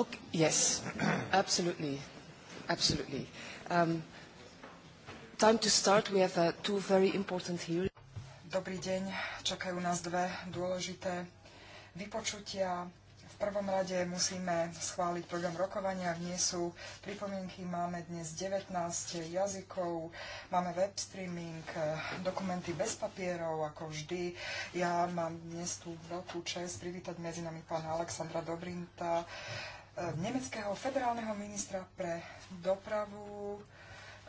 Okay, yes, absolutely, absolutely. Um, time to start. We have uh, two very important hearings. Dobrý deň. Čakajú nás dve dôležité vypočutia. V prvom rade musíme schváliť program rokovania. V nie sú pripomienky, máme dnes 19 jazykov, máme web streaming, eh, dokumenty bez papierov, ako vždy. Ja mám dnes tú veľkú čest privítať medzi nami pána Aleksandra Dobrinta, Eh, nemeckého federálneho ministra pre dopravu.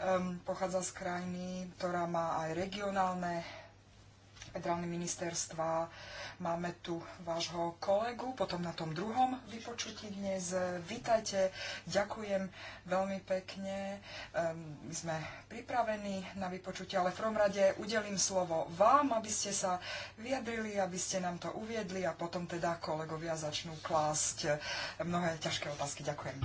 Um, pochádza z krajiny, ktorá má aj regionálne federálne ministerstva. Máme tu vášho kolegu, potom na tom druhom vypočutí dnes. Vítajte, ďakujem veľmi pekne. Ehm, my sme pripravení na vypočutie, ale v prvom rade udelím slovo vám, aby ste sa vyjadrili, aby ste nám to uviedli a potom teda kolegovia začnú klásť mnohé ťažké otázky. Ďakujem.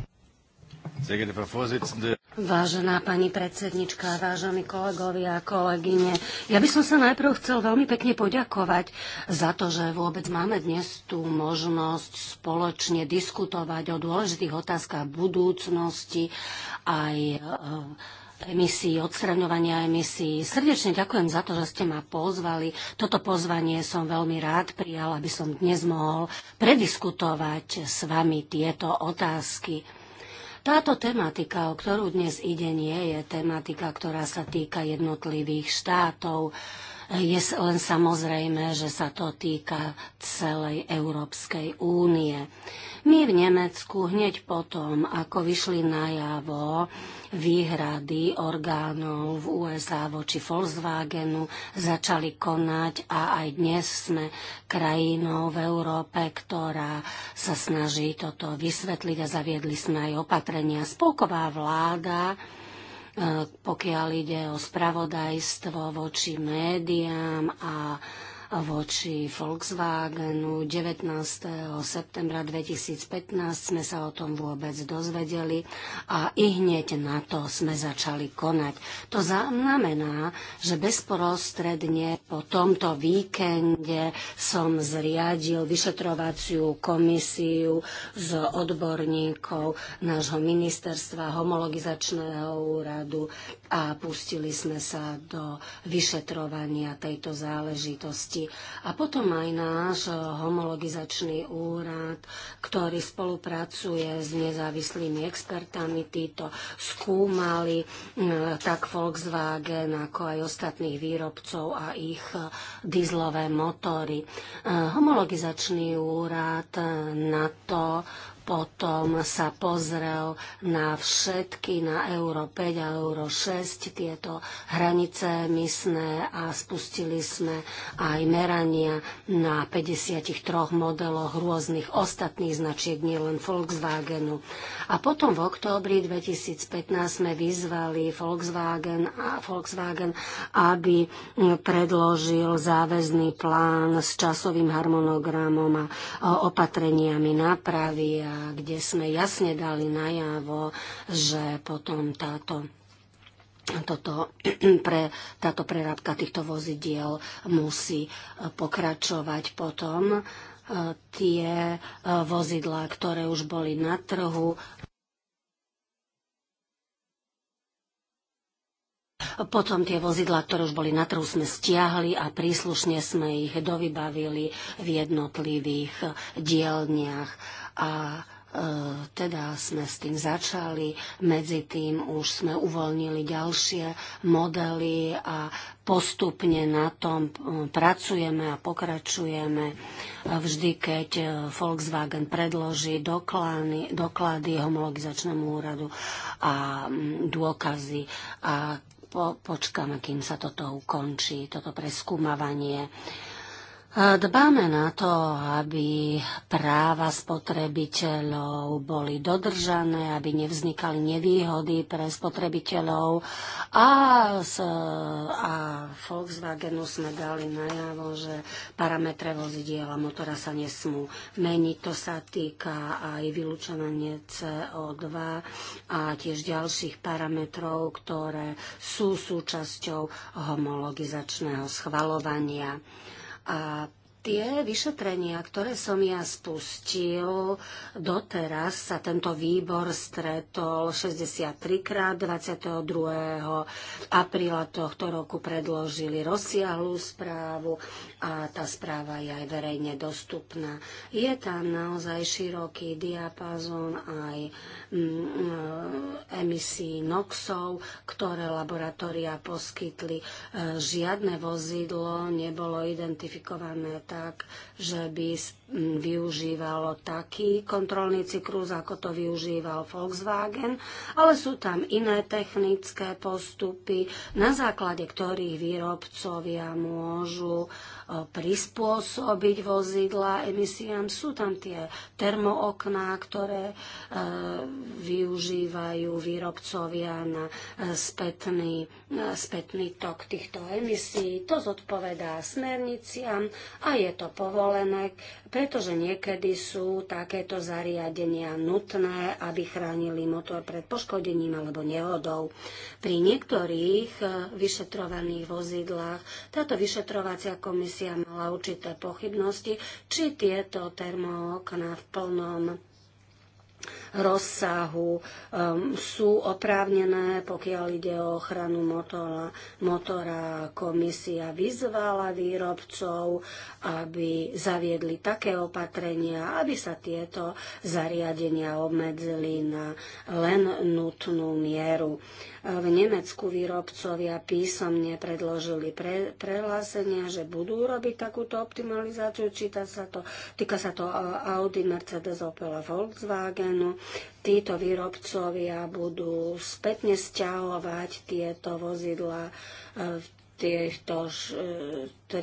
Sehr geehrte Frau Vorsitzende, Vážená pani predsednička, vážení kolegovia a kolegyne, ja by som sa najprv chcel veľmi pekne poďakovať za to, že vôbec máme dnes tú možnosť spoločne diskutovať o dôležitých otázkach budúcnosti aj e, emisí, odstraňovania emisí. Srdečne ďakujem za to, že ste ma pozvali. Toto pozvanie som veľmi rád prijal, aby som dnes mohol prediskutovať s vami tieto otázky. Táto tematika, o ktorú dnes ide, nie je tematika, ktorá sa týka jednotlivých štátov. Je len samozrejme, že sa to týka celej Európskej únie. My v Nemecku hneď potom, ako vyšli najavo výhrady orgánov v USA voči Volkswagenu, začali konať a aj dnes sme krajinou v Európe, ktorá sa snaží toto vysvetliť a zaviedli sme aj opatrenia. Spolková vláda e, pokiaľ ide o spravodajstvo voči médiám a voči Volkswagenu. 19. septembra 2015 sme sa o tom vôbec dozvedeli a i hneď na to sme začali konať. To znamená, že bezprostredne po tomto víkende som zriadil vyšetrovaciu komisiu z odborníkov nášho ministerstva, homologizačného úradu a pustili sme sa do vyšetrovania tejto záležitosti oblasti. A potom aj náš eh, homologizačný úrad, ktorý spolupracuje s nezávislými expertami, títo skúmali eh, tak Volkswagen, ako aj ostatných výrobcov a ich eh, dizlové motory. Homologizačný úrad na to potom sa pozrel na všetky, na Euro 5 a Euro 6, tieto hranice mysné a spustili sme aj merania na 53 modeloch rôznych ostatných značiek, nielen Volkswagenu. A potom v októbri 2015 sme vyzvali Volkswagen, a Volkswagen aby predložil záväzný plán s časovým harmonogramom a opatreniami nápravy a kde sme jasne dali najavo, že potom táto toto, pre, táto prerábka týchto vozidiel musí e, pokračovať potom. E, tie e, vozidlá, ktoré už boli na trhu, Potom tie vozidlá, ktoré už boli na trhu, sme stiahli a príslušne sme ich dovybavili v jednotlivých dielniach a e, teda sme s tým začali, medzi tým už sme uvoľnili ďalšie modely a postupne na tom e, pracujeme a pokračujeme. Vždy, keď e, Volkswagen predloží doklady, doklady homologizačnému úradu a dôkazy a po, počkáme, kým sa toto ukončí, toto preskúmavanie. Dbáme na to, aby práva spotrebiteľov boli dodržané, aby nevznikali nevýhody pre spotrebiteľov a, s, a Volkswagenu sme dali najavo, že parametre vozidiel a motora sa nesmú meniť. To sa týka aj vylúčenie CO2 a tiež ďalších parametrov, ktoré sú súčasťou homologizačného schvalovania. A tie vyšetrenia, ktoré som ja spustil, doteraz sa tento výbor stretol 63 krát 22. apríla tohto roku predložili rozsiahlú správu a tá správa je aj verejne dostupná. Je tam naozaj široký diapazon aj mm, e, emisí NOXov, ktoré laboratória poskytli. E, žiadne vozidlo nebolo identifikované tak, že by mm, využívalo taký kontrolný cyklus, ako to využíval Volkswagen, ale sú tam iné technické postupy, na základe ktorých výrobcovia môžu uh, Eh, prispôsobiť vozidla emisiám. Sú tam tie termookná, ktoré eh, využívajú výrobcovia na eh, spätný, spätný tok týchto emisí. To zodpovedá smerniciam a je to povolené pretože niekedy sú takéto zariadenia nutné, aby chránili motor pred poškodením alebo nehodou. Pri niektorých e, vyšetrovaných vozidlách táto vyšetrovacia komisia mala určité pochybnosti, či tieto termookna v plnom rozsahu um, sú oprávnené, pokiaľ ide o ochranu motora, motora. Komisia vyzvala výrobcov, aby zaviedli také opatrenia, aby sa tieto zariadenia obmedzili na len nutnú mieru. V Nemecku výrobcovia písomne predložili pre, prehlásenia, že budú robiť takúto optimalizáciu. Číta sa to, týka sa to Audi, Mercedes, Opel a Volkswagen áno, títo výrobcovia budú spätne stiahovať tieto vozidla v e, týchto 36 e,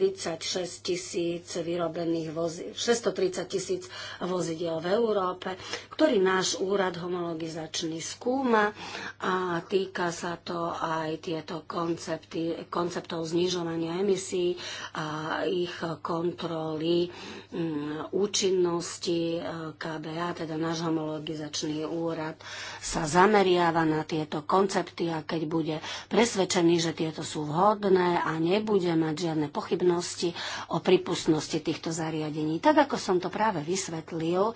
tisíc vyrobených vozi- 630 tisíc vozidiel v Európe, ktorý náš úrad homologizačný skúma a týka sa to aj tieto koncepty, konceptov znižovania emisí a ich kontroly m, mm, účinnosti e, KBA, teda náš homologizačný úrad sa zameriava na tieto koncepty a keď bude presvedčený, že tieto sú vhodné, možné a nebude mať žiadne pochybnosti o prípustnosti týchto zariadení. Tak ako som to práve vysvetlil,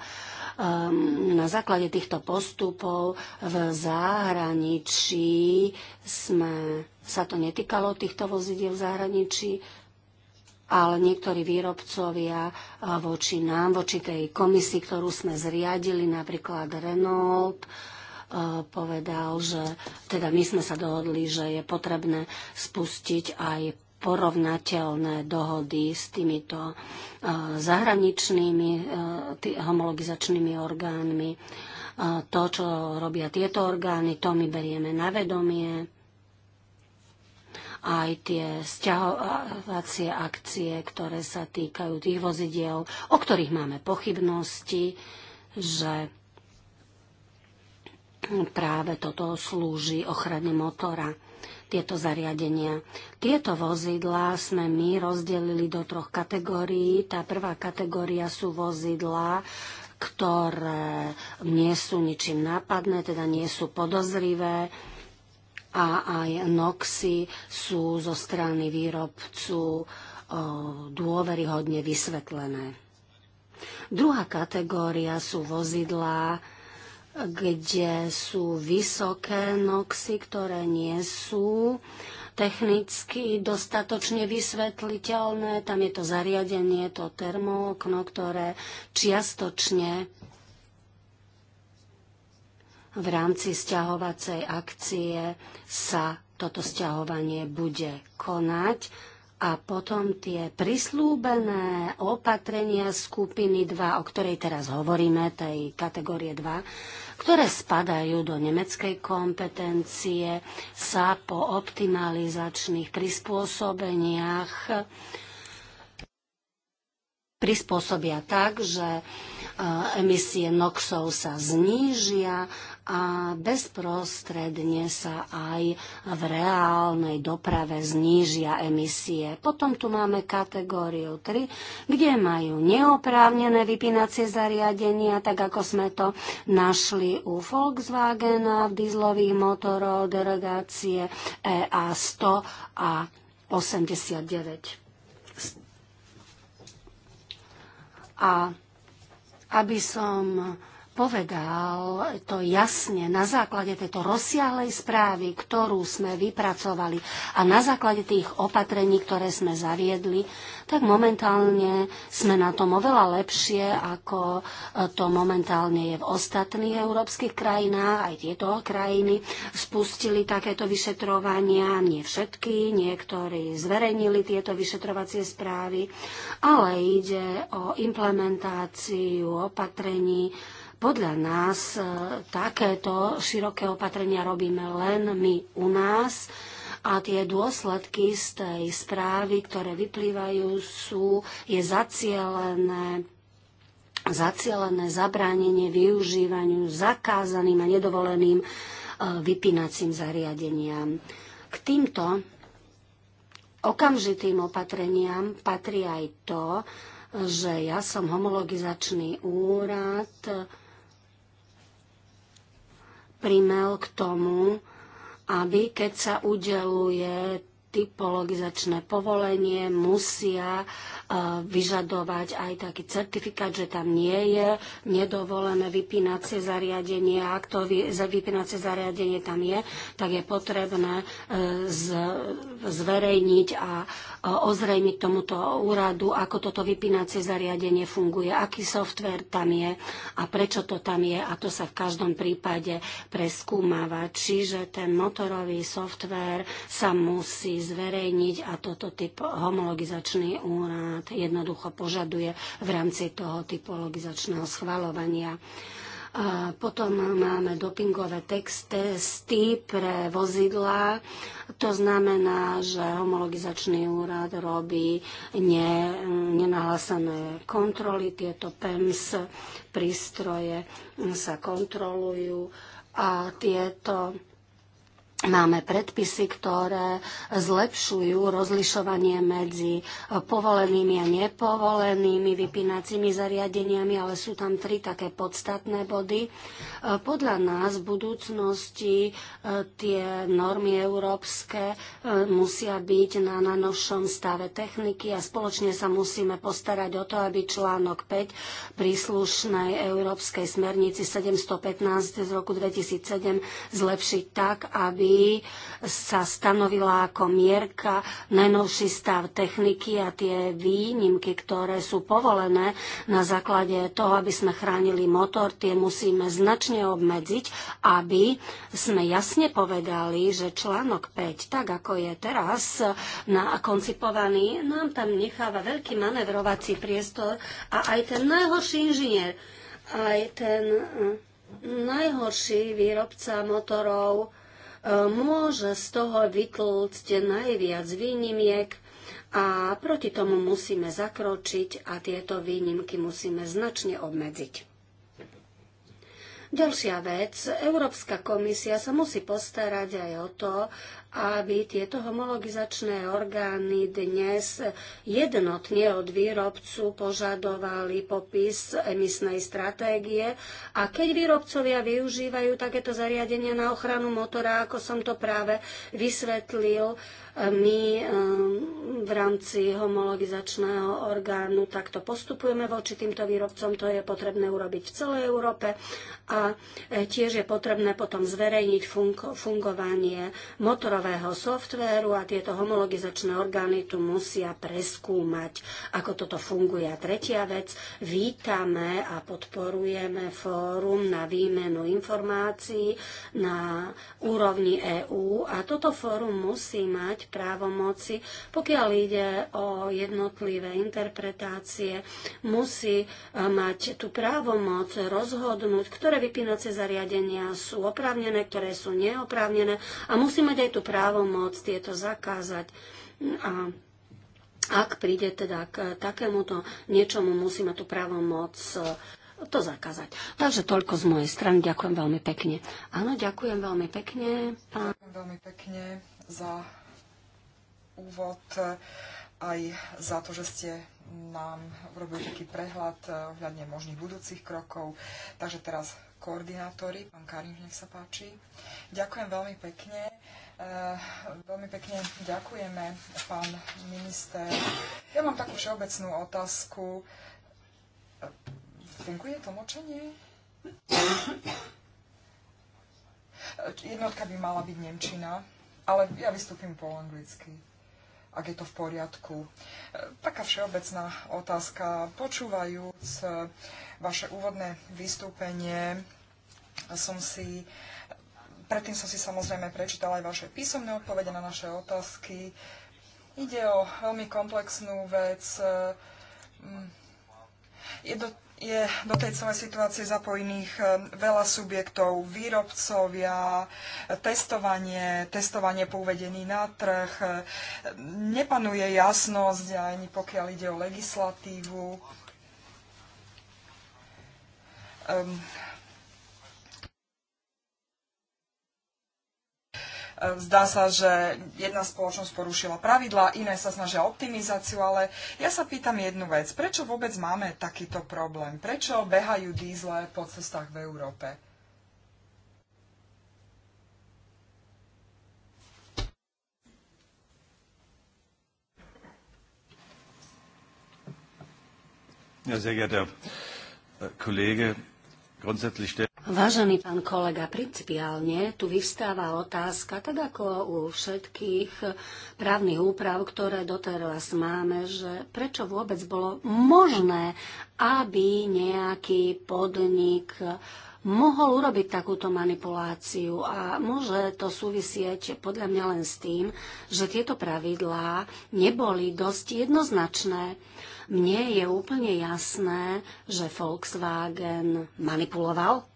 ehm, na základe týchto postupov v zahraničí sme, sa to netýkalo týchto vozidiel v zahraničí, ale niektorí výrobcovia eh, voči nám, voči tej komisii, ktorú sme zriadili, napríklad Renault, E, povedal, že teda my sme sa dohodli, že je potrebné spustiť aj porovnateľné dohody s týmito e, zahraničnými e, homologizačnými orgánmi. To, čo robia tieto orgány, to my berieme na vedomie. Aj tie sťahovacie akcie, ktoré sa týkajú tých vozidiel, o ktorých máme pochybnosti, že práve toto slúži ochrane motora tieto zariadenia. Tieto vozidlá sme my rozdelili do troch kategórií. Tá prvá kategória sú vozidlá, ktoré nie sú ničím nápadné, teda nie sú podozrivé a aj noxy sú zo strany výrobcu dôveryhodne vysvetlené. Druhá kategória sú vozidlá, kde sú vysoké noxy, ktoré nie sú technicky dostatočne vysvetliteľné. Tam je to zariadenie, to termookno, ktoré čiastočne v rámci sťahovacej akcie sa toto sťahovanie bude konať a potom tie prislúbené opatrenia skupiny 2, o ktorej teraz hovoríme, tej kategórie 2, ktoré spadajú do nemeckej kompetencie, sa po optimalizačných prispôsobeniach prispôsobia tak, že e, emisie NOXov sa znížia a bezprostredne sa aj v reálnej doprave znížia emisie. Potom tu máme kategóriu 3, kde majú neoprávnené vypínacie zariadenia, tak ako sme to našli u Volkswagena v dieslových motorov derogácie EA100 a 89. A aby som povedal to jasne na základe tejto rozsiahlej správy, ktorú sme vypracovali a na základe tých opatrení, ktoré sme zaviedli, tak momentálne sme na tom oveľa lepšie, ako e, to momentálne je v ostatných európskych krajinách. Aj tieto krajiny spustili takéto vyšetrovania, nie všetky, niektorí zverejnili tieto vyšetrovacie správy, ale ide o implementáciu opatrení, podľa nás e, takéto široké opatrenia robíme len my u nás a tie dôsledky z tej správy, ktoré vyplývajú, sú, je zacielené zacielené zabránenie využívaniu zakázaným a nedovoleným e, vypínacím zariadeniam. K týmto okamžitým opatreniam patrí aj to, že ja som homologizačný úrad, primel k tomu, aby keď sa udeluje typologizačné povolenie, musia e, vyžadovať aj taký certifikát, že tam nie je nedovolené vypínacie zariadenie. A ak to vypínacie zariadenie tam je, tak je potrebné e, zverejniť a E, ozrejmiť tomuto úradu, ako toto vypínacie zariadenie funguje, aký software tam je a prečo to tam je a to sa v každom prípade preskúmava. Čiže ten motorový software sa musí zverejniť a toto typ homologizačný úrad jednoducho požaduje v rámci toho typologizačného schvalovania. A potom máme dopingové texty testy pre vozidlá. To znamená, že homologizačný úrad robí ne, nenahlasené kontroly. Tieto PEMS prístroje sa kontrolujú a tieto Máme predpisy, ktoré zlepšujú rozlišovanie medzi povolenými a nepovolenými vypínacími zariadeniami, ale sú tam tri také podstatné body. Podľa nás v budúcnosti e, tie normy európske e, musia byť na najnovšom stave techniky a spoločne sa musíme postarať o to, aby článok 5 príslušnej európskej smernici 715 z roku 2007 zlepšiť tak, aby sa stanovila ako mierka najnovší stav techniky a tie výnimky, ktoré sú povolené na základe toho, aby sme chránili motor, tie musíme značne obmedziť, aby sme jasne povedali, že článok 5, tak ako je teraz na, koncipovaný, nám tam necháva veľký manevrovací priestor a aj ten najhorší inžinier, aj ten eh, najhorší výrobca motorov E, môže z toho vytlcť najviac výnimiek a proti tomu musíme zakročiť a tieto výnimky musíme značne obmedziť. Ďalšia vec, Európska komisia sa musí postarať aj o to, aby tieto homologizačné orgány dnes jednotne od výrobcu požadovali popis emisnej stratégie a keď výrobcovia využívajú takéto zariadenia na ochranu motora, ako som to práve vysvetlil, my ehm, v rámci homologizačného orgánu takto postupujeme voči týmto výrobcom, to je potrebné urobiť v celej Európe a e, tiež je potrebné potom zverejniť fungovanie motorov softverového softvéru a tieto homologizačné orgány tu musia preskúmať, ako toto funguje. A tretia vec, vítame a podporujeme fórum na výmenu informácií na úrovni EÚ a toto fórum musí mať právomoci, pokiaľ ide o jednotlivé interpretácie, musí e, mať tú právomoc rozhodnúť, ktoré vypínacie zariadenia sú oprávnené, ktoré sú neoprávnené a musí mať aj tú právomoc tieto zakázať. A ak príde teda k takémuto niečomu, musíme tú právomoc e, to zakázať. Takže toľko z mojej strany. Ďakujem veľmi pekne. Áno, ďakujem veľmi pekne. Pán... Ďakujem veľmi pekne za úvod e, aj za to, že ste nám urobili taký prehľad e, ohľadne možných budúcich krokov. Takže teraz koordinátori, pán Karim, nech sa páči. Ďakujem veľmi pekne. Eh, veľmi pekne ďakujeme, pán minister. Ja mám takú všeobecnú otázku. Funguje tlmočenie? Jednotka by mala byť Nemčina, ale ja vystúpim po anglicky ak je to v poriadku. Eh, taká všeobecná otázka. Počúvajúc eh, vaše úvodné vystúpenie, som si uh, Predtým som si samozrejme prečítala aj vaše písomné odpovede na naše otázky. Ide o veľmi komplexnú vec. Je do, je do tej celej situácie zapojených eh, veľa subjektov, výrobcovia, testovanie, testovanie pouvedení na trh. Nepanuje jasnosť ani pokiaľ ide o legislatívu. Um, Ehm, zdá sa, že jedna spoločnosť porušila pravidla, iné sa snažia optimizáciu, ale ja sa pýtam jednu vec. Prečo vôbec máme takýto problém? Prečo behajú dízle po cestách v Európe? Ja, sehr geehrter Kollege, Vážený pán kolega, principiálne tu vyvstáva otázka, tak ako u všetkých právnych úprav, ktoré doteraz máme, že prečo vôbec bolo možné, aby nejaký podnik mohol urobiť takúto manipuláciu a môže to súvisieť podľa mňa len s tým, že tieto pravidlá neboli dosť jednoznačné. Mne je úplne jasné, že Volkswagen manipuloval.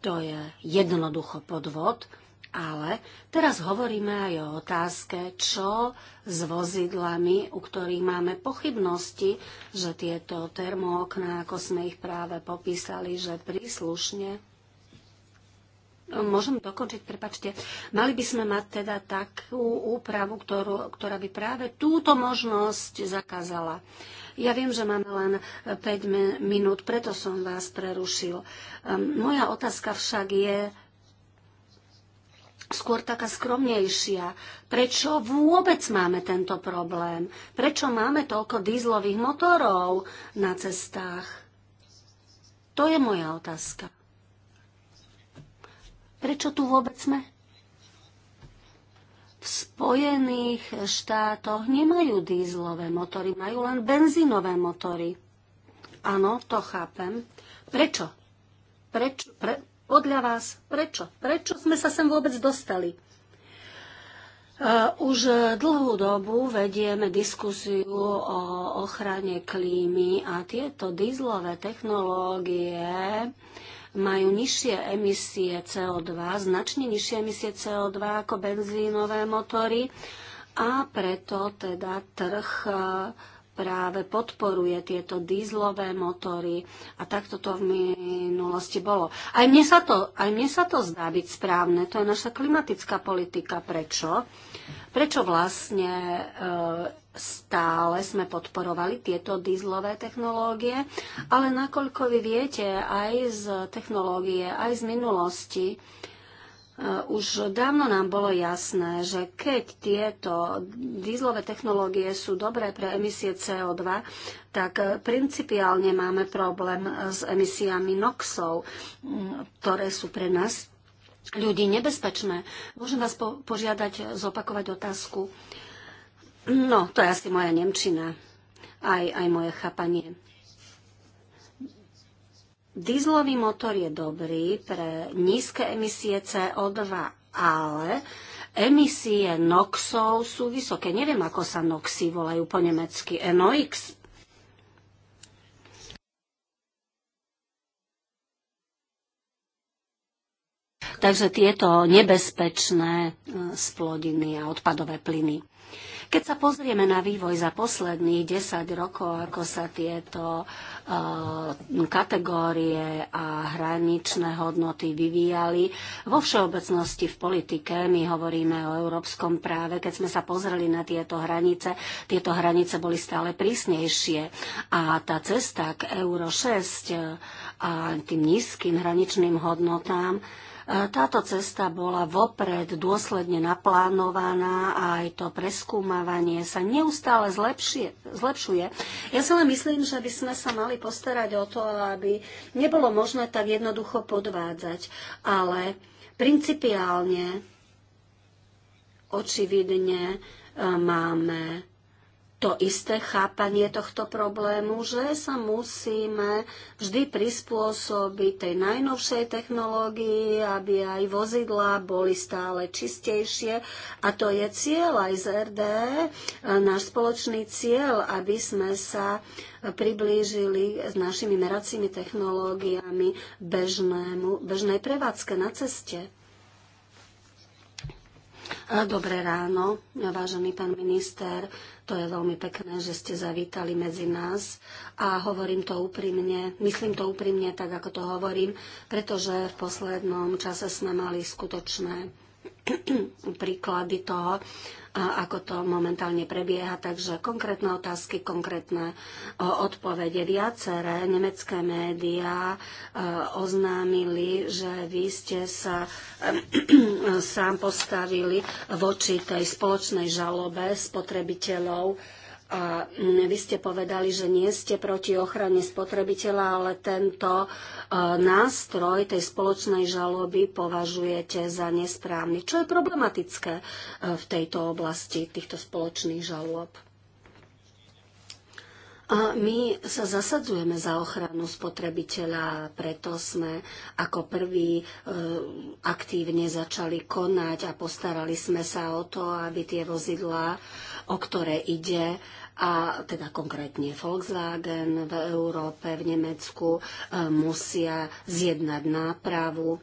To je jednoducho podvod, ale teraz hovoríme aj o otázke, čo s vozidlami, u ktorých máme pochybnosti, že tieto termookná, ako sme ich práve popísali, že príslušne Môžem dokončiť, prepačte. Mali by sme mať teda takú úpravu, ktorú, ktorá by práve túto možnosť zakázala. Ja viem, že máme len 5 minút, preto som vás prerušil. Ehm, moja otázka však je skôr taká skromnejšia. Prečo vôbec máme tento problém? Prečo máme toľko dízlových motorov na cestách? To je moja otázka. Prečo tu vôbec sme? V Spojených štátoch nemajú dízlové motory, majú len benzínové motory. Áno, to chápem. Prečo? Prečo? Pre, podľa vás, prečo? Prečo sme sa sem vôbec dostali? E, už dlhú dobu vedieme diskusiu o ochrane klímy a tieto dýzlové technológie majú nižšie emisie CO2, značne nižšie emisie CO2 ako benzínové motory a preto teda trh e, práve podporuje tieto dízlové motory a takto to v minulosti bolo. Aj mne, sa to, aj mne sa to zdá byť správne, to je naša klimatická politika. Prečo? Prečo vlastne e, stále sme podporovali tieto dízlové technológie, ale nakoľko vy viete aj z technológie, aj z minulosti, e, už dávno nám bolo jasné, že keď tieto dízlové technológie sú dobré pre emisie CO2, tak principiálne máme problém s emisiami NOXov, ktoré sú pre nás ľudí nebezpečné. Môžem vás požiadať zopakovať otázku No, to je asi moja nemčina. Aj, aj moje chápanie. Dizlový motor je dobrý pre nízke emisie CO2, ale emisie NOXov sú vysoké. Neviem, ako sa NOXy volajú po nemecky. NOX? Takže tieto nebezpečné e, splodiny a odpadové plyny. Keď sa pozrieme na vývoj za posledných 10 rokov, ako sa tieto eh, kategórie a hraničné hodnoty vyvíjali, vo všeobecnosti v politike my hovoríme o európskom práve, keď sme sa pozreli na tieto hranice, tieto hranice boli stále prísnejšie a tá cesta k Euro 6 eh, a tým nízkym hraničným hodnotám E, táto cesta bola vopred dôsledne naplánovaná a aj to preskúmavanie sa neustále zlepšie, zlepšuje. Ja si len myslím, že by sme sa mali postarať o to, aby nebolo možné tak jednoducho podvádzať, ale principiálne očividne e, máme to isté chápanie tohto problému, že sa musíme vždy prispôsobiť tej najnovšej technológii, aby aj vozidlá boli stále čistejšie. A to je cieľ aj z RD, náš spoločný cieľ, aby sme sa priblížili s našimi meracími technológiami bežnému, bežnej prevádzke na ceste. Dobré ráno, vážený pán minister. To je veľmi pekné, že ste zavítali medzi nás a hovorím to úprimne, myslím to úprimne, tak ako to hovorím, pretože v poslednom čase sme mali skutočné príklady toho, ako to momentálne prebieha. Takže konkrétne otázky, konkrétne odpovede. Viaceré nemecké médiá e, oznámili, že vy ste sa sám postavili voči tej spoločnej žalobe spotrebiteľov a vy ste povedali, že nie ste proti ochrane spotrebiteľa, ale tento e, nástroj tej spoločnej žaloby považujete za nesprávny. Čo je problematické e, v tejto oblasti týchto spoločných žalôb? A my sa zasadzujeme za ochranu spotrebiteľa, preto sme ako prví e, aktívne začali konať a postarali sme sa o to, aby tie vozidlá, o ktoré ide, a teda konkrétne Volkswagen v Európe, v Nemecku e, musia zjednať nápravu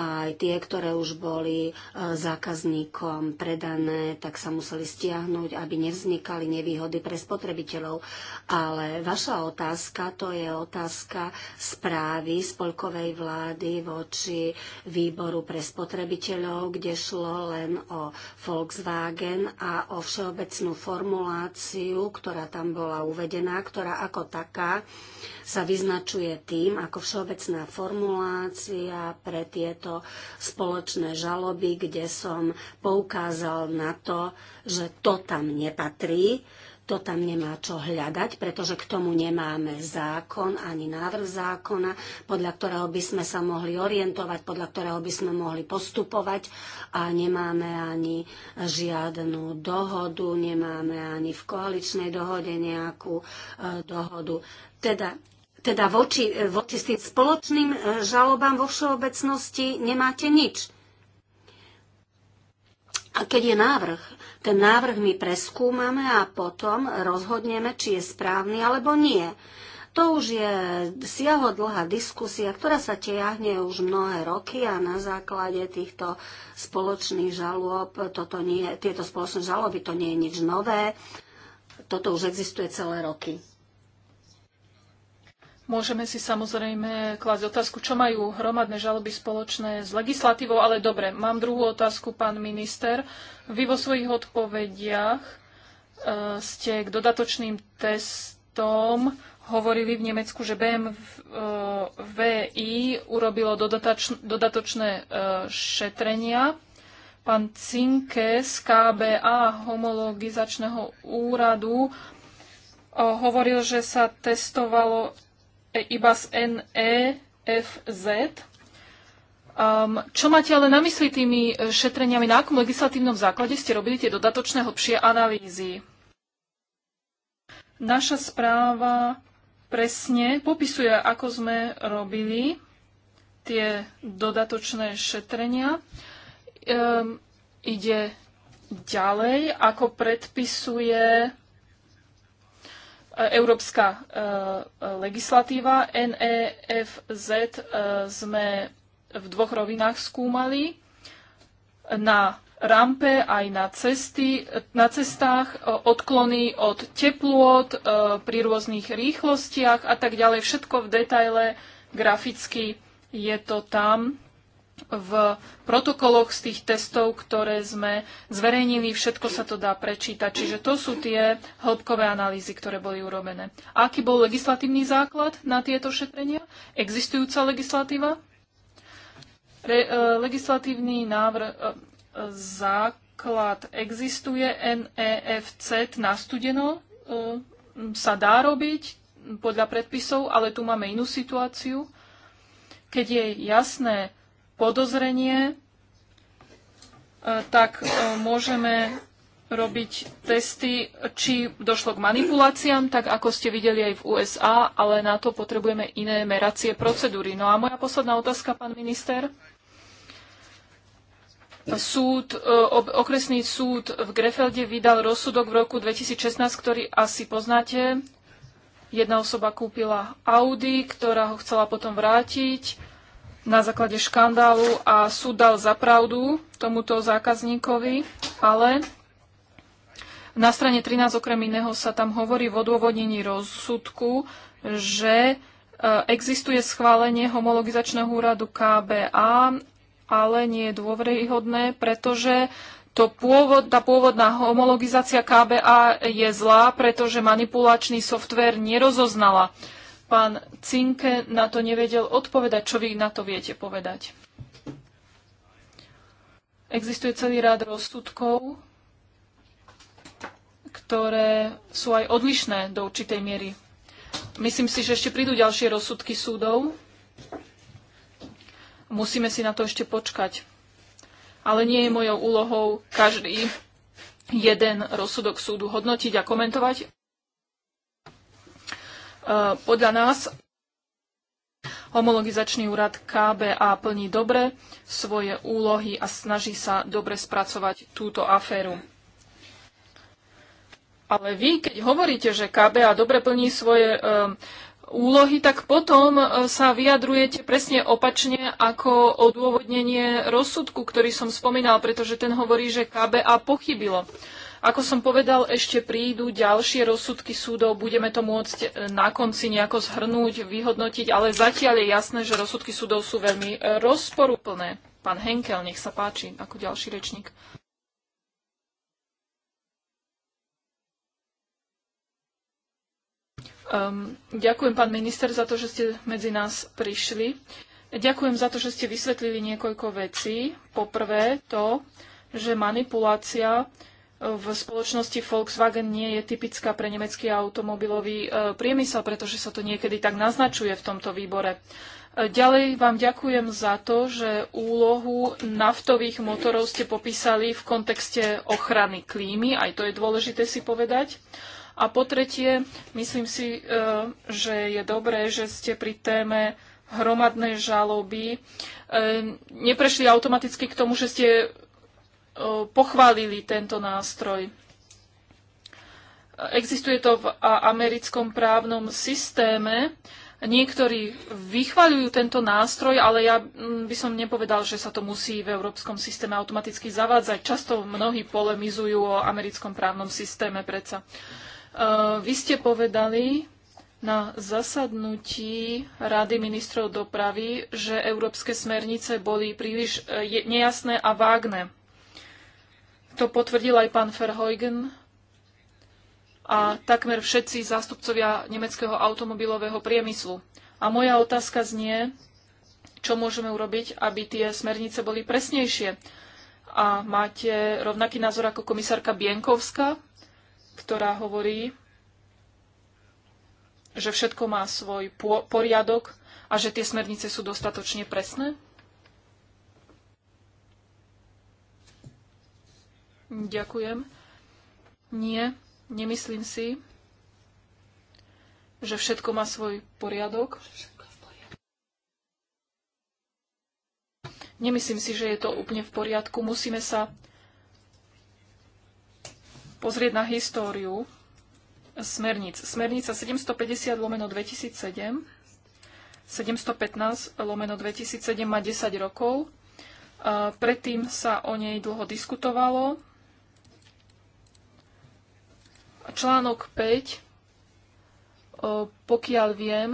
aj tie, ktoré už boli e, zákazníkom predané, tak sa museli stiahnuť, aby nevznikali nevýhody pre spotrebiteľov. Ale vaša otázka, to je otázka správy spolkovej vlády voči výboru pre spotrebiteľov, kde šlo len o Volkswagen a o všeobecnú formuláciu, ktorá tam bola uvedená, ktorá ako taká sa vyznačuje tým, ako všeobecná formulácia pre tieto tieto spoločné žaloby, kde som poukázal na to, že to tam nepatrí, to tam nemá čo hľadať, pretože k tomu nemáme zákon ani návrh zákona, podľa ktorého by sme sa mohli orientovať, podľa ktorého by sme mohli postupovať a nemáme ani žiadnu dohodu, nemáme ani v koaličnej dohode nejakú e, dohodu. Teda teda voči, e, voči tým spoločným e, žalobám vo všeobecnosti nemáte nič. A keď je návrh, ten návrh my preskúmame a potom rozhodneme, či je správny alebo nie. To už je dlhá diskusia, ktorá sa tiahne už mnohé roky a na základe týchto spoločných žalôb, toto nie, tieto spoločné žaloby, to nie je nič nové. Toto už existuje celé roky. Môžeme si samozrejme klásť otázku, čo majú hromadné žaloby spoločné s legislatívou, ale dobre, mám druhú otázku, pán minister. Vy vo svojich odpovediach e, ste k dodatočným testom hovorili v Nemecku, že BMWi urobilo dodatočn dodatočné e, šetrenia. Pán Cinke z KBA homologizačného úradu e, hovoril, že sa testovalo E, iba e, z NEFZ. Um, čo máte ale na mysli tými e, šetreniami? Na akom legislatívnom základe ste robili tie dodatočné hlbšie analýzy? Naša správa presne popisuje, ako sme robili tie dodatočné šetrenia. Um, ide ďalej, ako predpisuje európska e, e, legislatíva. NEFZ e, sme v dvoch rovinách skúmali. Na rampe aj na, cesty, na cestách, odklony od teplôt pri rôznych rýchlostiach a tak ďalej. Všetko v detaile graficky je to tam v protokoloch z tých testov, ktoré sme zverejnili, všetko sa to dá prečítať. Čiže to sú tie hĺbkové analýzy, ktoré boli urobené. A aký bol legislatívny základ na tieto šetrenia? Existujúca legislatíva? Re, uh, legislatívny návrh, uh, e, základ existuje, NEFC studeno uh, sa dá robiť podľa predpisov, ale tu máme inú situáciu, keď je jasné, podozrenie, e, tak e, môžeme robiť testy, či došlo k manipuláciám, tak ako ste videli aj v USA, ale na to potrebujeme iné meracie procedúry. No a moja posledná otázka, pán minister. Súd, e, okresný súd v Grefelde vydal rozsudok v roku 2016, ktorý asi poznáte. Jedna osoba kúpila Audi, ktorá ho chcela potom vrátiť na základe škandálu a súd dal za pravdu tomuto zákazníkovi, ale na strane 13 okrem iného sa tam hovorí v odôvodnení rozsudku, že e, existuje schválenie homologizačného úradu KBA, ale nie je dôveryhodné, pretože to pôvod, tá pôvodná homologizácia KBA je zlá, pretože manipulačný softver nerozoznala uh, pán Cinke na to nevedel odpovedať. Čo vy na to viete povedať? Existuje celý rád rozsudkov, ktoré sú aj odlišné do určitej miery. Myslím si, že ešte prídu ďalšie rozsudky súdov. Musíme si na to ešte počkať. Ale nie je mojou úlohou každý jeden rozsudok súdu hodnotiť a komentovať. Eh, podľa nás homologizačný úrad KBA plní dobre svoje úlohy a snaží sa dobre spracovať túto aféru. Ale vy, keď hovoríte, že KBA dobre plní svoje e, úlohy, tak potom eh, sa vyjadrujete presne opačne ako odôvodnenie rozsudku, ktorý som spomínal, pretože ten hovorí, že KBA pochybilo. Ako som povedal, ešte prídu ďalšie rozsudky súdov, budeme to môcť e, na konci nejako zhrnúť, vyhodnotiť, ale zatiaľ je jasné, že rozsudky súdov sú veľmi e, rozporúplné. Pán Henkel, nech sa páči, ako ďalší rečník. Um, ďakujem, pán minister, za to, že ste medzi nás prišli. Ďakujem za to, že ste vysvetlili niekoľko vecí. Poprvé to, že manipulácia v spoločnosti Volkswagen nie je typická pre nemecký automobilový e, priemysel, pretože sa to niekedy tak naznačuje v tomto výbore. E, ďalej vám ďakujem za to, že úlohu naftových motorov ste popísali v kontexte ochrany klímy, aj to je dôležité si povedať. A po tretie, myslím si, e, že je dobré, že ste pri téme hromadnej žaloby neprešli automaticky k tomu, že ste pochválili tento nástroj. Existuje to v americkom právnom systéme. Niektorí vychvaľujú tento nástroj, ale ja mm, by som nepovedal, že sa to musí v európskom systéme automaticky zavádzať. Často mnohí polemizujú o americkom právnom systéme predsa. E, vy ste povedali na zasadnutí Rady ministrov dopravy, že európske smernice boli príliš e, nejasné a vágne. To potvrdil aj pán Verheugen a takmer všetci zástupcovia nemeckého automobilového priemyslu. A moja otázka znie, čo môžeme urobiť, aby tie smernice boli presnejšie. A máte rovnaký názor ako komisárka Bienkovská, ktorá hovorí, že všetko má svoj poriadok a že tie smernice sú dostatočne presné? Ďakujem. Nie, nemyslím si, že všetko má svoj poriadok. Nemyslím si, že je to úplne v poriadku. Musíme sa pozrieť na históriu smerníc. Smernica 750 lomeno 2007, 715 lomeno 2007 má 10 rokov. Predtým sa o nej dlho diskutovalo. Článok 5, pokiaľ viem,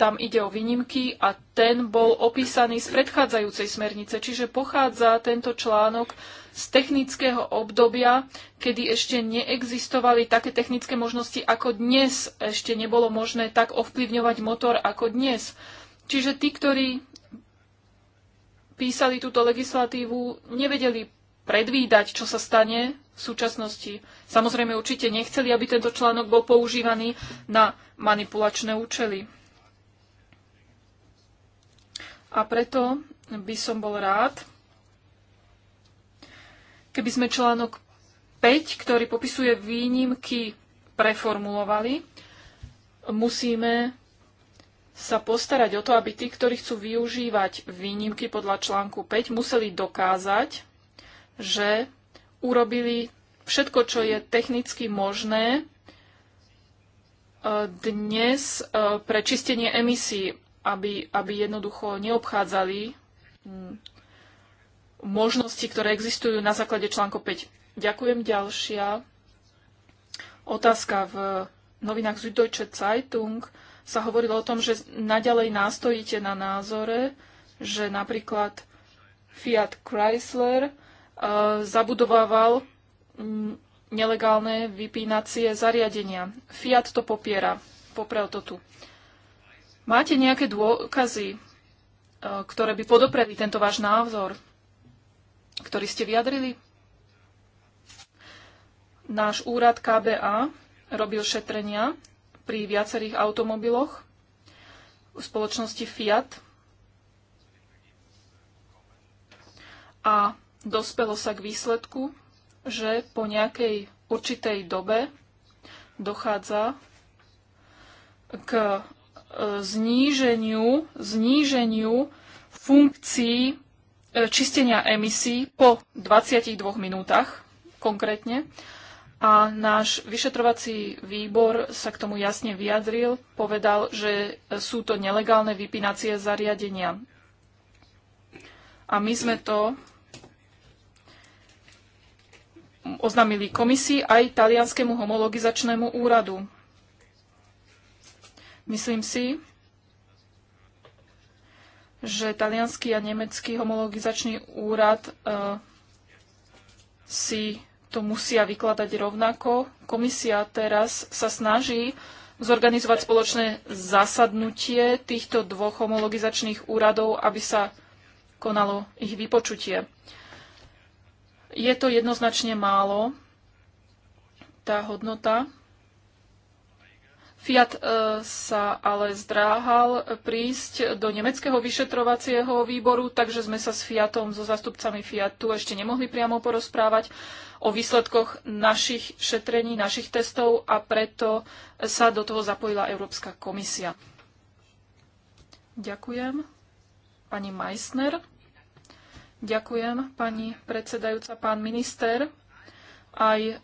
tam ide o výnimky a ten bol opísaný z predchádzajúcej smernice, čiže pochádza tento článok z technického obdobia, kedy ešte neexistovali také technické možnosti ako dnes. Ešte nebolo možné tak ovplyvňovať motor ako dnes. Čiže tí, ktorí písali túto legislatívu, nevedeli predvídať, čo sa stane v súčasnosti. Samozrejme, určite nechceli, aby tento článok bol používaný na manipulačné účely. A preto by som bol rád, keby sme článok 5, ktorý popisuje výnimky, preformulovali. Musíme sa postarať o to, aby tí, ktorí chcú využívať výnimky podľa článku 5, museli dokázať, že urobili všetko, čo je technicky možné e, dnes e, pre čistenie emisí, aby, aby jednoducho neobchádzali mm, možnosti, ktoré existujú na základe článku 5. Ďakujem. Ďalšia otázka v novinách Süddeutsche Zeitung sa hovorilo o tom, že naďalej nástojíte na názore, že napríklad Fiat Chrysler uh, zabudovával Mm, nelegálne vypínacie zariadenia. Fiat to popiera. Poprel to tu. Máte nejaké dôkazy, e, ktoré by podopreli tento váš názor, ktorý ste vyjadrili? Náš úrad KBA robil šetrenia pri viacerých automobiloch v spoločnosti Fiat a dospelo sa k výsledku, že po nejakej určitej dobe dochádza k e, zníženiu, zníženiu funkcií e, čistenia emisí po 22 minútach konkrétne. A náš vyšetrovací výbor sa k tomu jasne vyjadril, povedal, že sú to nelegálne vypínacie zariadenia. A my sme to oznámili komisii aj talianskému homologizačnému úradu. Myslím si, že talianský a nemecký homologizačný úrad e, si to musia vykladať rovnako. Komisia teraz sa snaží zorganizovať spoločné zasadnutie týchto dvoch homologizačných úradov, aby sa konalo ich vypočutie. Je to jednoznačne málo, tá hodnota. Fiat e, sa ale zdráhal prísť do nemeckého vyšetrovacieho výboru, takže sme sa s Fiatom, so zastupcami Fiatu ešte nemohli priamo porozprávať o výsledkoch našich šetrení, našich testov a preto sa do toho zapojila Európska komisia. Ďakujem. Pani Meissner. Ďakujem, pani predsedajúca, pán minister. Aj e,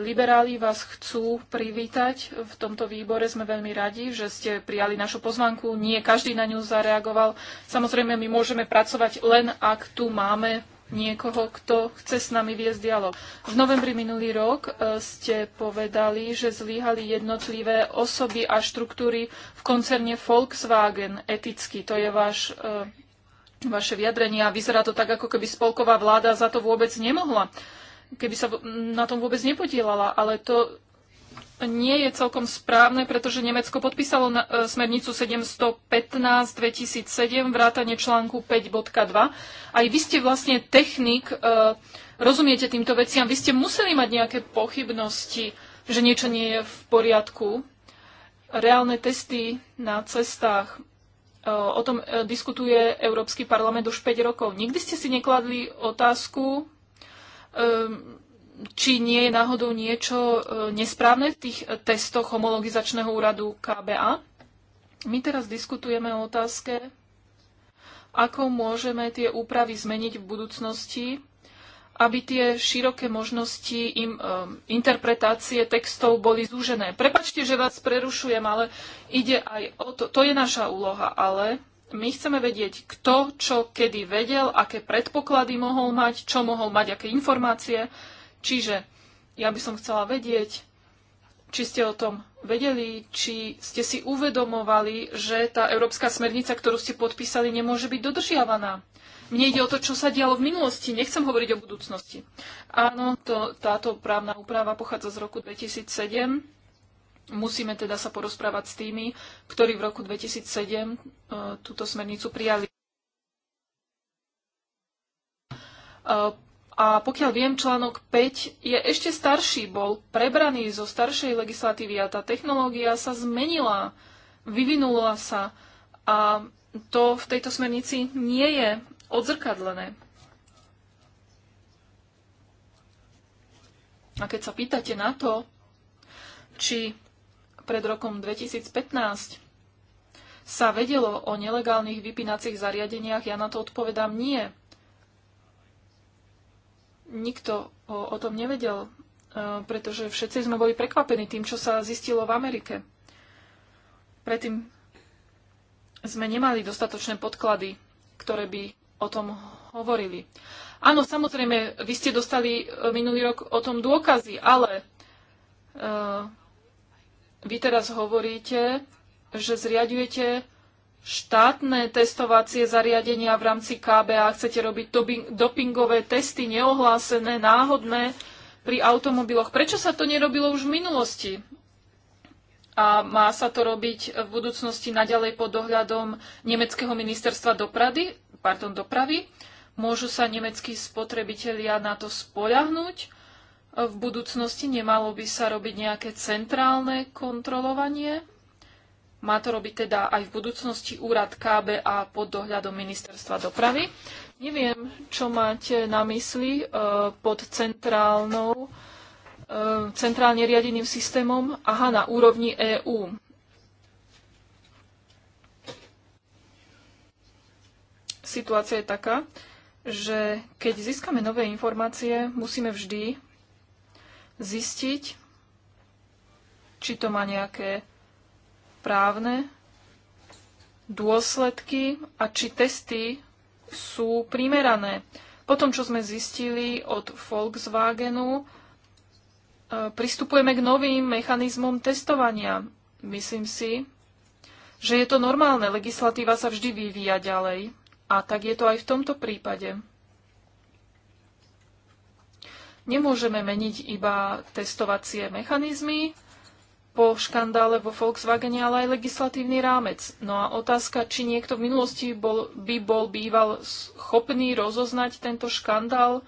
liberáli vás chcú privítať. V tomto výbore sme veľmi radi, že ste prijali našu pozvanku. Nie každý na ňu zareagoval. Samozrejme, my môžeme pracovať len, ak tu máme niekoho, kto chce s nami viesť dialog. V novembri minulý rok e, ste povedali, že zlíhali jednotlivé osoby a štruktúry v koncerne Volkswagen eticky. To je váš e, vaše vyjadrenia. Vyzerá to tak, ako keby spolková vláda za to vôbec nemohla, keby sa na tom vôbec nepodielala, ale to nie je celkom správne, pretože Nemecko podpísalo na, e, smernicu 715-2007 vrátane článku 5.2. Aj vy ste vlastne technik, e, rozumiete týmto veciam, vy ste museli mať nejaké pochybnosti, že niečo nie je v poriadku. Reálne testy na cestách E, o tom e, diskutuje Európsky parlament už 5 rokov. Nikdy ste si nekladli otázku, e, či nie je náhodou niečo nesprávne v tých testoch homologizačného úradu KBA? My teraz diskutujeme o otázke, ako môžeme tie úpravy zmeniť v budúcnosti aby tie široké možnosti im, um, interpretácie textov boli zúžené. Prepačte, že vás prerušujem, ale ide aj o to. To je naša úloha, ale my chceme vedieť, kto čo kedy vedel, aké predpoklady mohol mať, čo mohol mať, aké informácie. Čiže ja by som chcela vedieť, či ste o tom vedeli, či ste si uvedomovali, že tá európska smernica, ktorú ste podpísali, nemôže byť dodržiavaná mne ide o to, čo sa dialo v minulosti. Nechcem hovoriť o budúcnosti. Áno, to, táto právna úprava pochádza z roku 2007. Musíme teda sa porozprávať s tými, ktorí v roku 2007 e, túto smernicu prijali. E, a pokiaľ viem, článok 5 je ešte starší, bol prebraný zo staršej legislatívy a tá technológia sa zmenila, vyvinula sa a to v tejto smernici nie je odzrkadlené. A keď sa pýtate na to, či pred rokom 2015 sa vedelo o nelegálnych vypínacích zariadeniach, ja na to odpovedám nie. Nikto o, o tom nevedel, e, pretože všetci sme boli prekvapení tým, čo sa zistilo v Amerike. Predtým sme nemali dostatočné podklady, ktoré by o tom hovorili. Áno, samozrejme, vy ste dostali e, minulý rok o tom dôkazy, ale uh, vy teraz hovoríte, že zriadujete štátne testovacie zariadenia v rámci KBA, chcete robiť dopingové testy neohlásené, náhodné pri automobiloch. Prečo sa to nerobilo už v minulosti? a má sa to robiť v budúcnosti naďalej pod dohľadom Nemeckého ministerstva dopravy, pardon, dopravy. Môžu sa nemeckí spotrebitelia na to spoľahnúť? V budúcnosti nemalo by sa robiť nejaké centrálne kontrolovanie? Má to robiť teda aj v budúcnosti úrad KBA pod dohľadom ministerstva dopravy. Neviem, čo máte na mysli e, pod centrálnou, e, centrálne riadeným systémom. Aha, na úrovni EÚ. situácia je taká, že keď získame nové informácie, musíme vždy zistiť, či to má nejaké právne dôsledky a či testy sú primerané. Po tom, čo sme zistili od Volkswagenu, e, pristupujeme k novým mechanizmom testovania. Myslím si, že je to normálne. Legislatíva sa vždy vyvíja ďalej. A tak je to aj v tomto prípade. Nemôžeme meniť iba testovacie mechanizmy po škandále vo Volkswagene, ale aj legislatívny rámec. No a otázka, či niekto v minulosti bol, by bol býval schopný rozoznať tento škandál,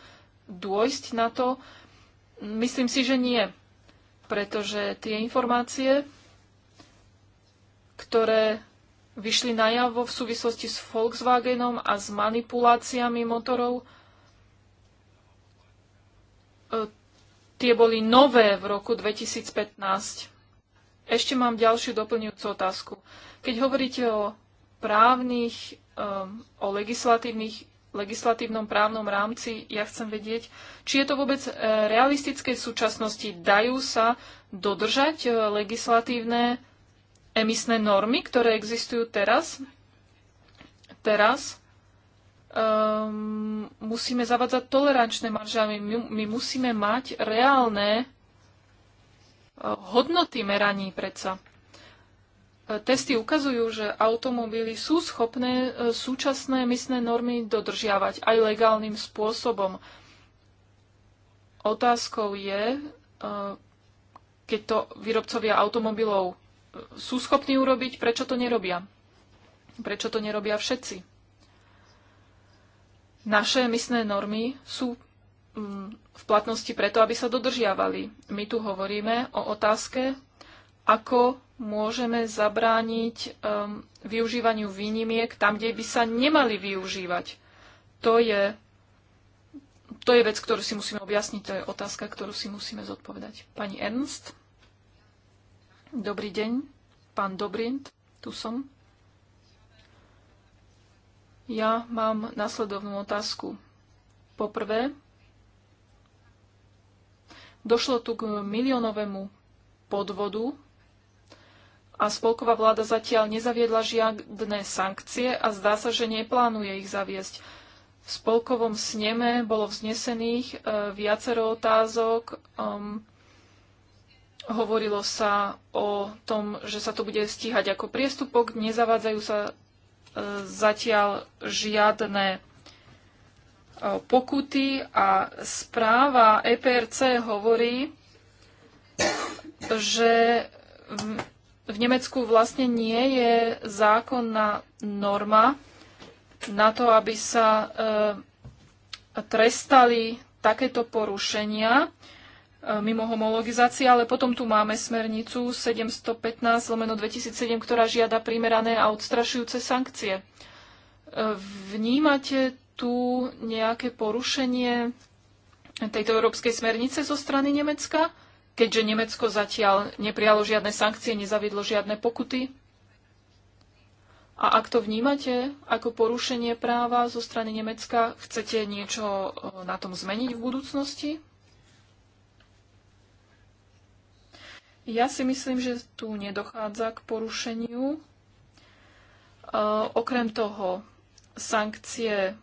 dôjsť na to, myslím si, že nie. Pretože tie informácie, ktoré vyšli najavo v súvislosti s Volkswagenom a s manipuláciami motorov. E, tie boli nové v roku 2015. Ešte mám ďalšiu doplňujúcu otázku. Keď hovoríte o právnych, o legislatívnych, legislatívnom právnom rámci, ja chcem vedieť, či je to vôbec e, realistické v súčasnosti. Dajú sa dodržať e, legislatívne emisné normy, ktoré existujú teraz. Teraz um, musíme zavádzať tolerančné maržami. My, my musíme mať reálne uh, hodnoty meraní predsa. E, testy ukazujú, že automobily sú schopné e, súčasné emisné normy dodržiavať aj legálnym spôsobom. Otázkou je, keď to výrobcovia automobilov sú schopní urobiť, prečo to nerobia. Prečo to nerobia všetci. Naše emisné normy sú mm, v platnosti preto, aby sa dodržiavali. My tu hovoríme o otázke, ako môžeme zabrániť um, využívaniu výnimiek tam, kde by sa nemali využívať. To je, to je vec, ktorú si musíme objasniť, to je otázka, ktorú si musíme zodpovedať. Pani Ernst? Dobrý deň, pán Dobrind, tu som. Ja mám následovnú otázku. Poprvé, došlo tu k miliónovému podvodu a spolková vláda zatiaľ nezaviedla žiadne sankcie a zdá sa, že neplánuje ich zaviesť. V spolkovom sneme bolo vznesených eh, viacero otázok. Ehm, Hovorilo sa o tom, že sa to bude stíhať ako priestupok. Nezavádzajú sa e, zatiaľ žiadne e, pokuty a správa EPRC hovorí, že v Nemecku vlastne nie je zákonná norma na to, aby sa e, trestali takéto porušenia. E, mimo homologizácie, ale potom tu máme smernicu 715 lomeno 2007, ktorá žiada primerané a odstrašujúce sankcie. E, vnímate tu nejaké porušenie tejto európskej smernice zo strany Nemecka, keďže Nemecko zatiaľ neprijalo žiadne sankcie, nezaviedlo žiadne pokuty? A ak to vnímate ako porušenie práva zo strany Nemecka, chcete niečo e, na tom zmeniť v budúcnosti? Ja si myslím, že tu nedochádza k porušeniu. E, okrem toho, sankcie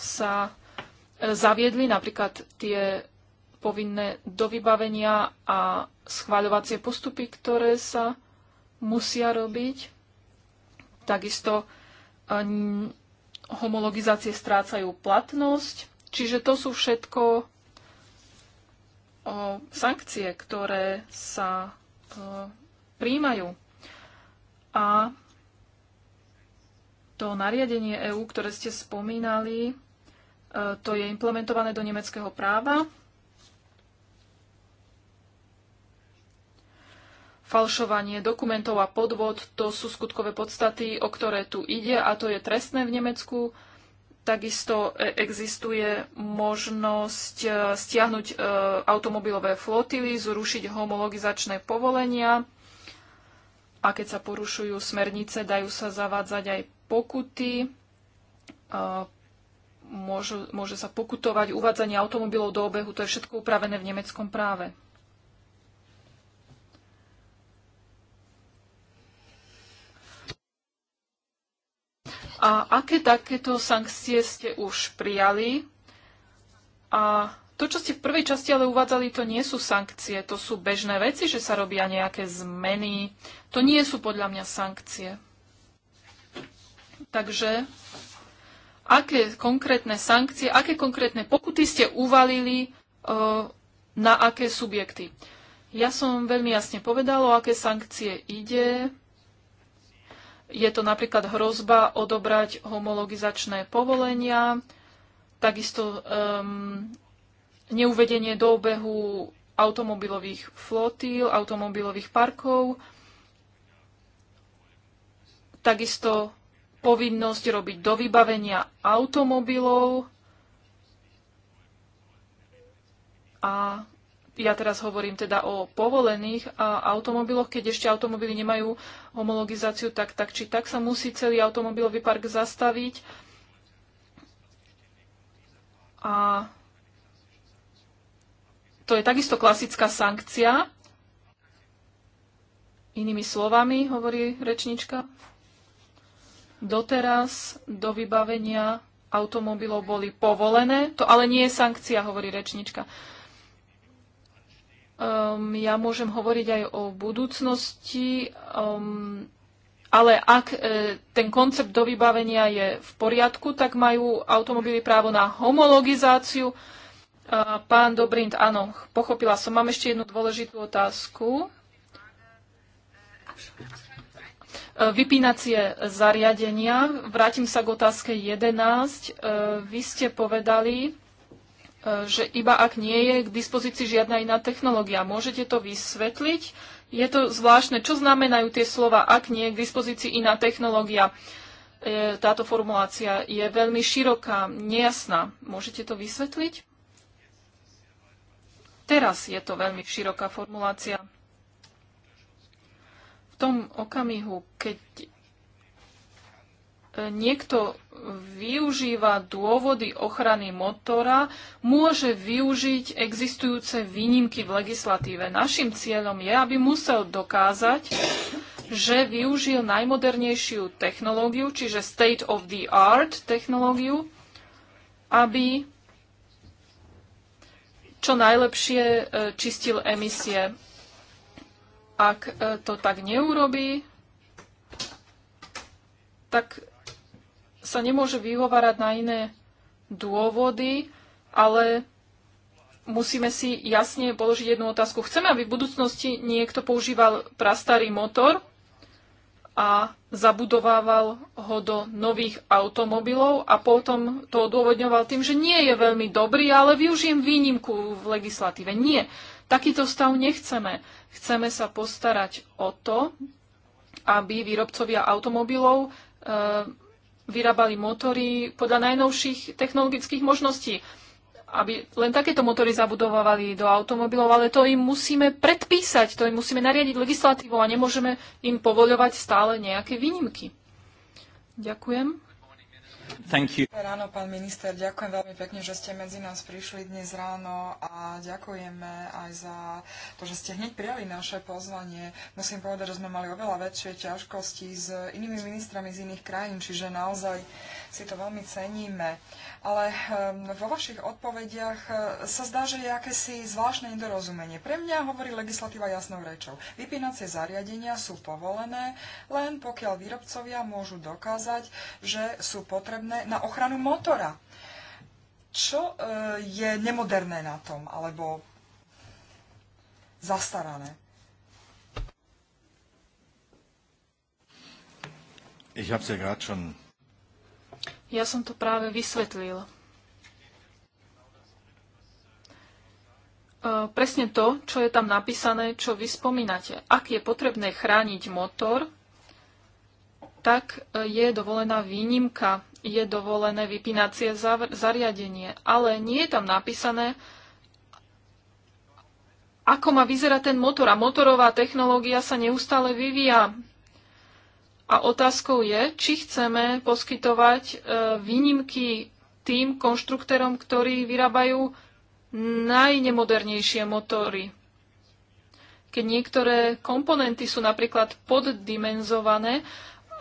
sa e, zaviedli, napríklad tie povinné dovybavenia a schváľovacie postupy, ktoré sa musia robiť. Takisto e, homologizácie strácajú platnosť, čiže to sú všetko o sankcie, ktoré sa e, príjmajú. A to nariadenie EÚ, ktoré ste spomínali, e, to je implementované do nemeckého práva. Falšovanie dokumentov a podvod, to sú skutkové podstaty, o ktoré tu ide a to je trestné v Nemecku Takisto e, existuje možnosť e, stiahnuť e, automobilové flotily, zrušiť homologizačné povolenia a keď sa porušujú smernice, dajú sa zavádzať aj pokuty. Môže, môže sa pokutovať uvádzanie automobilov do obehu. To je všetko upravené v nemeckom práve. A aké takéto sankcie ste už prijali? A to, čo ste v prvej časti ale uvádzali, to nie sú sankcie, to sú bežné veci, že sa robia nejaké zmeny. To nie sú podľa mňa sankcie. Takže aké konkrétne sankcie, aké konkrétne pokuty ste uvalili e, na aké subjekty? Ja som veľmi jasne povedala, o aké sankcie ide. Je to napríklad hrozba odobrať homologizačné povolenia, takisto um, neuvedenie do obehu automobilových flotíl, automobilových parkov, takisto povinnosť robiť do vybavenia automobilov a ja teraz hovorím teda o povolených automobiloch, keď ešte automobily nemajú homologizáciu, tak, tak či tak sa musí celý automobilový park zastaviť. A to je takisto klasická sankcia. Inými slovami, hovorí rečnička, doteraz do vybavenia automobilov boli povolené, to ale nie je sankcia, hovorí rečnička. Um, ja môžem hovoriť aj o budúcnosti, um, ale ak e, ten koncept do vybavenia je v poriadku, tak majú automobily právo na homologizáciu. E, pán Dobrind, áno, pochopila som. Mám ešte jednu dôležitú otázku. E, vypínacie zariadenia. Vrátim sa k otázke 11. E, vy ste povedali, že iba ak nie je k dispozícii žiadna iná technológia. Môžete to vysvetliť? Je to zvláštne. Čo znamenajú tie slova, ak nie je k dispozícii iná technológia? E, táto formulácia je veľmi široká, nejasná. Môžete to vysvetliť? Teraz je to veľmi široká formulácia. V tom okamihu, keď niekto využíva dôvody ochrany motora, môže využiť existujúce výnimky v legislatíve. Našim cieľom je, aby musel dokázať, že využil najmodernejšiu technológiu, čiže state of the art technológiu, aby čo najlepšie e, čistil emisie. Ak e, to tak neurobí, tak sa nemôže vyhovárať na iné dôvody, ale musíme si jasne položiť jednu otázku. Chceme, aby v budúcnosti niekto používal prastarý motor a zabudovával ho do nových automobilov a potom to odôvodňoval tým, že nie je veľmi dobrý, ale využijem výnimku v legislatíve. Nie. Takýto stav nechceme. Chceme sa postarať o to, aby výrobcovia automobilov e, vyrábali motory podľa najnovších technologických možností. Aby len takéto motory zabudovali do automobilov, ale to im musíme predpísať, to im musíme nariadiť legislatívou a nemôžeme im povoľovať stále nejaké výnimky. Ďakujem. Thank you. Ráno, pán minister, ďakujem veľmi pekne, že ste medzi nás prišli dnes ráno a ďakujeme aj za to, že ste hneď prijali naše pozvanie. Musím povedať, že sme mali oveľa väčšie ťažkosti s inými ministrami z iných krajín, čiže naozaj si to veľmi ceníme ale ehm, vo vašich odpovediach e, sa zdá, že je akési zvláštne nedorozumenie. Pre mňa hovorí legislatíva jasnou rečou. Vypínacie zariadenia sú povolené, len pokiaľ výrobcovia môžu dokázať, že sú potrebné na ochranu motora. Čo e, je nemoderné na tom, alebo zastarané? Ich habe es ja gerade schon ja som to práve vysvetlil. E, presne to, čo je tam napísané, čo vy spomínate. Ak je potrebné chrániť motor, tak e, je dovolená výnimka, je dovolené vypínacie zariadenie, ale nie je tam napísané, ako má vyzerať ten motor. A motorová technológia sa neustále vyvíja. A otázkou je, či chceme poskytovať e, výnimky tým konštruktorom, ktorí vyrábajú najnemodernejšie motory. Keď niektoré komponenty sú napríklad poddimenzované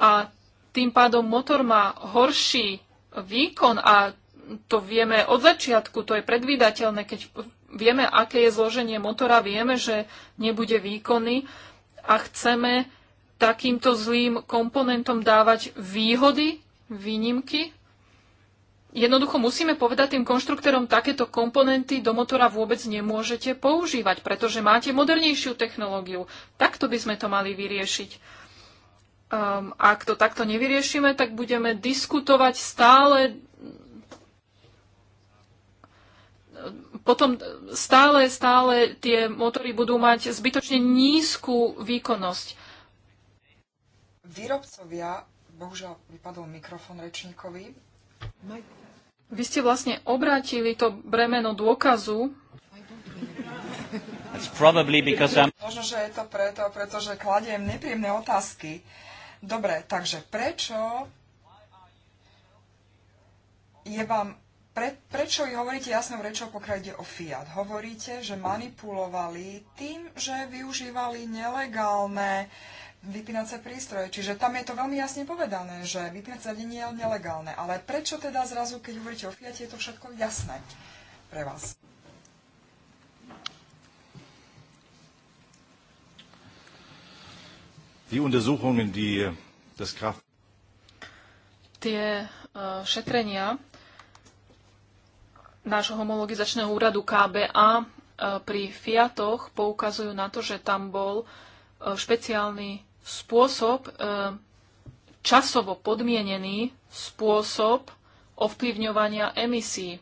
a tým pádom motor má horší výkon a to vieme od začiatku, to je predvídateľné, keď vieme, aké je zloženie motora, vieme, že nebude výkonný a chceme takýmto zlým komponentom dávať výhody, výnimky? Jednoducho musíme povedať tým konštruktorom, takéto komponenty do motora vôbec nemôžete používať, pretože máte modernejšiu technológiu. Takto by sme to mali vyriešiť. Um, ak to takto nevyriešime, tak budeme diskutovať stále potom stále, stále tie motory budú mať zbytočne nízku výkonnosť. Výrobcovia, bohužiaľ vypadol mikrofon rečníkovi. Vy ste vlastne obrátili to bremeno dôkazu. Možno, že je to preto, pretože kladiem nepríjemné otázky. Dobre, takže prečo je vám pre, prečo vy hovoríte jasnou rečou, pokiaľ ide o Fiat? Hovoríte, že manipulovali tým, že využívali nelegálne vypínacie prístroje. Čiže tam je to veľmi jasne povedané, že vypínacie zariadenie je nelegálne. Ale prečo teda zrazu, keď hovoríte o Fiate, je to všetko jasné pre vás? Die Untersuchungen, die äh, das Kraft... Tie uh, šetrenia nášho homologizačného úradu KBA äh, pri Fiatoch poukazujú na to, že tam bol špeciálny spôsob, e, časovo podmienený spôsob ovplyvňovania emisí.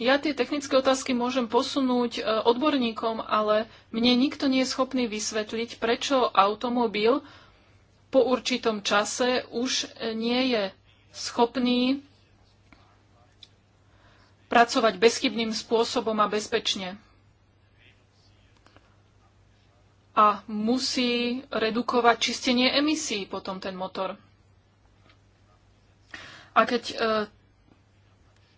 Ja tie technické otázky môžem posunúť e, odborníkom, ale mne nikto nie je schopný vysvetliť, prečo automobil po určitom čase už nie je schopný pracovať bezchybným spôsobom a bezpečne a musí redukovať čistenie emisí potom ten motor. A keď e,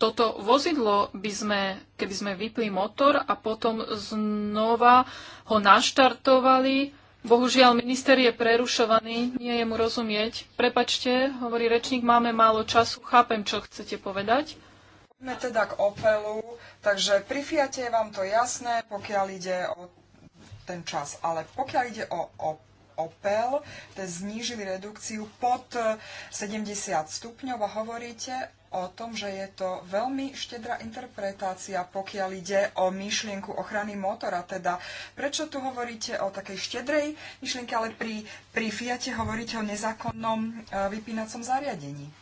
toto vozidlo by sme, keby sme vypli motor a potom znova ho naštartovali, bohužiaľ minister je prerušovaný, nie je mu rozumieť. Prepačte, hovorí rečník, máme málo času, chápem, čo chcete povedať. Poďme teda k Opelu, takže pri Fiate je vám to jasné, pokiaľ ide o ten čas. Ale pokiaľ ide o, o Opel, to znížili redukciu pod 70 e, stupňov a hovoríte o tom, že je to veľmi štedrá interpretácia, pokiaľ ide o myšlienku ochrany motora. Teda prečo tu hovoríte o takej štedrej myšlienke, ale pri, pri Fiate hovoríte o nezákonnom e, vypínacom zariadení?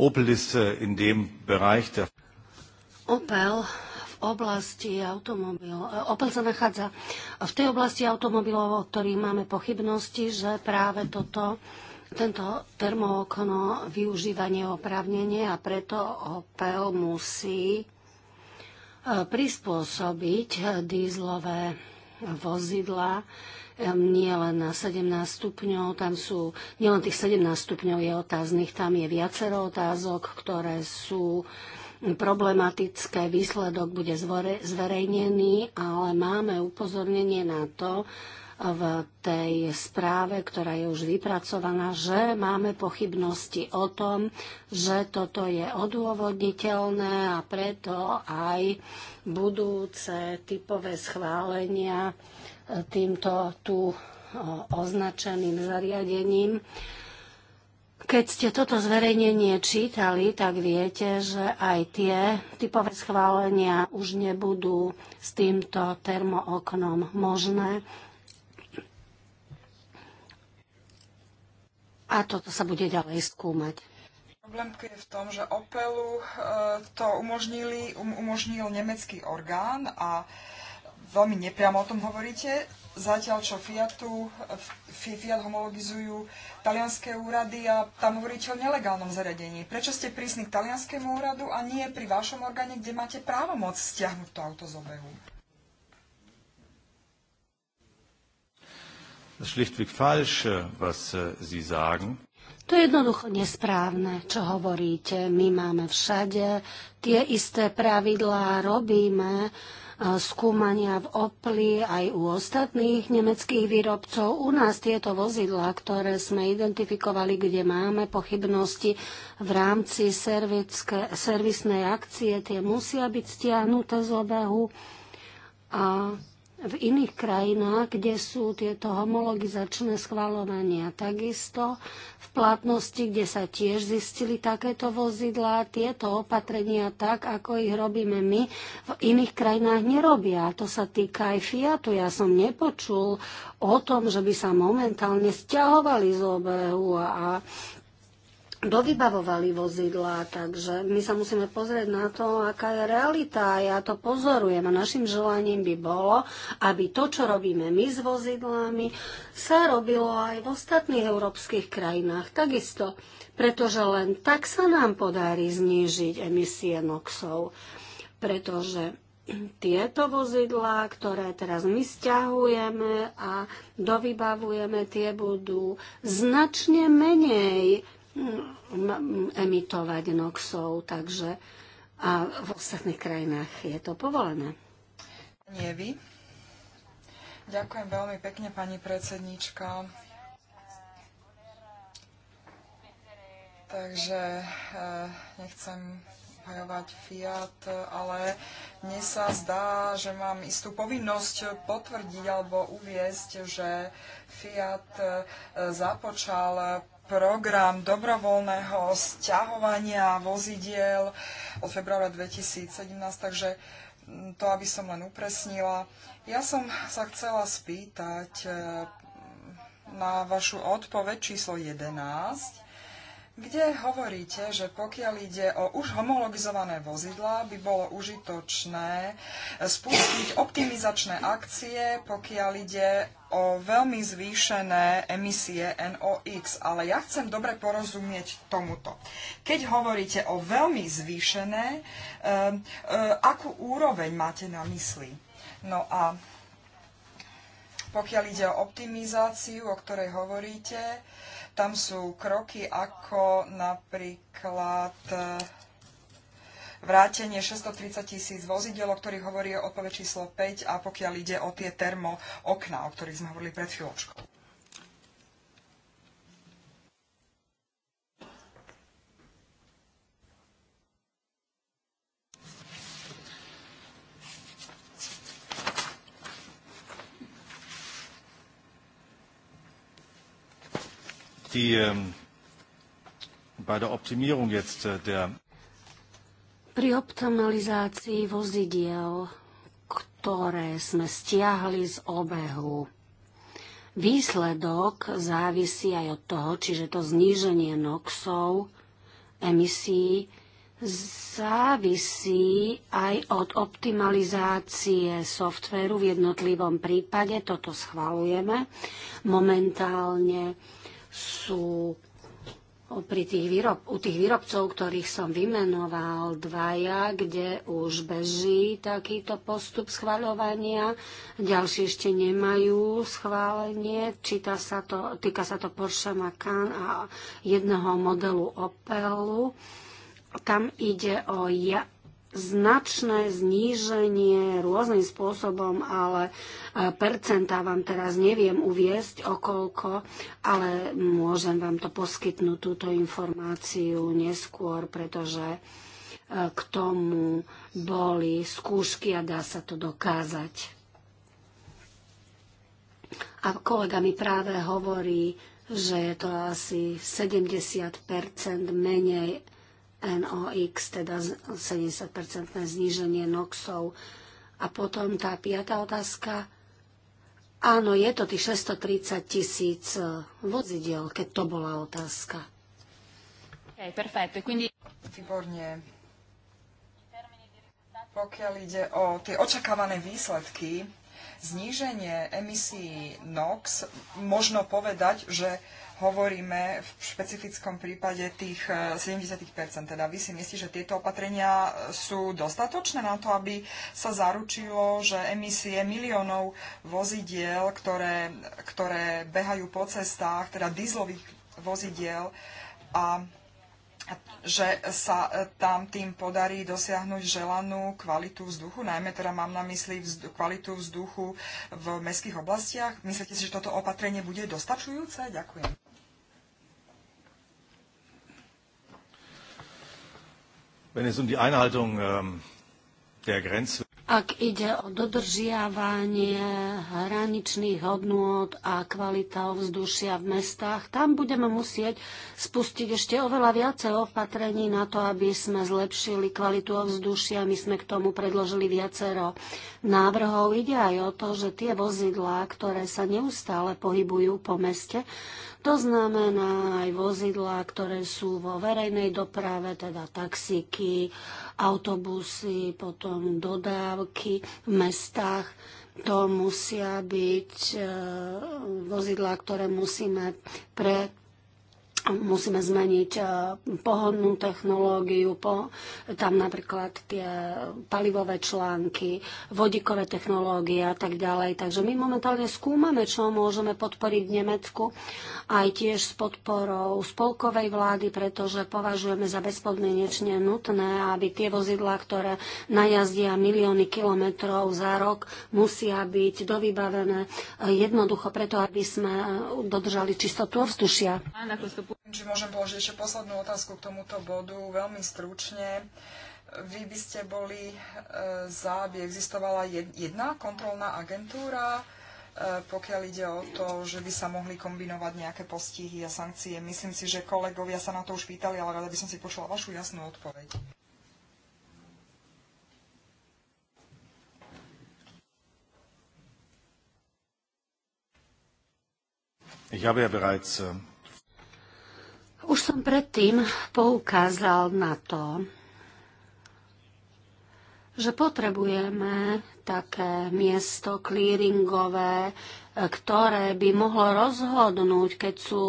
Opel ist äh, in dem Bereich der Opel oblasti automobil, e, Opel sa nachádza v tej oblasti automobilov, o ktorých máme pochybnosti, že práve toto tento termookno využíva neoprávnenie a preto Opel musí e, prispôsobiť e, dýzlové vozidla nie len na 17 stupňov, tam sú, nielen tých 17 stupňov je otáznych, tam je viacero otázok, ktoré sú problematické, výsledok bude zverejnený, ale máme upozornenie na to eh, v tej správe, ktorá je už vypracovaná, že máme pochybnosti o tom, že toto je odôvodniteľné a preto aj budúce typové schválenia eh, týmto tu eh, označeným zariadením keď ste toto zverejnenie čítali, tak viete, že aj tie typové schválenia už nebudú s týmto termooknom možné. A toto sa bude ďalej skúmať. Problém je v tom, že Opelu e, to umožnili, um, umožnil nemecký orgán a veľmi nepriamo o tom hovoríte. Zatiaľ, čo Fiatu, Fiat homologizujú talianské úrady a tam hovoríte o nelegálnom zariadení. Prečo ste prísni k talianskému úradu a nie pri vašom orgáne, kde máte právomoc stiahnuť to auto z obehu? Äh, äh, to je jednoducho nesprávne, čo hovoríte. My máme všade tie isté pravidlá, robíme uh, skúmania v Opli aj u ostatných nemeckých výrobcov. U nás tieto vozidlá, ktoré sme identifikovali, kde máme pochybnosti v rámci servisnej akcie, tie musia byť stiahnuté z obehu. A v iných krajinách, kde sú tieto homologizačné schvalovania. Takisto v platnosti, kde sa tiež zistili takéto vozidlá, tieto opatrenia tak, ako ich robíme my, v iných krajinách nerobia. To sa týka aj Fiatu. Ja som nepočul o tom, že by sa momentálne stiahovali z obehu a dovybavovali vozidlá, takže my sa musíme pozrieť na to, aká je realita. Ja to pozorujem a našim želaním by bolo, aby to, čo robíme my s vozidlami, sa robilo aj v ostatných európskych krajinách. Takisto, pretože len tak sa nám podarí znížiť emisie NOXov, pretože tieto vozidlá, ktoré teraz my stiahujeme a dovybavujeme, tie budú značne menej emitovať noxov, takže a v ostatných krajinách je to povolené. Nie vy. Ďakujem veľmi pekne, pani predsednička. Takže e, nechcem hajovať Fiat, ale mne sa zdá, že mám istú povinnosť potvrdiť alebo uviesť, že Fiat e, započal program dobrovoľného sťahovania vozidiel od februára 2017, takže mm, to, aby som len upresnila. Ja som sa chcela spýtať e, na vašu odpoveď číslo 11 kde hovoríte, že pokiaľ ide o už homologizované vozidlá, by bolo užitočné spustiť optimizačné akcie, pokiaľ ide o veľmi zvýšené emisie NOx, ale ja chcem dobre porozumieť tomuto. Keď hovoríte o veľmi zvýšené, e, e, akú úroveň máte na mysli? No a pokiaľ ide o optimizáciu, o ktorej hovoríte, e, tam sú kroky ako napríklad e, vrátenie 630 tisíc vozidel, o ktorých hovorí odpoveď číslo 5 a pokiaľ ide o tie termo okná, o ktorých sme hovorili pred chvíľočkou. die, ähm, bei der Optimierung jetzt äh, der pri optimalizácii vozidiel, ktoré sme stiahli z obehu, výsledok závisí aj od toho, čiže to zníženie NOXov, emisí, závisí aj od optimalizácie softvéru v jednotlivom prípade. Toto schvalujeme momentálne sú pri tých výrob, u tých výrobcov, ktorých som vymenoval dvaja, kde už beží takýto postup schvaľovania, ďalší ešte nemajú schválenie, Číta sa to, týka sa to Porsche Macan a jedného modelu Opelu. Tam ide o ja, značné zníženie rôznym spôsobom, ale e, percentá vám teraz neviem uviesť okolko, ale môžem vám to poskytnúť túto informáciu neskôr, pretože e, k tomu boli skúšky a dá sa to dokázať. A kolega mi práve hovorí, že je to asi 70 menej NOx, teda 70-percentné zníženie NOxov. A potom tá piatá otázka. Áno, je to tých 630 tisíc eh, vozidiel, keď to bola otázka. Ok, perfetto. Quindi... Výborne. Pokiaľ ide o tie očakávané výsledky, zníženie emisí NOx, možno povedať, že hovoríme v špecifickom prípade tých 70%. Eh, teda vy si myslíte, že tieto opatrenia eh, sú dostatočné na to, aby sa zaručilo, že emisie miliónov vozidiel, ktoré, ktoré behajú po cestách, teda dízlových vozidiel a že sa eh, tam tým podarí dosiahnuť želanú kvalitu vzduchu, najmä teda mám na mysli vzduch, kvalitu vzduchu v mestských oblastiach. Myslíte si, že toto opatrenie bude dostačujúce? Ďakujem. Um ähm, Ak ide o dodržiavanie hraničných hodnôt a kvalita ovzdušia v mestách, tam budeme musieť spustiť ešte oveľa viacej opatrení na to, aby sme zlepšili kvalitu ovzdušia. My sme k tomu predložili viacero návrhov. Ide aj o to, že tie vozidlá, ktoré sa neustále pohybujú po meste, to znamená aj vozidlá, ktoré sú vo verejnej doprave, teda taxíky, autobusy, potom dodávky v mestách. To musia byť eh, vozidlá, ktoré musíme pre musíme zmeniť e, pohodnú technológiu, po, tam napríklad tie palivové články, vodíkové technológie a tak ďalej. Takže my momentálne skúmame, čo môžeme podporiť v Nemecku, aj tiež s podporou spolkovej vlády, pretože považujeme za bezpodmienečne nutné, aby tie vozidlá, ktoré najazdia milióny kilometrov za rok, musia byť dovybavené e, jednoducho preto, aby sme e, dodržali čistotu ovzdušia. Neviem, či môžem položiť ešte poslednú otázku k tomuto bodu, veľmi stručne. Vy by ste boli e, za, aby existovala jedna kontrolná agentúra, e, pokiaľ ide o to, že by sa mohli kombinovať nejaké postihy a sankcie. Myslím si, že kolegovia sa na to už pýtali, ale rada by som si počula vašu jasnú odpoveď. Ich habe ja bereits už som predtým poukázal na to, že potrebujeme také miesto clearingové, ktoré by mohlo rozhodnúť, keď sú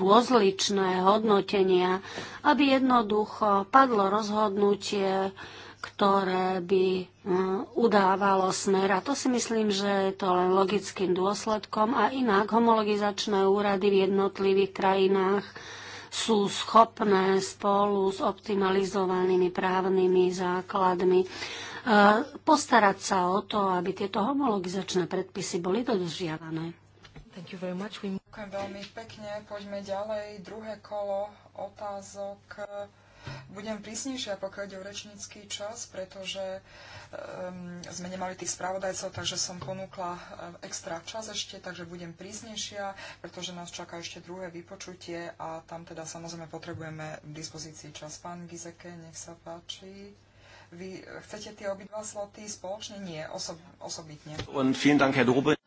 rozličné hodnotenia, aby jednoducho padlo rozhodnutie, ktoré by mm, udávalo smer. A to si myslím, že je to len logickým dôsledkom. A inak homologizačné úrady v jednotlivých krajinách sú schopné spolu s optimalizovanými právnymi základmi e, postarať sa o to, aby tieto homologizačné predpisy boli dodržiavané. Ďakujem veľmi pekne. Poďme ďalej. Druhé kolo otázok budem prísnejšia, pokiaľ ide o rečnícky čas, pretože um, sme nemali tých spravodajcov, takže som ponúkla e, extra čas ešte, takže budem prísnejšia, pretože nás čaká ešte druhé vypočutie a tam teda samozrejme potrebujeme v dispozícii čas. Pán Gizeke, nech sa páči. Vy chcete tie obidva sloty spoločne? Nie, osob, osobitne.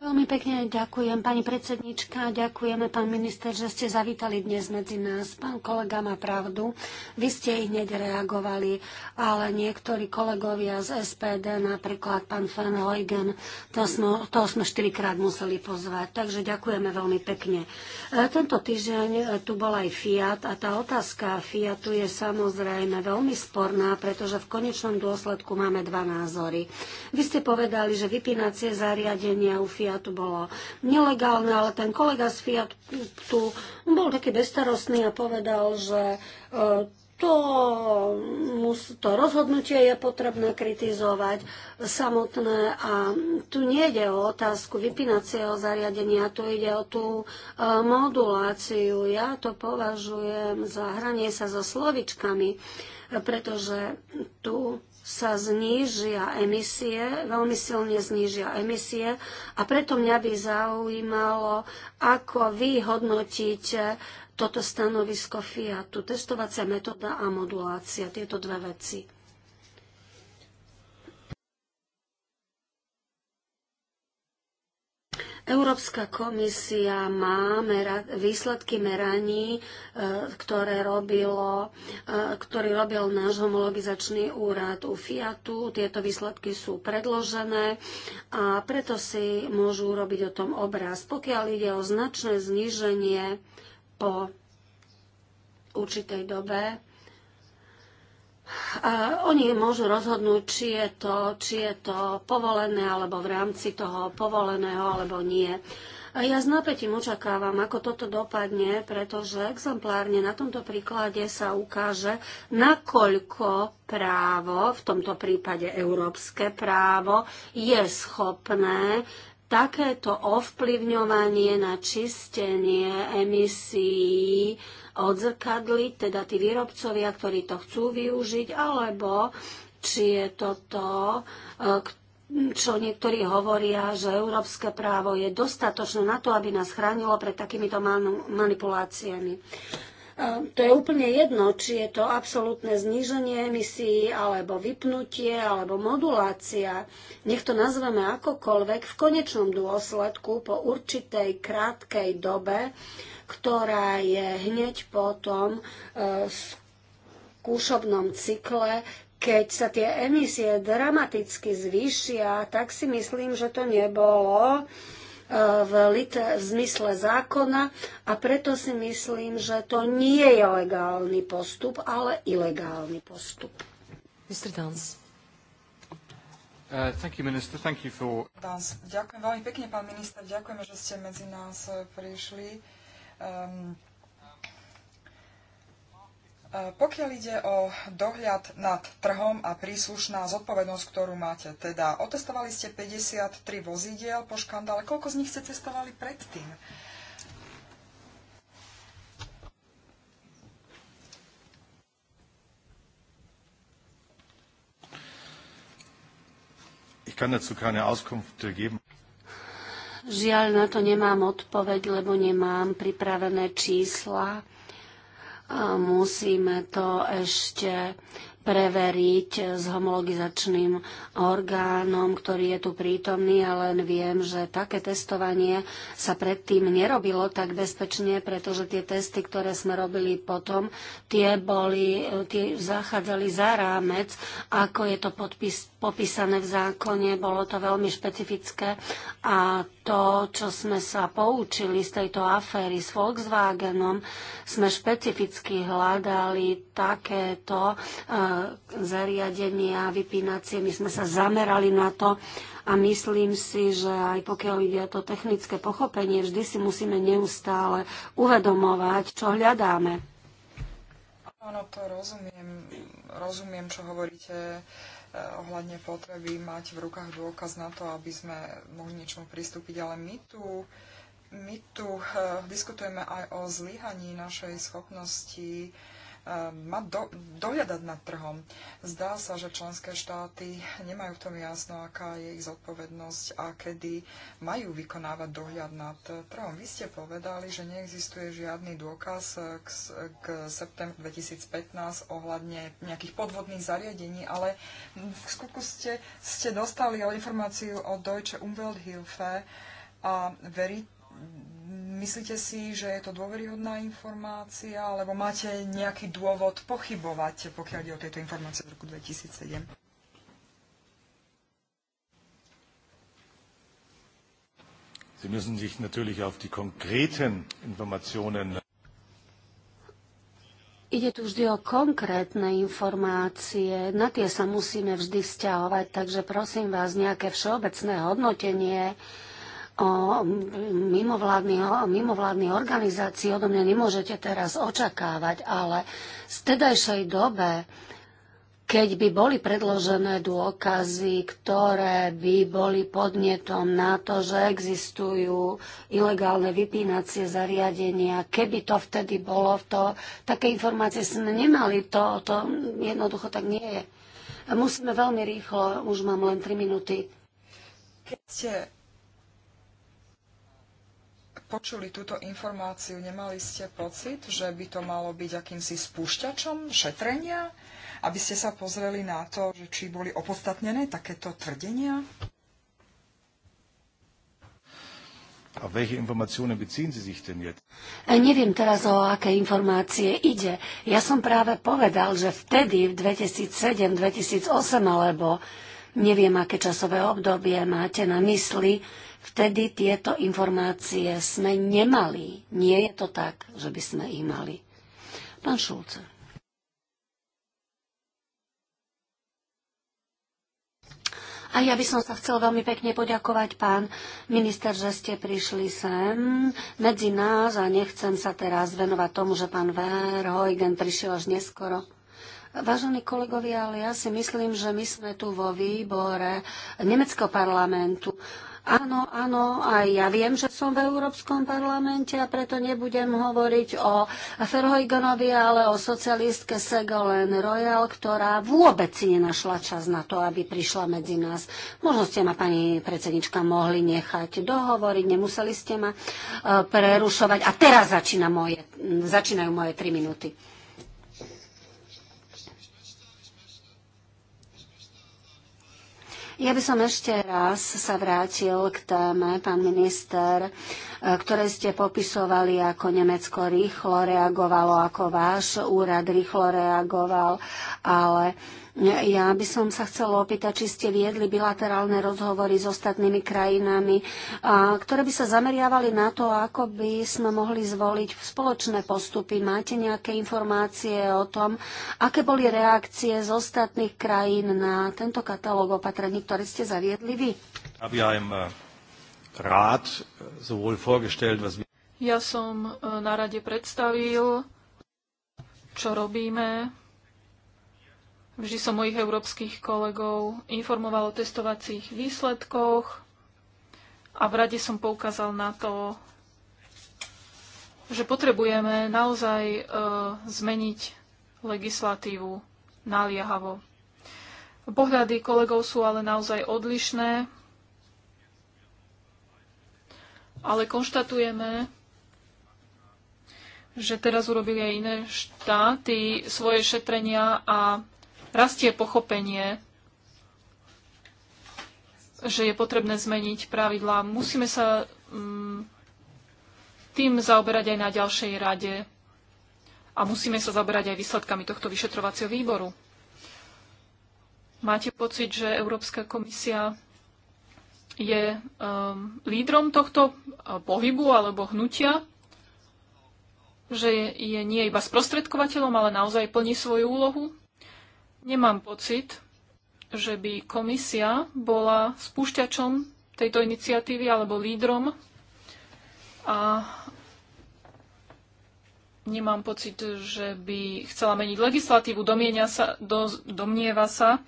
Veľmi pekne ďakujem, pani predsednička. Ďakujeme, pán minister, že ste zavítali dnes medzi nás. Pán kolega má pravdu. Vy ste ich hneď reagovali, ale niektorí kolegovia z SPD, napríklad pán Van Heugen, to sme, to sme štyrikrát museli pozvať. Takže ďakujeme veľmi pekne. E, tento týždeň e, tu bol aj Fiat a tá otázka Fiatu je samozrejme veľmi sporná, pretože v konečnom konečnom dôsledku máme dva názory. Vy ste povedali, že vypínacie zariadenia u Fiatu bolo nelegálne, ale ten kolega z Fiatu bol taký bestarostný a povedal, že e, to, to rozhodnutie je potrebné kritizovať samotné a tu nie ide o otázku vypínacieho zariadenia, tu ide o tú e, moduláciu. Ja to považujem za hranie sa so slovičkami pretože tu sa znížia emisie, veľmi silne znížia emisie a preto mňa by zaujímalo, ako vy hodnotíte toto stanovisko Fiatu, testovacia metóda a modulácia, tieto dve veci. Európska komisia má mera- výsledky meraní, e, ktoré robilo, e, ktorý robil náš homologizačný úrad u Fiatu. Tieto výsledky sú predložené a preto si môžu robiť o tom obraz. Pokiaľ ide o značné zníženie po určitej dobe, a oni môžu rozhodnúť, či je, to, či je to povolené alebo v rámci toho povoleného alebo nie. A ja s napätím očakávam, ako toto dopadne, pretože exemplárne na tomto príklade sa ukáže, nakoľko právo, v tomto prípade európske právo, je schopné takéto ovplyvňovanie na čistenie emisí odzrkadli, teda tí výrobcovia, ktorí to chcú využiť, alebo či je to to, e, čo niektorí hovoria, že európske právo je dostatočné na to, aby nás chránilo pred takýmito manipuláciami. E, to je úplne jedno, či je to absolútne zníženie emisí, alebo vypnutie, alebo modulácia. Nech to nazveme akokoľvek, v konečnom dôsledku po určitej krátkej dobe ktorá je hneď potom e, v kúšobnom cykle keď sa tie emisie dramaticky zvýšia, tak si myslím, že to nebolo e, v, v zmysle zákona a preto si myslím, že to nie je legálny postup, ale ilegálny postup. Mr. Dance. Uh, thank you, minister. Thank you for... Dance. ďakujem veľmi pekne, pán minister. Ďakujeme, že ste medzi nás e, prišli. Um, pokiaľ ide o dohľad nad trhom a príslušná zodpovednosť, ktorú máte, teda otestovali ste 53 vozidiel po škandále, koľko z nich ste cestovali predtým? Ich kann dazu keine Auskunft geben. Žiaľ, na to nemám odpoveď, lebo nemám pripravené čísla. A musíme to ešte preveriť s homologizačným orgánom, ktorý je tu prítomný, ale len viem, že také testovanie sa predtým nerobilo tak bezpečne, pretože tie testy, ktoré sme robili potom, tie, boli, tie zachádzali za rámec, ako je to podpis, popísané v zákone, bolo to veľmi špecifické a to, čo sme sa poučili z tejto aféry s Volkswagenom, sme špecificky hľadali takéto e, zariadenia, vypínacie. My sme sa zamerali na to a myslím si, že aj pokiaľ ide o to technické pochopenie, vždy si musíme neustále uvedomovať, čo hľadáme. Áno, to rozumiem. Rozumiem, čo hovoríte. Eh, ohľadne potreby mať v rukách dôkaz na to, aby sme mohli niečomu pristúpiť. Ale my tu, my tu eh, diskutujeme aj o zlyhaní našej schopnosti E, má do, dohľadať nad trhom. Zdá sa, že členské štáty nemajú v tom jasno, aká je ich zodpovednosť a kedy majú vykonávať dohľad nad trhom. Vy ste povedali, že neexistuje žiadny dôkaz k, k septembru 2015 ohľadne nejakých podvodných zariadení, ale v skutku ste, ste dostali informáciu o Deutsche Umwelthilfe a veriť Myslíte si, že je to dôveryhodná informácia, alebo máte nejaký dôvod pochybovať, pokiaľ ide o tieto informácie z roku 2007? Sie müssen sich natürlich auf die konkreten Informationen Ide tu vždy o konkrétne informácie, na tie sa musíme vždy vzťahovať, takže prosím vás, nejaké všeobecné hodnotenie o mimovládnych, mimovládny organizácií odo mňa nemôžete teraz očakávať, ale z tedajšej dobe, keď by boli predložené dôkazy, ktoré by boli podnetom na to, že existujú ilegálne vypínacie zariadenia, keby to vtedy bolo, to, také informácie sme nemali, to, to jednoducho tak nie je. Musíme veľmi rýchlo, už mám len 3 minúty. Keď počuli túto informáciu, nemali ste pocit, že by to malo byť akýmsi spúšťačom šetrenia, aby ste sa pozreli na to, že či boli opodstatnené takéto tvrdenia? A e, Neviem teraz, o aké informácie ide. Ja som práve povedal, že vtedy, v 2007, 2008, alebo neviem, aké časové obdobie máte na mysli, Vtedy tieto informácie sme nemali. Nie je to tak, že by sme ich mali. Pán Šulce. A ja by som sa chcel veľmi pekne poďakovať, pán minister, že ste prišli sem medzi nás a nechcem sa teraz venovať tomu, že pán Verhoigen prišiel až neskoro. Vážení kolegovia, ale ja si myslím, že my sme tu vo výbore Nemeckého parlamentu Áno, áno, aj ja viem, že som v Európskom parlamente a preto nebudem hovoriť o Ferhojgonovi, ale o socialistke Segolen Royal, ktorá vôbec si nenašla čas na to, aby prišla medzi nás. Možno ste ma, pani predsednička, mohli nechať dohovoriť, nemuseli ste ma eh, prerušovať. A teraz začína moje, začínajú moje tri minúty. Ja by som ešte raz sa vrátil k téme, pán minister, e, ktoré ste popisovali, ako Nemecko rýchlo reagovalo, ako váš úrad rýchlo reagoval, ale ja by som sa chcela opýtať, či ste viedli bilaterálne rozhovory s ostatnými krajinami, ktoré by sa zameriavali na to, ako by sme mohli zvoliť spoločné postupy. Máte nejaké informácie o tom, aké boli reakcie z ostatných krajín na tento katalóg opatrení, ktoré ste zaviedli vy? Äh, äh, ja som äh, na rade predstavil, čo robíme Vždy som mojich európskych kolegov informoval o testovacích výsledkoch a v rade som poukázal na to, že potrebujeme naozaj e, zmeniť legislatívu naliehavo. Pohľady kolegov sú ale naozaj odlišné, ale konštatujeme, že teraz urobili aj iné štáty svoje šetrenia a rastie pochopenie, že je potrebné zmeniť pravidlá. Musíme sa mm, tým zaoberať aj na ďalšej rade a musíme sa zaoberať aj výsledkami tohto vyšetrovacieho výboru. Máte pocit, že Európska komisia je um, lídrom tohto uh, pohybu alebo hnutia? Že je, je nie iba sprostredkovateľom, ale naozaj plní svoju úlohu? Nemám pocit, že by komisia bola spúšťačom tejto iniciatívy alebo lídrom a nemám pocit, že by chcela meniť legislatívu. Domienia sa, do, domnieva sa,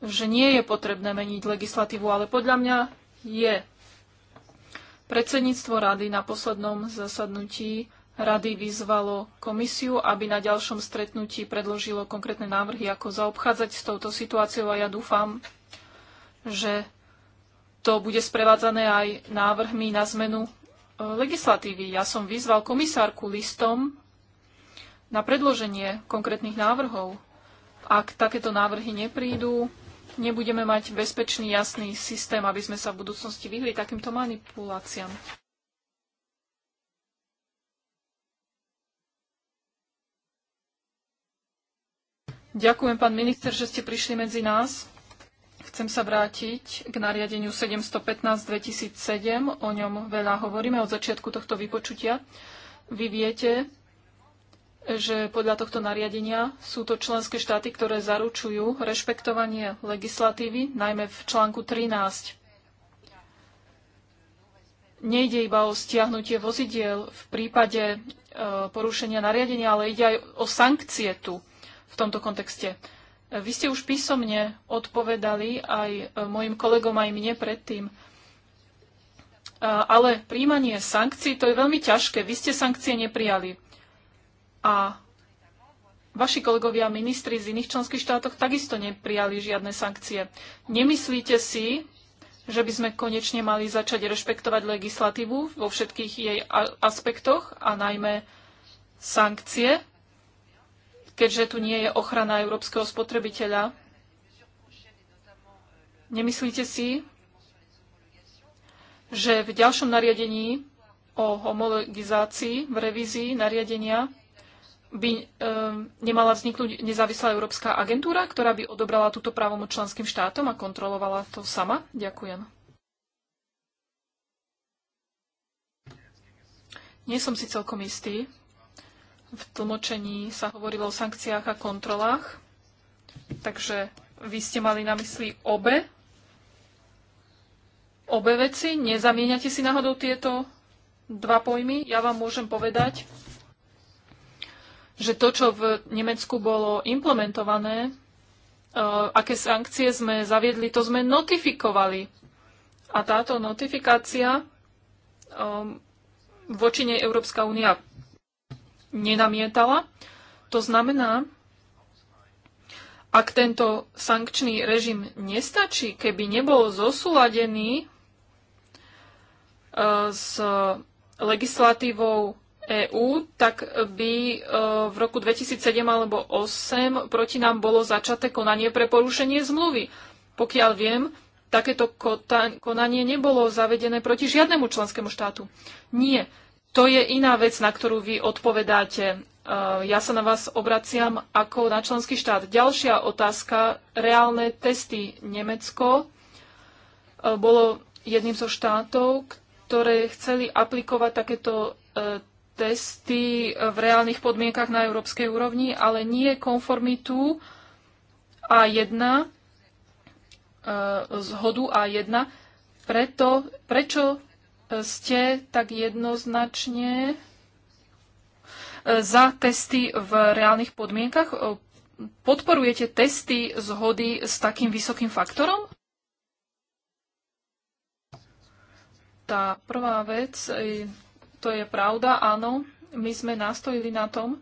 že nie je potrebné meniť legislatívu, ale podľa mňa je. Predsedníctvo rady na poslednom zasadnutí rady vyzvalo komisiu, aby na ďalšom stretnutí predložilo konkrétne návrhy, ako zaobchádzať s touto situáciou a ja dúfam, že to bude sprevádzané aj návrhmi na zmenu e, legislatívy. Ja som vyzval komisárku listom na predloženie konkrétnych návrhov. Ak takéto návrhy neprídu, nebudeme mať bezpečný, jasný systém, aby sme sa v budúcnosti vyhli takýmto manipuláciám. Ďakujem, pán minister, že ste prišli medzi nás. Chcem sa vrátiť k nariadeniu 715-2007. O ňom veľa hovoríme od začiatku tohto vypočutia. Vy viete, že podľa tohto nariadenia sú to členské štáty, ktoré zaručujú rešpektovanie legislatívy, najmä v článku 13. Nejde iba o stiahnutie vozidiel v prípade e, porušenia nariadenia, ale ide aj o sankcie tu v tomto kontexte. Vy ste už písomne odpovedali aj e, mojim kolegom, aj mne predtým. E, ale príjmanie sankcií, to je veľmi ťažké. Vy ste sankcie neprijali. A vaši kolegovia ministri z iných členských štátoch takisto neprijali žiadne sankcie. Nemyslíte si, že by sme konečne mali začať rešpektovať legislatívu vo všetkých jej aspektoch a najmä sankcie? keďže tu nie je ochrana európskeho spotrebiteľa. Nemyslíte si, že v ďalšom nariadení o homologizácii v revízii nariadenia by e, nemala vzniknúť nezávislá európska agentúra, ktorá by odobrala túto právomoc členským štátom a kontrolovala to sama? Ďakujem. Nie som si celkom istý. V tlmočení sa hovorilo o sankciách a kontrolách, takže vy ste mali na mysli obe obe veci? Nezamieňate si náhodou tieto dva pojmy? Ja vám môžem povedať, že to, čo v Nemecku bolo implementované, uh, aké sankcie sme zaviedli, to sme notifikovali. A táto notifikácia um, voči nej Európska únia nenamietala. To znamená, ak tento sankčný režim nestačí, keby nebol zosúladený e, s legislatívou EÚ, tak by e, v roku 2007 alebo 2008 proti nám bolo začaté konanie pre porušenie zmluvy. Pokiaľ viem, takéto konanie nebolo zavedené proti žiadnemu členskému štátu. Nie to je iná vec, na ktorú vy odpovedáte. E, ja sa na vás obraciam ako na členský štát. Ďalšia otázka, reálne testy. Nemecko e, bolo jedným zo štátov, ktoré chceli aplikovať takéto e, testy v reálnych podmienkach na európskej úrovni, ale nie konformitu A1, zhodu A1. Preto, prečo ste tak jednoznačne e, za testy v reálnych podmienkach? E, podporujete testy zhody s takým vysokým faktorom? Tá prvá vec, e, to je pravda, áno. My sme nastojili na tom,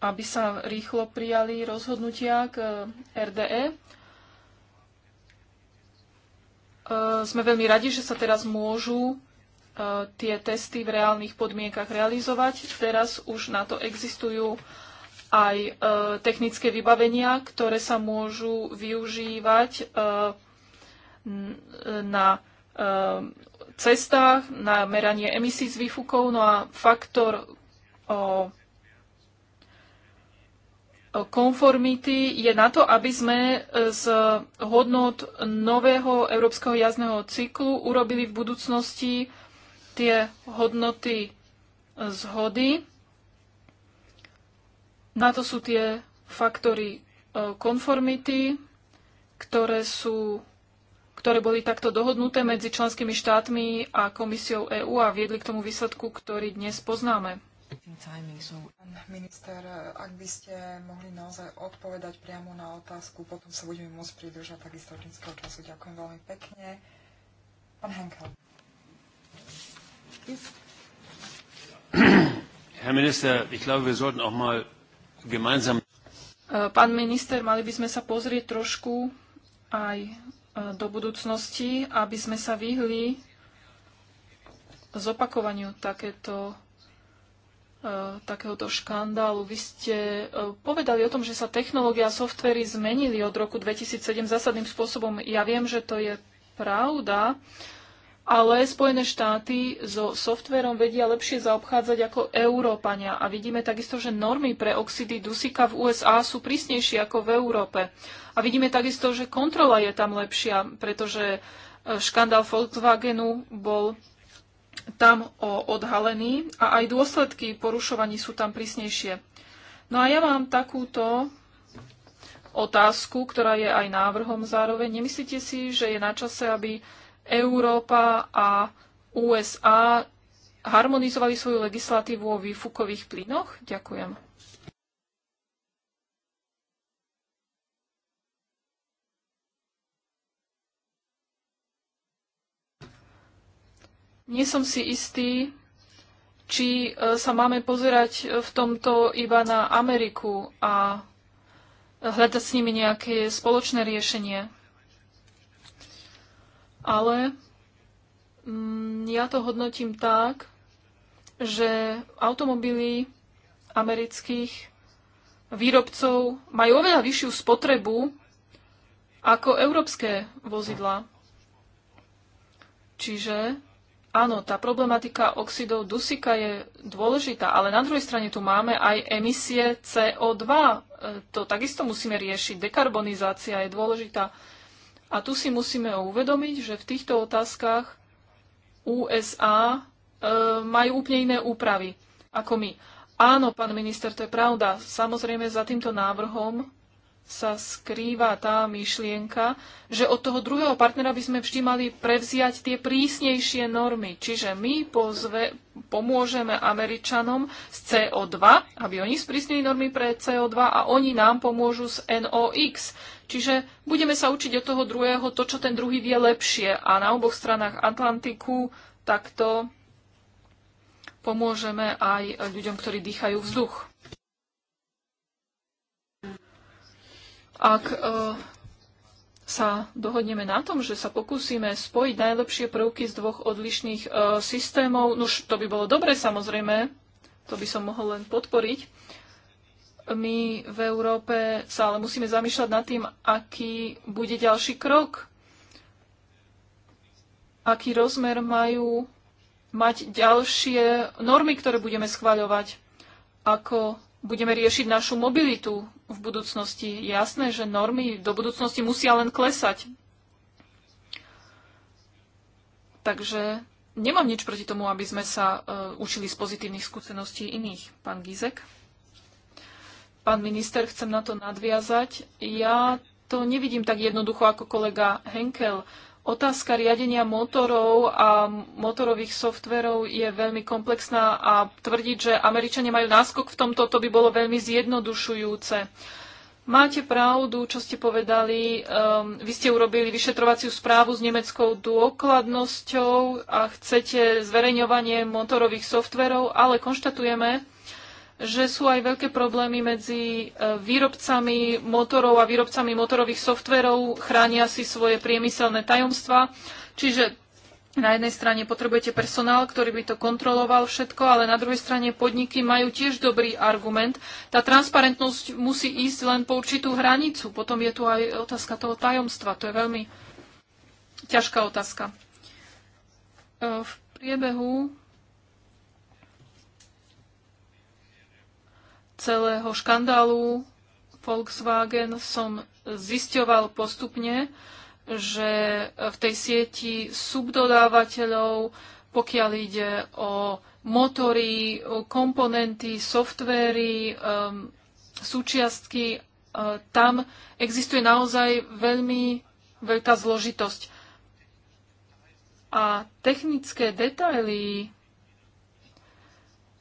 aby sa rýchlo prijali rozhodnutia k RDE Eh, sme veľmi radi, že sa teraz môžu eh, tie testy v reálnych podmienkach realizovať. Teraz už na to existujú aj eh, technické vybavenia, ktoré sa môžu využívať na cestách, na meranie emisí z výfukov. No a faktor konformity je na to, aby sme e, z hodnot nového európskeho jazdného cyklu urobili v budúcnosti tie hodnoty e, zhody. Na to sú tie faktory e, konformity, ktoré, sú, ktoré boli takto dohodnuté medzi členskými štátmi a komisiou EÚ a viedli k tomu výsledku, ktorý dnes poznáme. Pán minister, ak by ste mohli naozaj odpovedať priamo na otázku, potom sa budeme môcť pridržať tak čínskeho času. Ďakujem veľmi pekne. Pán Henkel. Herr Minister, ich glaube, wir sollten auch mal gemeinsam... Äh, Pán minister, mali by sme sa pozrieť trošku aj äh, do budúcnosti, aby sme sa vyhli zopakovaniu takéto E, takéhoto škandálu. Vy ste e, povedali o tom, že sa technológia a softvery zmenili od roku 2007 zásadným spôsobom. Ja viem, že to je pravda, ale Spojené štáty so softverom vedia lepšie zaobchádzať ako Európania. A vidíme takisto, že normy pre oxidy dusika v USA sú prísnejšie ako v Európe. A vidíme takisto, že kontrola je tam lepšia, pretože e, škandál Volkswagenu bol tam odhalení a aj dôsledky porušovaní sú tam prísnejšie. No a ja mám takúto otázku, ktorá je aj návrhom zároveň. Nemyslíte si, že je na čase, aby Európa a USA harmonizovali svoju legislatívu o výfukových plynoch? Ďakujem. Nie som si istý, či e, sa máme pozerať e, v tomto iba na Ameriku a hľadať s nimi nejaké spoločné riešenie. Ale mm, ja to hodnotím tak, že automobily amerických výrobcov majú oveľa vyššiu spotrebu ako európske vozidlá. Čiže Áno, tá problematika oxidov dusika je dôležitá, ale na druhej strane tu máme aj emisie CO2. E, to takisto musíme riešiť. Dekarbonizácia je dôležitá. A tu si musíme uvedomiť, že v týchto otázkach USA e, majú úplne iné úpravy ako my. Áno, pán minister, to je pravda. Samozrejme, za týmto návrhom sa skrýva tá myšlienka, že od toho druhého partnera by sme vždy mali prevziať tie prísnejšie normy. Čiže my pozve, pomôžeme Američanom z CO2, aby oni sprísnili normy pre CO2 a oni nám pomôžu z NOx. Čiže budeme sa učiť od toho druhého to, čo ten druhý vie lepšie. A na oboch stranách Atlantiku takto pomôžeme aj ľuďom, ktorí dýchajú vzduch. Ak e, sa dohodneme na tom, že sa pokúsime spojiť najlepšie prvky z dvoch odlišných e, systémov. už to by bolo dobre samozrejme, to by som mohol len podporiť. My v Európe sa ale musíme zamýšľať nad tým, aký bude ďalší krok, aký rozmer majú mať ďalšie normy, ktoré budeme schváľovať, ako budeme riešiť našu mobilitu v budúcnosti. Jasné, že normy do budúcnosti musia len klesať. Takže nemám nič proti tomu, aby sme sa uh, učili z pozitívnych skúseností iných. Pán Gizek? Pán minister, chcem na to nadviazať. Ja to nevidím tak jednoducho ako kolega Henkel. Uh, Otázka riadenia motorov a motorových softverov je veľmi komplexná a tvrdiť, že Američania majú náskok v tomto, to by bolo veľmi zjednodušujúce. Máte pravdu, čo ste povedali. Um, vy ste urobili vyšetrovaciu správu s nemeckou dôkladnosťou a chcete zverejňovanie motorových softverov, ale konštatujeme, že sú aj veľké problémy medzi e, výrobcami motorov a výrobcami motorových softverov, chránia si svoje priemyselné tajomstva. Čiže na jednej strane potrebujete personál, ktorý by to kontroloval všetko, ale na druhej strane podniky majú tiež dobrý argument. Tá transparentnosť musí ísť len po určitú hranicu. Potom je tu aj otázka toho tajomstva. To je veľmi ťažká otázka. E, v priebehu celého škandálu Volkswagen som zisťoval postupne, že v tej sieti subdodávateľov, pokiaľ ide o motory, komponenty, softvery, ehm, súčiastky, e, tam existuje naozaj veľmi veľká zložitosť. A technické detaily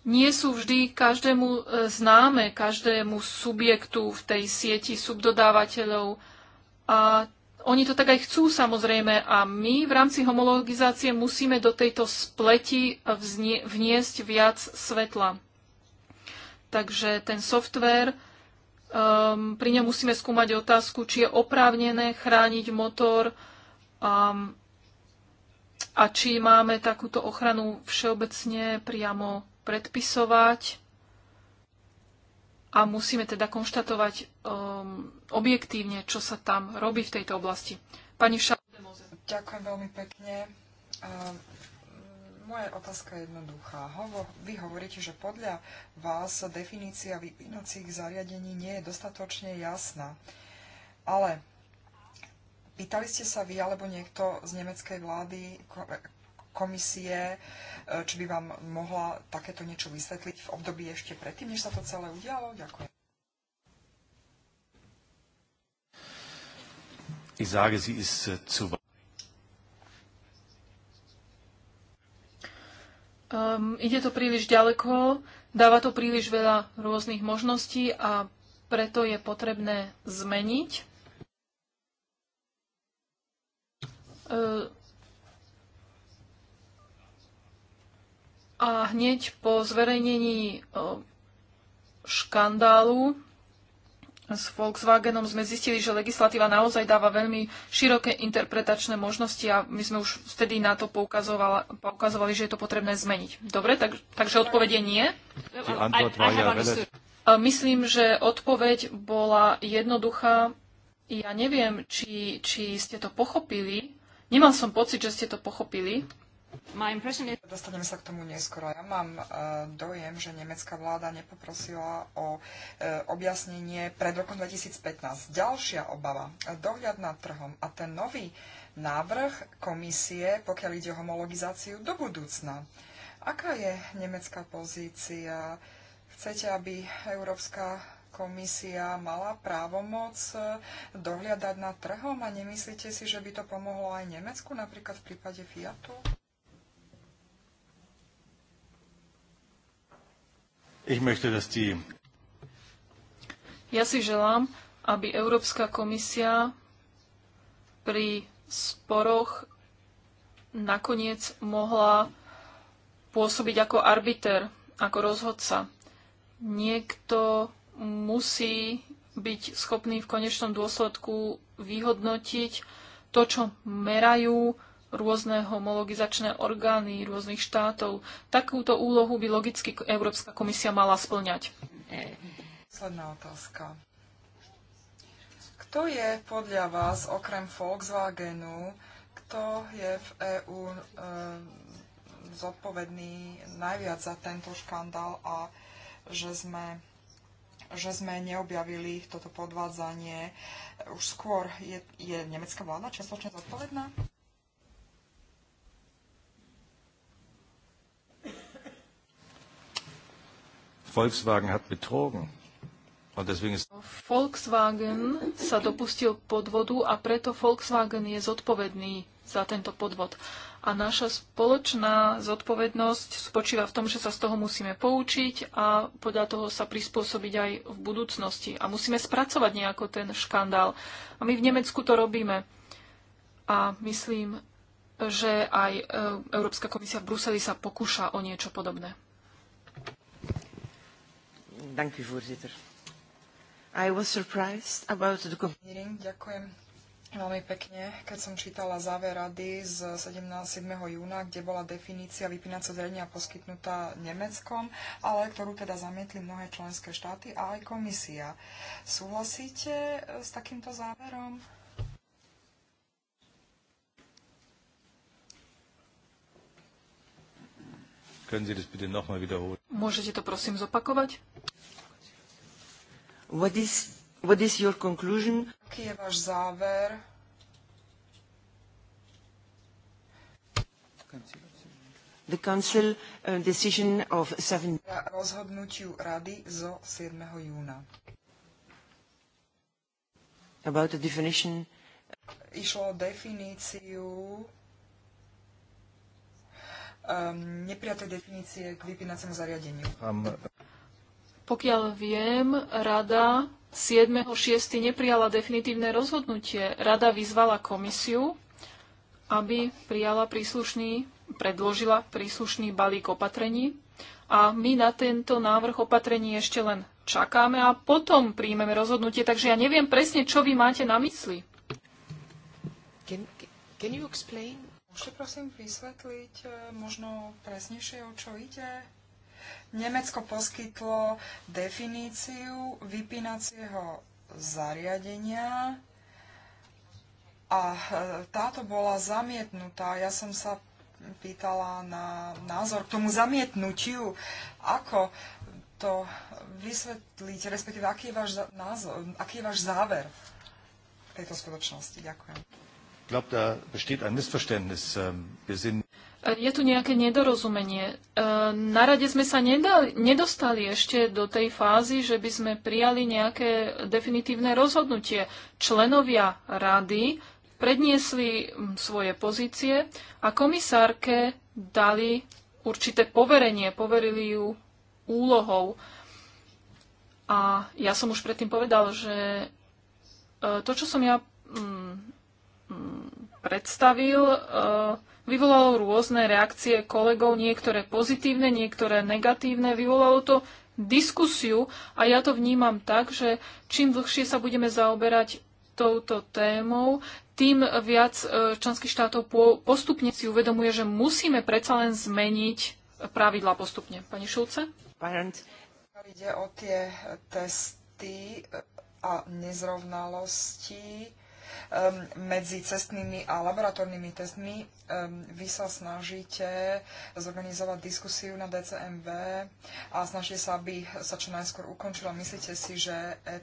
nie sú vždy každému e, známe, každému subjektu v tej sieti subdodávateľov. A oni to tak aj chcú samozrejme a my v rámci homologizácie musíme do tejto spleti vniesť viac svetla. Takže ten software, um, pri ňom musíme skúmať otázku, či je oprávnené chrániť motor um, a či máme takúto ochranu všeobecne priamo predpisovať a musíme teda konštatovať um, objektívne, čo sa tam robí v tejto oblasti. Pani Šaldemoze. Ďakujem veľmi pekne. Um, moja otázka je jednoduchá. Hovo, vy hovoríte, že podľa vás definícia vypínacích zariadení nie je dostatočne jasná. Ale pýtali ste sa vy alebo niekto z nemeckej vlády komisie, e, či by vám mohla takéto niečo vysvetliť v období ešte predtým, než sa to celé udialo? Ďakujem. Um, ide to príliš ďaleko, dáva to príliš veľa rôznych možností a preto je potrebné zmeniť. Uh, A hneď po zverejnení e, škandálu s Volkswagenom sme zistili, že legislatíva naozaj dáva veľmi široké interpretačné možnosti a my sme už vtedy na to poukazovali, že je to potrebné zmeniť. Dobre, tak, takže odpovedie nie. E, myslím, že odpoveď bola jednoduchá. Ja neviem, či, či ste to pochopili. Nemal som pocit, že ste to pochopili. Dostaneme sa k tomu neskoro. Ja mám uh, dojem, že nemecká vláda nepoprosila o uh, objasnenie pred rokom 2015. Ďalšia obava, dohľad nad trhom a ten nový návrh komisie, pokiaľ ide o homologizáciu do budúcna. Aká je nemecká pozícia? Chcete, aby Európska komisia mala právomoc e, dohľadať nad trhom a nemyslíte si, že by to pomohlo aj Nemecku, napríklad v prípade Fiatu? Ich möchte, dass die ja si želám, aby Európska komisia pri sporoch nakoniec mohla pôsobiť ako arbiter, ako rozhodca. Niekto musí byť schopný v konečnom dôsledku vyhodnotiť to, čo merajú, rôzne homologizačné orgány rôznych štátov. Takúto úlohu by logicky Európska komisia mala splňať. Posledná otázka. Kto je podľa vás, okrem Volkswagenu, kto je v EÚ e, zodpovedný najviac za tento škandál a že sme, že sme neobjavili toto podvádzanie? Už skôr je, je nemecká vláda čiastočne zodpovedná? Volkswagen hat betrogen. Volkswagen sa dopustil podvodu a preto Volkswagen je zodpovedný za tento podvod. A naša spoločná zodpovednosť spočíva v tom, že sa z toho musíme poučiť a podľa toho sa prispôsobiť aj v budúcnosti. A musíme spracovať nejako ten škandál. A my v Nemecku to robíme. A myslím, že aj e, Európska komisia v Bruseli sa pokúša o niečo podobné. Dank u, voorzitter. I was surprised about the... Ďakujem veľmi pekne, keď som čítala záver rady z 17. 7. júna, kde bola definícia vypínacieho zariadenia poskytnutá Nemeckom, ale ktorú teda zamietli mnohé členské štáty a aj komisia. Súhlasíte eh, s takýmto záverom? Môžete to prosím zopakovať? What is, what is your conclusion? Aký je váš záver? The Council uh, decision of 7... Rozhodnutiu Rady zo 7. júna. About the definition... Išlo o definíciu um, nepriatej definície k vypínacemu zariadeniu. Um, pokiaľ viem, rada 7.6. neprijala definitívne rozhodnutie. Rada vyzvala komisiu, aby prijala príslušný, predložila príslušný balík opatrení a my na tento návrh opatrení ešte len čakáme a potom príjmeme rozhodnutie, takže ja neviem presne, čo vy máte na mysli. Can, can you explain? Môžete prosím vysvetliť eh, možno presnejšie, o čo ide? Nemecko poskytlo definíciu vypínacieho zariadenia a e, táto bola zamietnutá. Ja som sa pýtala na názor k tomu zamietnutiu, ako to vysvetliť, respektíve aký je váš, názor, aký je váš záver tejto skutočnosti. Ďakujem. Ich glaube, da besteht ein Missverständnis. Ähm, wir sind je tu nejaké nedorozumenie. E, na rade sme sa nedali, nedostali ešte do tej fázy, že by sme prijali nejaké definitívne rozhodnutie. Členovia rady predniesli svoje pozície a komisárke dali určité poverenie, poverili ju úlohou. A ja som už predtým povedal, že e, to, čo som ja predstavil, e, Vyvolalo rôzne reakcie kolegov, niektoré pozitívne, niektoré negatívne. Vyvolalo to diskusiu a ja to vnímam tak, že čím dlhšie sa budeme zaoberať touto témou, tým viac e, členských štátov postupne si uvedomuje, že musíme predsa len zmeniť pravidla postupne. Pani Šulce? Ide o tie testy e, a nezrovnalosti medzi cestnými a laboratórnymi testmi. Vy sa snažíte zorganizovať diskusiu na DCMV a snažíte sa, aby sa čo najskôr ukončilo. Myslíte si, že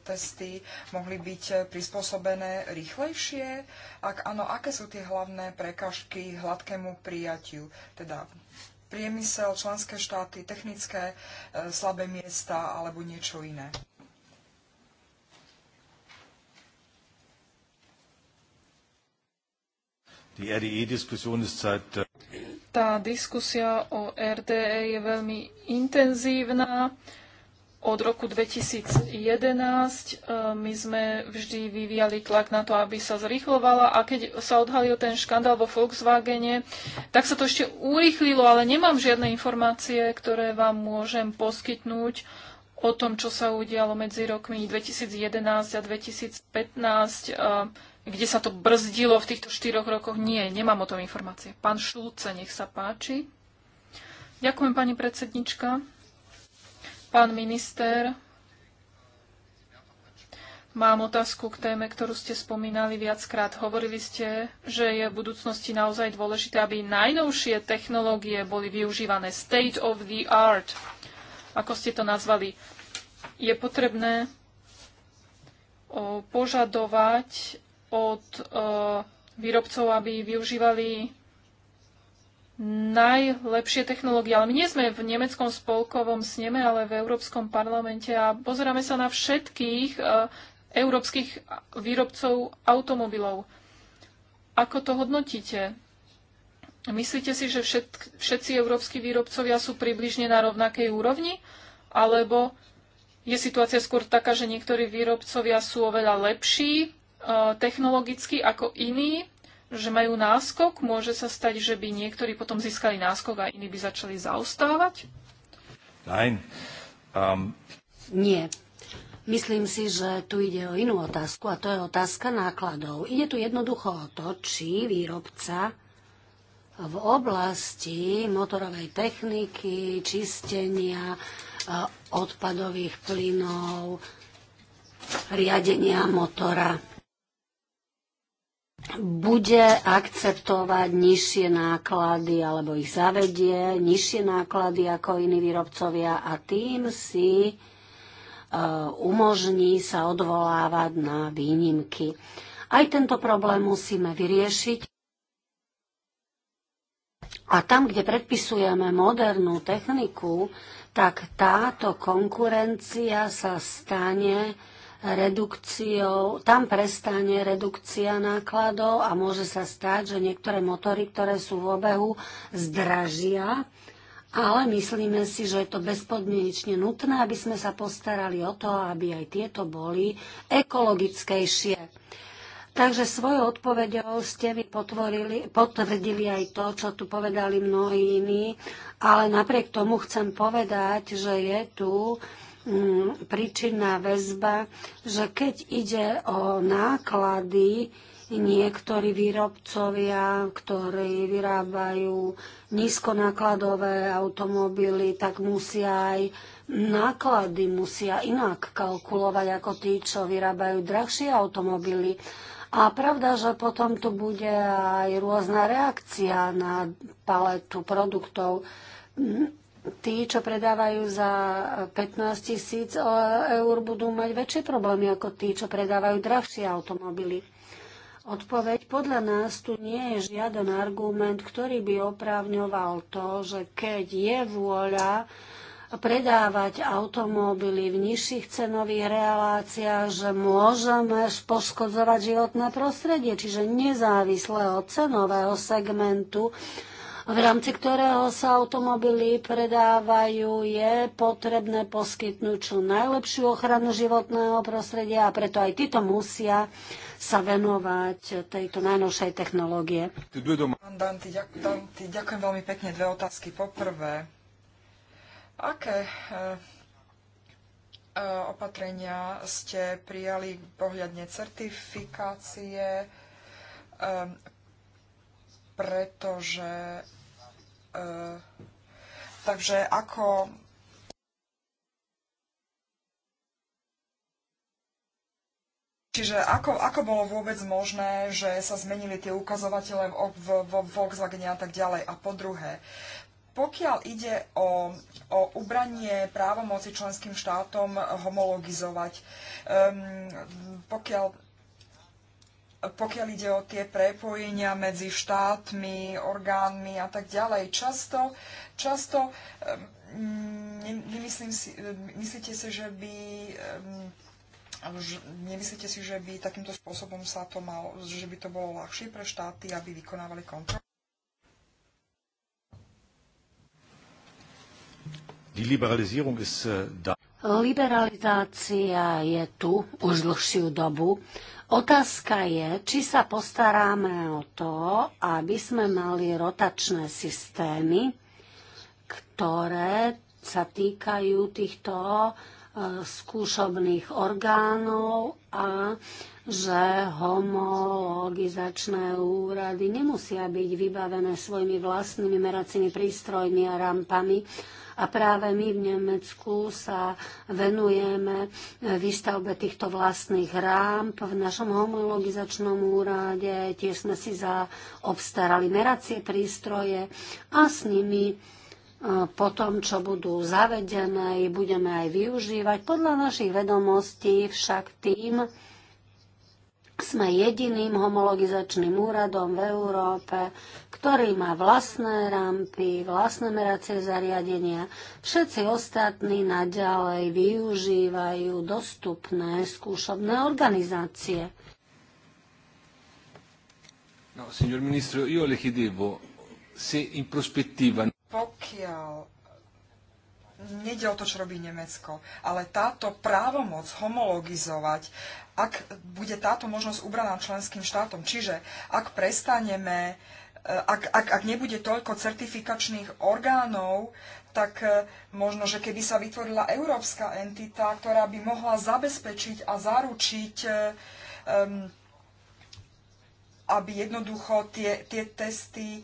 testy mohli byť prispôsobené rýchlejšie? Ak áno, aké sú tie hlavné prekažky hladkému prijatiu? Teda priemysel, členské štáty, technické e, slabé miesta alebo niečo iné? Äh, tá diskusia o RDE je veľmi intenzívna. Od roku 2011 e, my sme vždy vyvíjali tlak na to, aby sa zrychlovala. a keď sa odhalil ten škandál vo Volkswagene, tak sa to ešte urýchlilo, ale nemám žiadne informácie, ktoré vám môžem poskytnúť o tom, čo sa udialo medzi rokmi 2011 a 2015 kde sa to brzdilo v týchto štyroch rokoch? Nie, nemám o tom informácie. Pán Šulce, nech sa páči. Ďakujem, pani predsednička. Pán minister, Mám otázku k téme, ktorú ste spomínali viackrát. Hovorili ste, že je v budúcnosti naozaj dôležité, aby najnovšie technológie boli využívané. State of the art, ako ste to nazvali. Je potrebné požadovať od e, výrobcov, aby využívali najlepšie technológie. Ale my nie sme v nemeckom spolkovom sneme, ale v Európskom parlamente a pozeráme sa na všetkých e, európskych výrobcov automobilov. Ako to hodnotíte? Myslíte si, že všetci európsky výrobcovia sú približne na rovnakej úrovni? Alebo je situácia skôr taká, že niektorí výrobcovia sú oveľa lepší E, technologicky ako iní, že majú náskok. Môže sa stať, že by niektorí potom získali náskok a iní by začali zaostávať? Nein. Um... Nie. Myslím si, že tu ide o inú otázku a to je otázka nákladov. Ide tu jednoducho o to, či výrobca v oblasti motorovej techniky, čistenia e, odpadových plynov, riadenia motora bude akceptovať nižšie náklady alebo ich zavedie nižšie náklady ako iní výrobcovia a tým si e, umožní sa odvolávať na výnimky. Aj tento problém musíme vyriešiť. A tam, kde predpisujeme modernú techniku, tak táto konkurencia sa stane redukciou, tam prestane redukcia nákladov a môže sa stať, že niektoré motory, ktoré sú v obehu, zdražia, ale myslíme si, že je to bezpodmienečne nutné, aby sme sa postarali o to, aby aj tieto boli ekologickejšie. Takže svojou odpovedou ste vy potvrdili aj to, čo tu povedali mnohí iní, ale napriek tomu chcem povedať, že je tu Mm, príčinná väzba, že keď ide o náklady, niektorí výrobcovia, ktorí vyrábajú nízkonákladové automobily, tak musia aj náklady musia inak kalkulovať ako tí, čo vyrábajú drahšie automobily. A pravda, že potom tu bude aj rôzna reakcia na paletu produktov mm, tí, čo predávajú za 15 tisíc eur, budú mať väčšie problémy ako tí, čo predávajú drahšie automobily. Odpoveď podľa nás tu nie je žiaden argument, ktorý by oprávňoval to, že keď je vôľa predávať automobily v nižších cenových reláciách, že môžeme poškodzovať životné prostredie, čiže nezávisle od cenového segmentu, v rámci ktorého sa automobily predávajú, je potrebné poskytnúť čo najlepšiu ochranu životného prostredia a preto aj títo musia sa venovať tejto najnovšej technológie. Dante, ďakujem veľmi pekne. Dve otázky. Poprvé, aké e, e, opatrenia ste prijali pohľadne certifikácie, e, pretože E, takže ako Čiže ako, ako bolo vôbec možné, že sa zmenili tie ukazovatele v, v, vo Volkswagene a tak ďalej? A po druhé, pokiaľ ide o, o ubranie právomoci členským štátom homologizovať, um, pokiaľ pokiaľ ide o tie prepojenia medzi štátmi, orgánmi a tak ďalej. Často, často nemyslím si, e, myslíte si, že by nemyslíte si, že by takýmto spôsobom sa to malo, že by to bolo ľahšie pre štáty, aby vykonávali kontrol. Äh, Liberalizácia je tu už dlhšiu dobu Otázka je, či sa postaráme o to, aby sme mali rotačné systémy, ktoré sa týkajú týchto e, skúšobných orgánov a že homologizačné úrady nemusia byť vybavené svojimi vlastnými meracími prístrojmi a rampami, a práve my v Nemecku sa venujeme eh, výstavbe týchto vlastných rámp v našom homologizačnom úrade. Tiež sme si zaobstarali meracie prístroje a s nimi eh, po tom, čo budú zavedené, budeme aj využívať. Podľa našich vedomostí však tým, sme jediným homologizačným úradom v Európe, ktorý má vlastné rampy, vlastné meracie zariadenia. Všetci ostatní naďalej využívajú dostupné skúšobné organizácie. No, signor ministro, io le chiedevo se in prospettiva... Pokiaľ nejde o to, čo robí Nemecko, ale táto právomoc homologizovať, ak bude táto možnosť ubraná členským štátom, čiže ak prestaneme, eh, ak, ak, ak nebude toľko certifikačných orgánov, tak eh, možno, že keby sa vytvorila európska entita, ktorá by mohla zabezpečiť a zaručiť, um, aby jednoducho tie, tie testy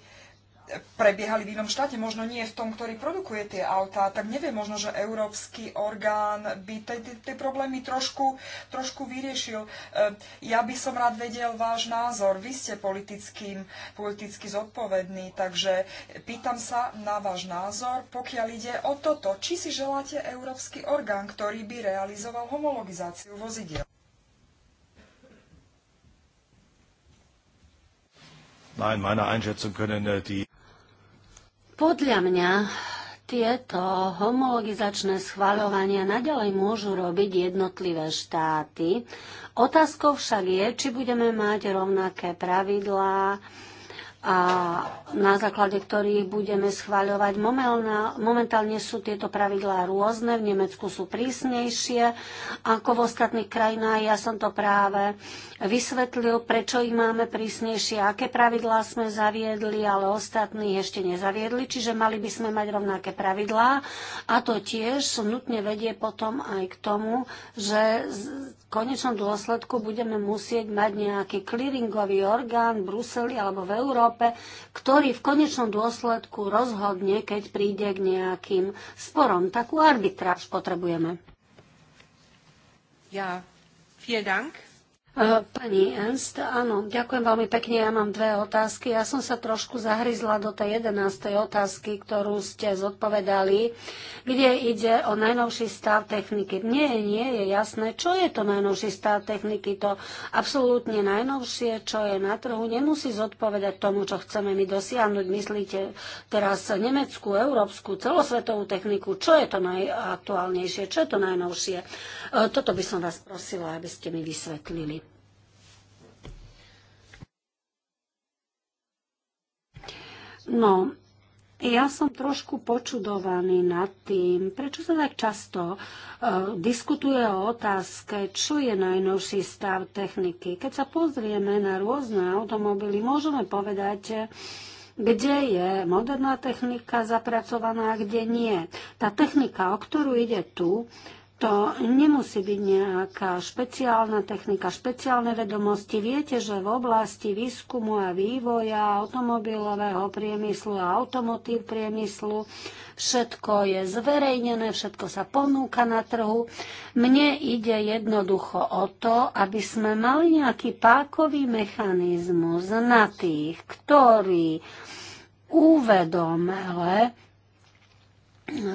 prebiehali v inom štáte, možno nie v tom, ktorý produkuje tie autá, tak neviem, možno, že európsky orgán by tie problémy trošku, trošku vyriešil. E, ja by som rád vedel váš názor. Vy ste politickým, politicky zodpovední, takže pýtam sa na váš názor, pokiaľ ide o toto. Či si želáte európsky orgán, ktorý by realizoval homologizáciu vozidiel? Nein, meiner Einschätzung können äh, die podľa mňa tieto homologizačné schvaľovania naďalej môžu robiť jednotlivé štáty. Otázkou však je, či budeme mať rovnaké pravidlá a na základe ktorých budeme schváľovať. Momentálne sú tieto pravidlá rôzne, v Nemecku sú prísnejšie ako v ostatných krajinách. Ja som to práve vysvetlil, prečo ich máme prísnejšie, aké pravidlá sme zaviedli, ale ostatní ešte nezaviedli, čiže mali by sme mať rovnaké pravidlá. A to tiež nutne vedie potom aj k tomu, že konečnom dôsledku budeme musieť mať nejaký clearingový orgán v Bruseli alebo v Európe, ktorý v konečnom dôsledku rozhodne, keď príde k nejakým sporom. Takú arbitráž potrebujeme. Ja, vielen Dank. E, pani Ernst, áno, ďakujem veľmi pekne. Ja mám dve otázky. Ja som sa trošku zahryzla do tej jedenástej otázky, ktorú ste zodpovedali, kde ide o najnovší stav techniky. Mne nie je jasné, čo je to najnovší stav techniky. To absolútne najnovšie, čo je na trhu, nemusí zodpovedať tomu, čo chceme my dosiahnuť. Myslíte teraz nemeckú, európsku, celosvetovú techniku. Čo je to najaktuálnejšie, čo je to najnovšie? E, toto by som vás prosila, aby ste mi vysvetlili. No, ja som trošku počudovaný nad tým, prečo sa tak často uh, diskutuje o otázke, čo je najnovší stav techniky. Keď sa pozrieme na rôzne automobily, môžeme povedať, kde je moderná technika zapracovaná a kde nie. Tá technika, o ktorú ide tu, to nemusí byť nejaká špeciálna technika, špeciálne vedomosti. Viete, že v oblasti výskumu a vývoja automobilového priemyslu a automotív priemyslu všetko je zverejnené, všetko sa ponúka na trhu. Mne ide jednoducho o to, aby sme mali nejaký pákový mechanizmus na tých, ktorí uvedomele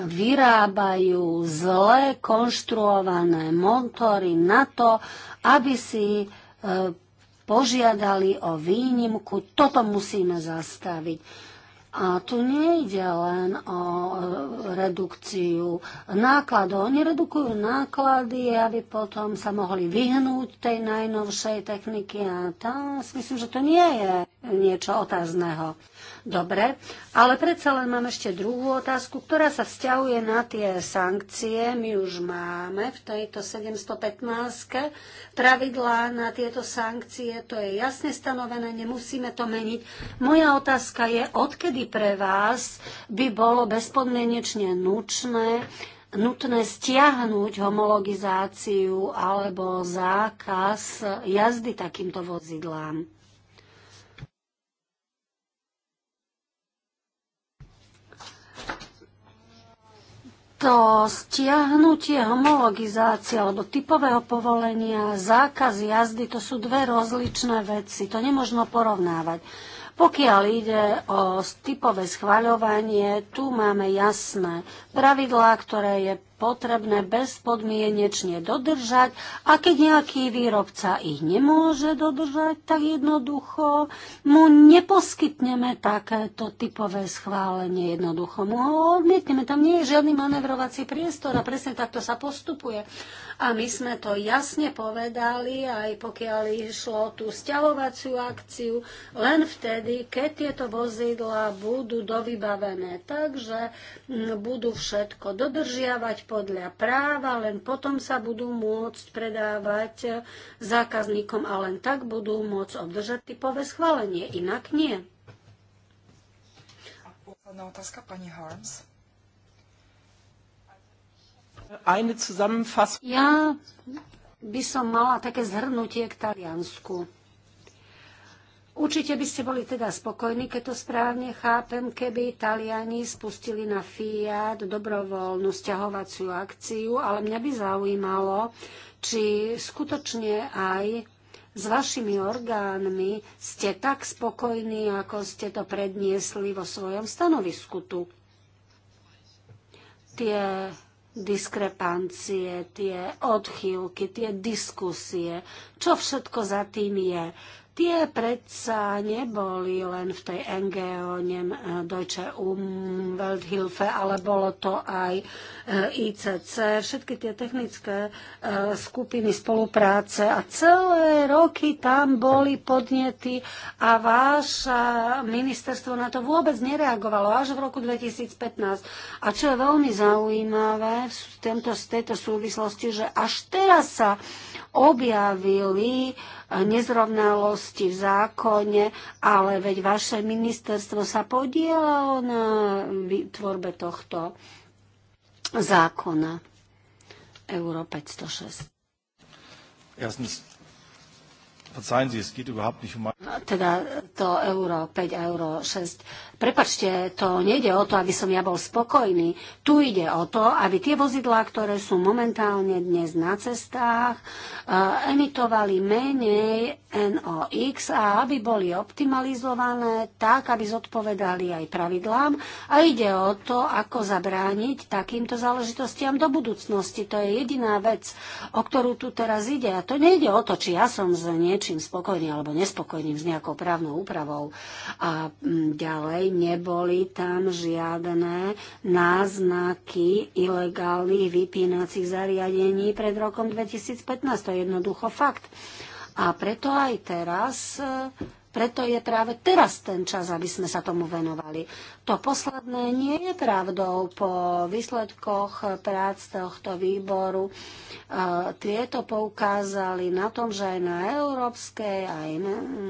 vyrábajú zle konštruované motory na to, aby si e, požiadali o výnimku. Toto musíme zastaviť. A tu nejde len o e, redukciu nákladov. Oni redukujú náklady, aby potom sa mohli vyhnúť tej najnovšej techniky a tam si myslím, že to nie je niečo otázneho. Dobre, ale predsa len mám ešte druhú otázku, ktorá sa vzťahuje na tie sankcie. My už máme v tejto 715 pravidlá na tieto sankcie, to je jasne stanovené, nemusíme to meniť. Moja otázka je, odkedy pre vás by bolo bezpodmienečne nučné nutné stiahnuť homologizáciu alebo zákaz jazdy takýmto vozidlám. to stiahnutie homologizácie alebo typového povolenia, zákaz jazdy, to sú dve rozličné veci. To nemôžno porovnávať. Pokiaľ ide o typové schvaľovanie, tu máme jasné pravidlá, ktoré je potrebné bezpodmienečne dodržať a keď nejaký výrobca ich nemôže dodržať, tak jednoducho mu neposkytneme takéto typové schválenie, jednoducho mu ho odmietneme. Tam nie je žiadny manevrovací priestor a presne takto sa postupuje. A my sme to jasne povedali, aj pokiaľ išlo tú stiavovaciu akciu, len vtedy, keď tieto vozidla budú dovybavené. Takže budú všetko dodržiavať, podľa práva, len potom sa budú môcť predávať zákazníkom a len tak budú môcť obdržať typové schválenie, inak nie. posledná otázka, pani Harms. Ja by som mala také zhrnutie k Taliansku. Určite by ste boli teda spokojní, keď to správne chápem, keby Taliani spustili na Fiat dobrovoľnú stiahovaciu akciu, ale mňa by zaujímalo, či skutočne aj s vašimi orgánmi ste tak spokojní, ako ste to predniesli vo svojom stanovisku tu. Tie diskrepancie, tie odchýlky, tie diskusie, čo všetko za tým je. Tie predsa neboli len v tej NGO nem, eh, Deutsche Umwelthilfe, ale bolo to aj eh, ICC, všetky tie technické eh, skupiny spolupráce a celé roky tam boli podnety a váš ministerstvo na to vôbec nereagovalo až v roku 2015. A čo je veľmi zaujímavé v tento, tejto súvislosti, že až teraz sa objavili eh, nezrovnalosti v zákone, ale veď vaše ministerstvo sa podielalo na tvorbe tohto zákona Euro 506. Erstens, verzeihen Sie, es geht überhaupt nicht um... Teda to Euro 5 a Euro 6 Prepačte, to nejde o to, aby som ja bol spokojný. Tu ide o to, aby tie vozidlá, ktoré sú momentálne dnes na cestách, eh, emitovali menej NOx a aby boli optimalizované tak, aby zodpovedali aj pravidlám. A ide o to, ako zabrániť takýmto záležitostiam do budúcnosti. To je jediná vec, o ktorú tu teraz ide. A to nejde o to, či ja som s niečím spokojný alebo nespokojným s nejakou právnou úpravou. A mm, ďalej neboli tam žiadne náznaky ilegálnych vypínacích zariadení pred rokom 2015. To je jednoducho fakt. A preto aj teraz preto je práve teraz ten čas, aby sme sa tomu venovali. To posledné nie je pravdou. Po výsledkoch prác tohto výboru e, tieto poukázali na tom, že aj na európskej, aj na mm, e,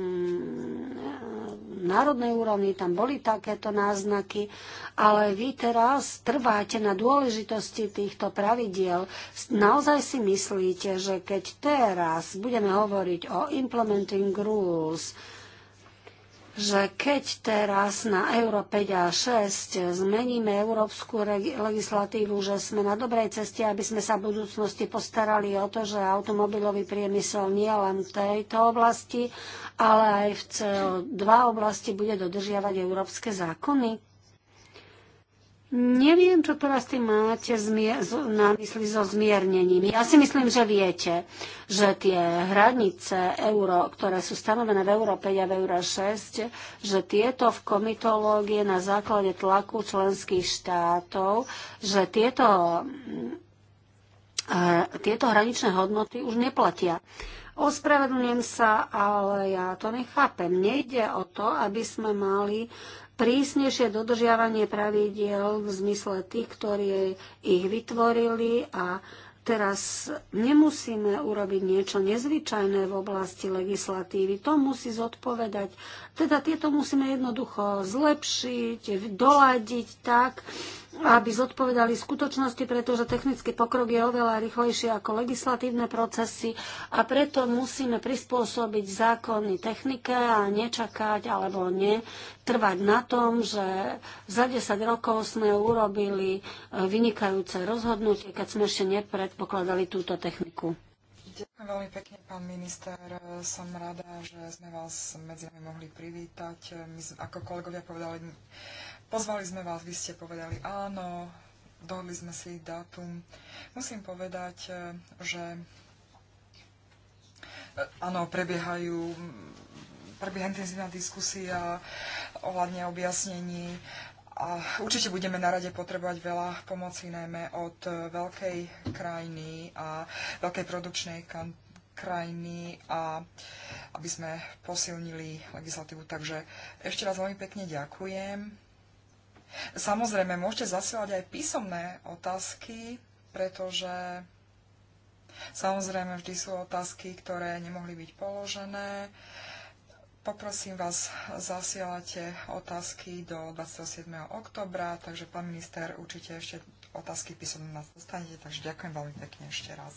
národnej úrovni tam boli takéto náznaky, ale vy teraz trváte na dôležitosti týchto pravidiel. Naozaj si myslíte, že keď teraz budeme hovoriť o implementing rules, že keď teraz na Euro 5 a 6 zmeníme európsku legislatívu, že sme na dobrej ceste, aby sme sa v budúcnosti postarali o to, že automobilový priemysel nie len v tejto oblasti, ale aj v CO2 oblasti bude dodržiavať európske zákony? Neviem, čo teraz ty máte na mysli so zmiernením. Ja si myslím, že viete, že tie hranice euro, ktoré sú stanovené v Euro 5 a v Euro 6, že tieto v komitológie na základe tlaku členských štátov, že tieto, mm, eh, tieto hraničné hodnoty už neplatia. Ospravedlňujem sa, ale ja to nechápem. Nejde o to, aby sme mali prísnejšie dodržiavanie pravidiel v zmysle tých, ktorí ich vytvorili a teraz nemusíme urobiť niečo nezvyčajné v oblasti legislatívy. To musí zodpovedať. Teda tieto musíme jednoducho zlepšiť, doladiť tak, aby zodpovedali skutočnosti, pretože technický pokrok je oveľa rýchlejší ako legislatívne procesy a preto musíme prispôsobiť zákony technike a nečakať alebo netrvať na tom, že za 10 rokov sme urobili e, vynikajúce rozhodnutie, keď sme ešte nepredpokladali túto techniku. Ďakujem veľmi pekne, pán minister. Som rada, že sme vás medzi nami mohli privítať. My, ako kolegovia povedali, Pozvali sme vás, vy ste povedali áno, dohodli sme si dátum. Musím povedať, e, že e, áno, prebiehajú prebieha intenzívna diskusia ohľadne objasnení a určite budeme na rade potrebovať veľa pomoci, najmä od veľkej krajiny a veľkej produkčnej krajiny a aby sme posilnili legislatívu. Takže ešte raz veľmi pekne ďakujem Samozrejme, môžete zasielať aj písomné otázky, pretože samozrejme vždy sú otázky, ktoré nemohli byť položené. Poprosím vás, zasielate otázky do 27. oktobra, takže pán minister určite ešte otázky písomne nás dostanete, takže ďakujem veľmi pekne ešte raz.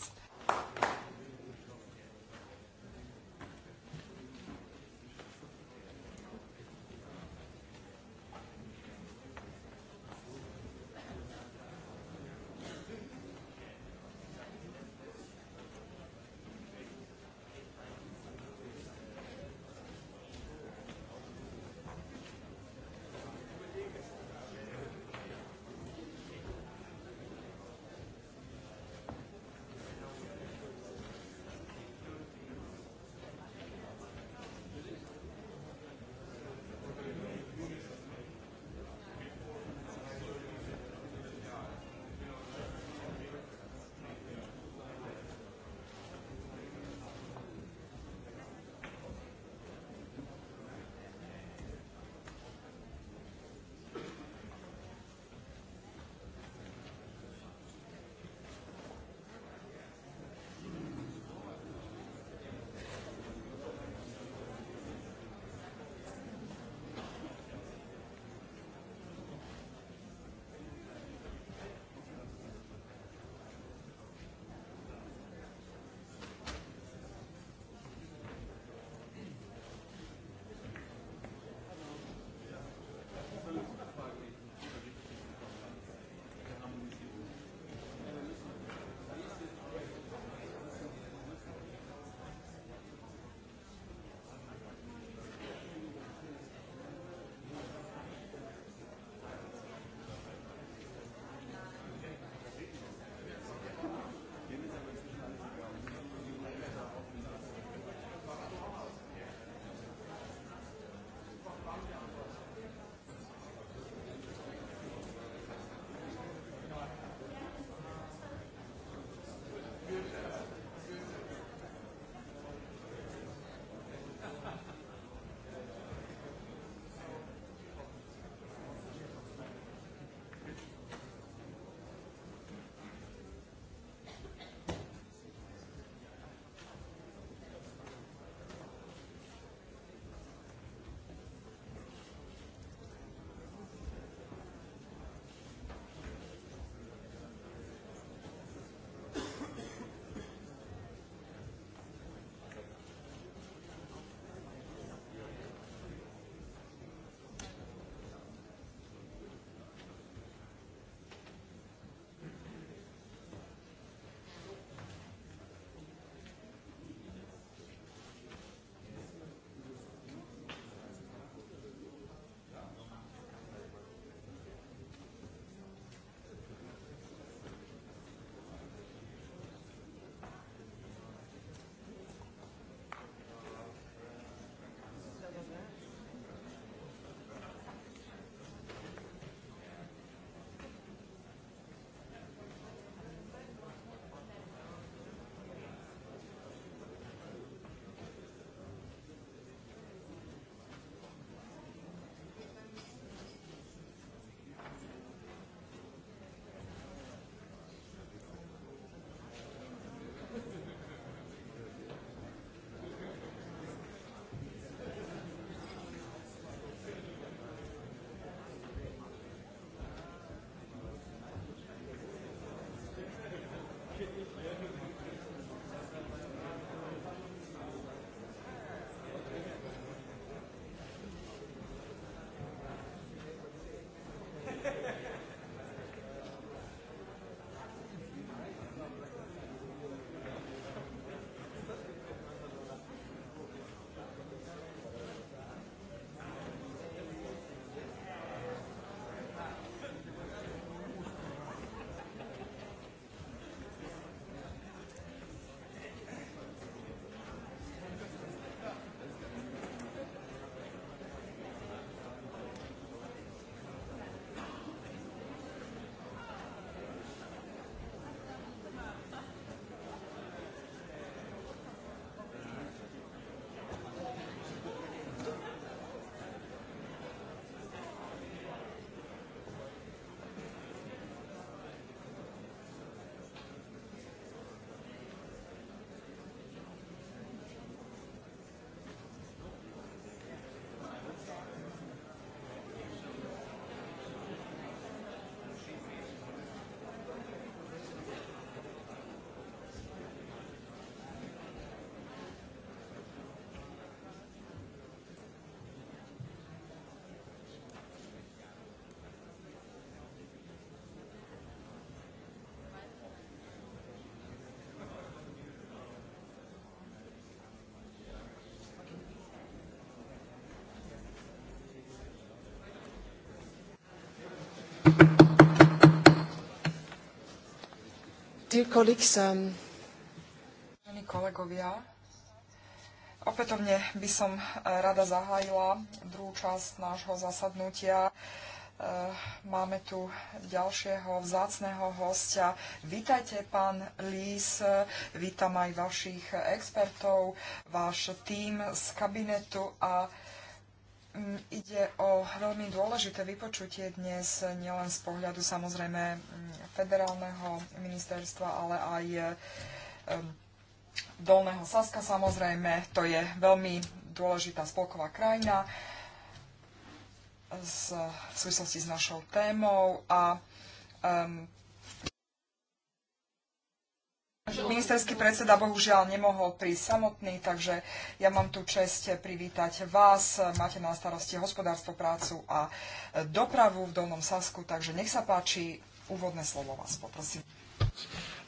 Dear colleagues, um... kolegovia, opätovne by som eh, rada zahájila druhú časť nášho zasadnutia. Eh, máme tu ďalšieho vzácného hostia. Vítajte, pán Lís, vítam aj vašich expertov, váš tím z kabinetu a uh, Mm, ide o veľmi dôležité vypočutie dnes, nielen z pohľadu samozrejme mm, federálneho ministerstva, ale aj Dolného Saska samozrejme. To je veľmi dôležitá spolková krajina v súvislosti s našou témou a um, Ministerský predseda bohužiaľ nemohol prísť samotný, takže ja mám tu čest privítať vás. Máte na starosti hospodárstvo, prácu a e, dopravu v Dolnom Sasku, takže nech sa páči, úvodné slovo vás poprosím.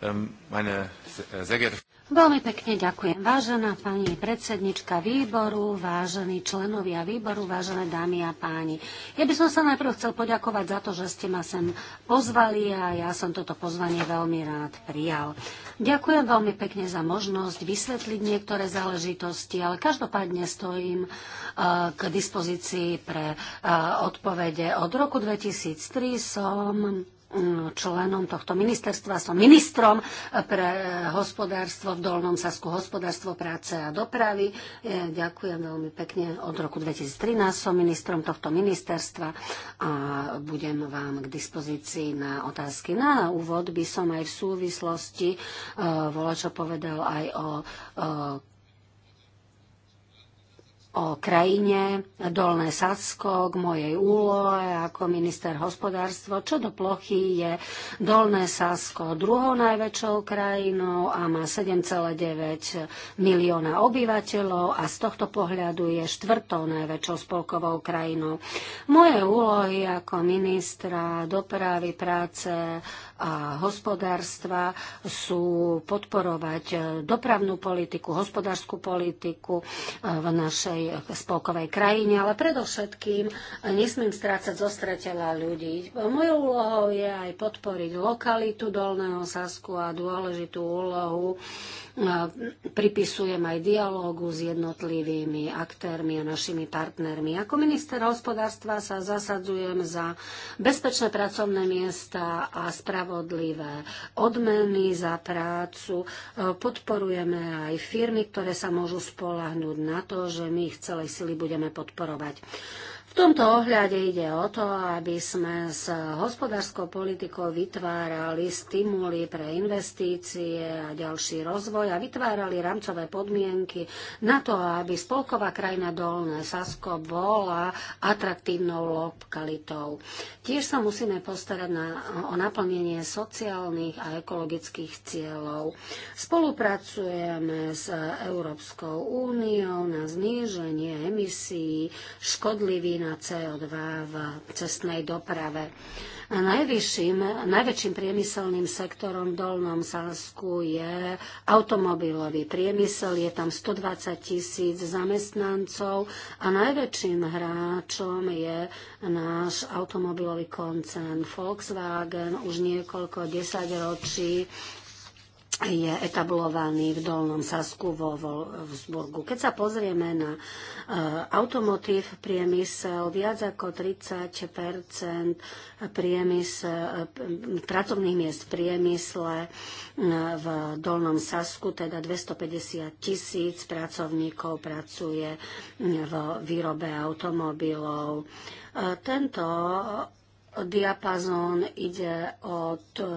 Um, meine e, sehr geehrte Veľmi pekne ďakujem. Vážená pani predsednička výboru, vážení členovia výboru, vážené dámy a páni. Ja by som sa najprv chcel poďakovať za to, že ste ma sem pozvali a ja som toto pozvanie veľmi rád prijal. Ďakujem veľmi pekne za možnosť vysvetliť niektoré záležitosti, ale každopádne stojím e, k dispozícii pre e, odpovede. Od roku 2003 som členom tohto ministerstva, som ministrom pre hospodárstvo v Dolnom Sasku, hospodárstvo práce a dopravy. Ďakujem veľmi pekne. Od roku 2013 som ministrom tohto ministerstva a budem vám k dispozícii na otázky. Na úvod by som aj v súvislosti eh, volačo čo povedal aj o eh, o krajine, Dolné Sasko, k mojej úlohe ako minister hospodárstvo, čo do plochy je Dolné Sasko druhou najväčšou krajinou a má 7,9 milióna obyvateľov a z tohto pohľadu je štvrtou najväčšou spolkovou krajinou. Moje úlohy ako ministra dopravy, práce, a hospodárstva sú podporovať eh, dopravnú politiku, hospodárskú politiku eh, v našej spolkovej krajine, ale predovšetkým eh, nesmiem strácať zo stretela ľudí. Mojou úlohou je aj podporiť lokalitu Dolného Sasku a dôležitú úlohu pripisujem aj dialógu s jednotlivými aktérmi a našimi partnermi. Ako minister hospodárstva sa zasadzujem za bezpečné pracovné miesta a spravodlivosť spravodlivé odmeny za prácu. E, podporujeme aj firmy, ktoré sa môžu spolahnúť na to, že my ich celej sily budeme podporovať. V tomto ohľade ide o to, aby sme s hospodárskou politikou vytvárali stimuly pre investície a ďalší rozvoj a vytvárali rámcové podmienky na to, aby spolková krajina Dolné Sasko bola atraktívnou lokalitou. Tiež sa musíme postarať na, o naplnenie sociálnych a ekologických cieľov. Spolupracujeme s Európskou úniou na zníženie emisí škodlivých skupina CO2 v cestnej doprave. A najvyšším, najväčším priemyselným sektorom v Dolnom Salsku je automobilový priemysel. Je tam 120 tisíc zamestnancov a najväčším hráčom je náš automobilový koncern Volkswagen. Už niekoľko desaťročí je etablovaný v Dolnom Sasku vo Wolfsburgu. Keď sa pozrieme na eh, automotív priemysel, viac ako 30 priemysel, eh, pracovných miest v priemysle eh, v Dolnom Sasku, teda 250 tisíc pracovníkov pracuje v výrobe automobilov. Tento diapazón ide od e,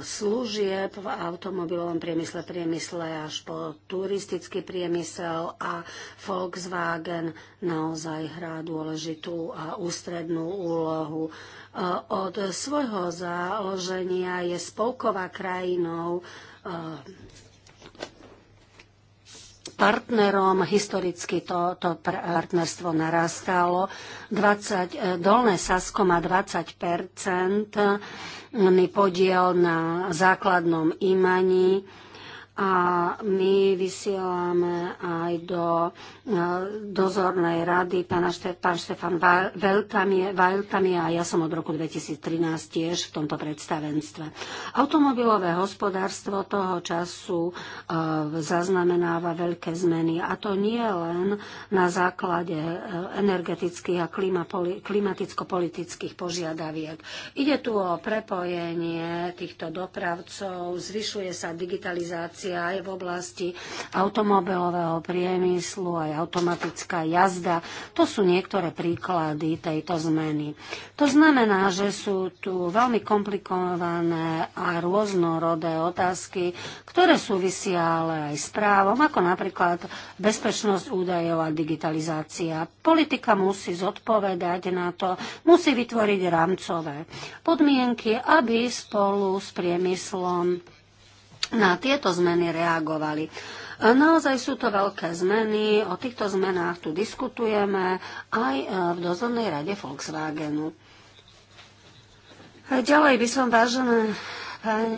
služieb v automobilovom priemysle, priemysle až po turistický priemysel a Volkswagen naozaj hrá dôležitú a ústrednú úlohu. E, od svojho založenia je spolková krajinou e, partnerom. Historicky toto to partnerstvo narastalo. 20, e, Dolné Sasko má 20 podiel na základnom imaní a my vysielame aj do e, dozornej rady pán Štefan Vajl tam je a ja som od roku 2013 tiež v tomto predstavenstve. Automobilové hospodárstvo toho času e, zaznamenáva veľké zmeny a to nie len na základe e, energetických a klimaticko-politických požiadaviek. Ide tu o prepojenie týchto dopravcov, zvyšuje sa digitalizácia revolúcia aj v oblasti automobilového priemyslu, aj automatická jazda. To sú niektoré príklady tejto zmeny. To znamená, že sú tu veľmi komplikované a rôznorodé otázky, ktoré súvisia ale aj s právom, ako napríklad bezpečnosť údajov a digitalizácia. Politika musí zodpovedať na to, musí vytvoriť rámcové podmienky, aby spolu s priemyslom na tieto zmeny reagovali. E, Naozaj sú to veľké zmeny, o týchto zmenách tu diskutujeme aj e, v dozornej rade Volkswagenu. E, Ďalej by som, vážené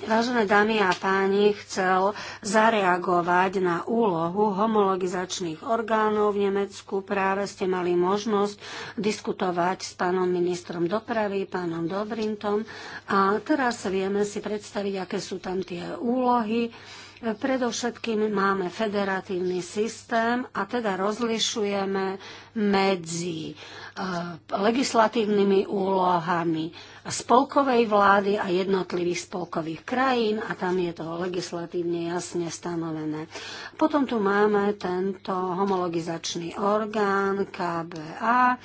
vážené dámy a páni, chcel zareagovať na úlohu homologizačných orgánov v Nemecku. Práve ste mali možnosť diskutovať s pánom ministrom dopravy, pánom Dobrintom. A teraz vieme si predstaviť, aké sú tam tie úlohy Predovšetkým máme federatívny systém a teda rozlišujeme medzi e, legislatívnymi úlohami spolkovej vlády a jednotlivých spolkových krajín a tam je to legislatívne jasne stanovené. Potom tu máme tento homologizačný orgán KBA,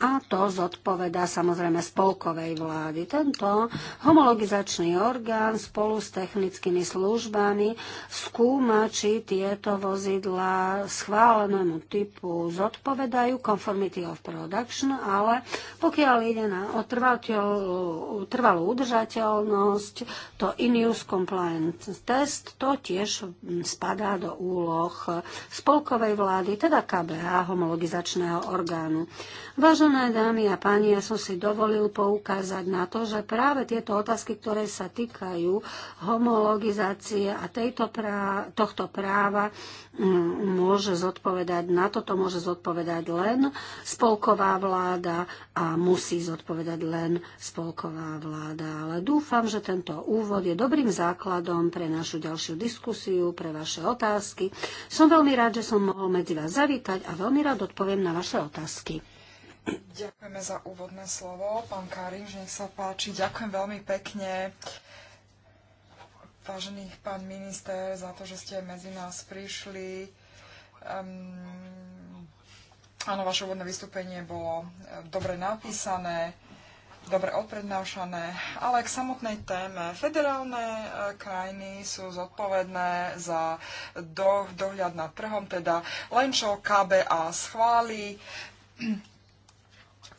a to zodpoveda samozrejme spolkovej vlády. Tento homologizačný orgán spolu s technickými službami skúma, či tieto vozidla schválenému typu zodpovedajú conformity of production, ale pokiaľ ide na trvalú udržateľnosť, to in-use compliant test, to tiež spadá do úloh spolkovej vlády, teda KBH homologizačného orgánu. V Vážené dámy a páni, ja som si dovolil poukázať na to, že práve tieto otázky, ktoré sa týkajú homologizácie a tejto prá- tohto práva, mm, môže zodpovedať, na toto môže zodpovedať len spolková vláda a musí zodpovedať len spolková vláda. Ale dúfam, že tento úvod je dobrým základom pre našu ďalšiu diskusiu, pre vaše otázky. Som veľmi rád, že som mohol medzi vás zavítať a veľmi rád odpoviem na vaše otázky. Ďakujeme za úvodné slovo. Pán že nech sa páči. Ďakujem veľmi pekne. Vážený pán minister, za to, že ste medzi nás prišli. Um, áno, vaše úvodné vystúpenie bolo eh, dobre napísané, dobre odprednášané, ale k samotnej téme. Federálne eh, krajiny sú zodpovedné za do, dohľad nad trhom, teda len čo KBA schváli,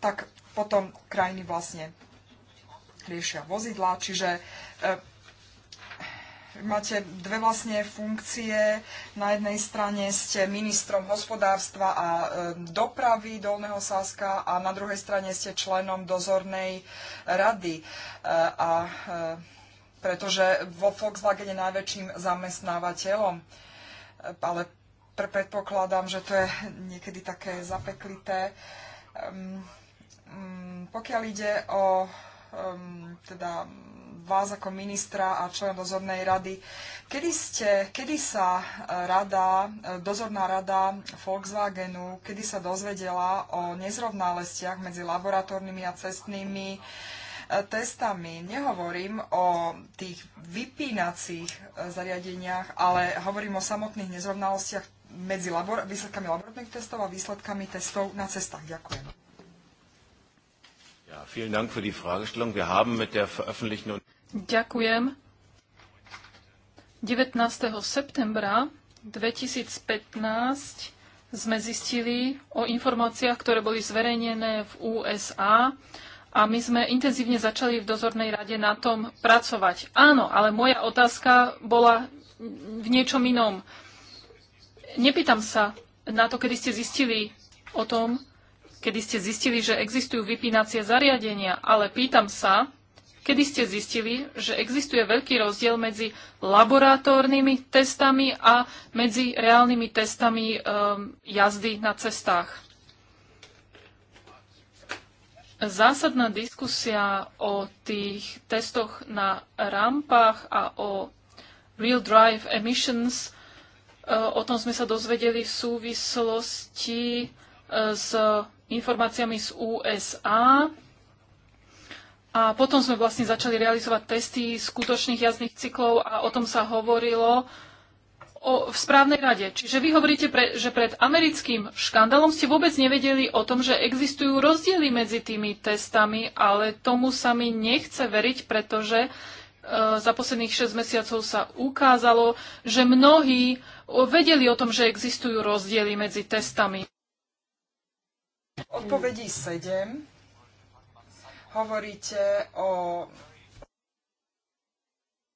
tak potom krajiny vlastne riešia vozidlá, čiže e, máte dve vlastne funkcie. Na jednej strane ste ministrom hospodárstva a e, dopravy Dolného Sáska a na druhej strane ste členom dozornej rady. E, a pretože vo Volkswagen je najväčším zamestnávateľom. Ale predpokladám, že to je niekedy také zapeklité. Mm, pokiaľ ide o um, teda vás ako ministra a člen dozornej rady. Kedy, ste, kedy sa e, rada, e, dozorná rada Volkswagenu, kedy sa dozvedela o nezrovnalostiach medzi laboratórnymi a cestnými e, testami. Nehovorím o tých vypínacích zariadeniach, ale hovorím o samotných nezrovnalostiach medzi labor- výsledkami laboratórnych testov a výsledkami testov na cestách. Ďakujem. Ďakujem. 19. septembra 2015 sme zistili o informáciách, ktoré boli zverejnené v USA a my sme intenzívne začali v dozornej rade na tom pracovať. Áno, ale moja otázka bola v niečom inom. Nepýtam sa na to, kedy ste zistili o tom, kedy ste zistili, že existujú vypínacie zariadenia, ale pýtam sa, kedy ste zistili, že existuje veľký rozdiel medzi laboratórnymi testami a medzi reálnymi testami um, jazdy na cestách. Zásadná diskusia o tých testoch na rampách a o real drive emissions, e, o tom sme sa dozvedeli v súvislosti e, s informáciami z USA. A potom sme vlastne začali realizovať testy skutočných jazdných cyklov a o tom sa hovorilo o, v správnej rade. Čiže vy hovoríte, pre, že pred americkým škandalom ste vôbec nevedeli o tom, že existujú rozdiely medzi tými testami, ale tomu sa mi nechce veriť, pretože e, za posledných 6 mesiacov sa ukázalo, že mnohí vedeli o tom, že existujú rozdiely medzi testami. V odpovedí 7 hovoríte o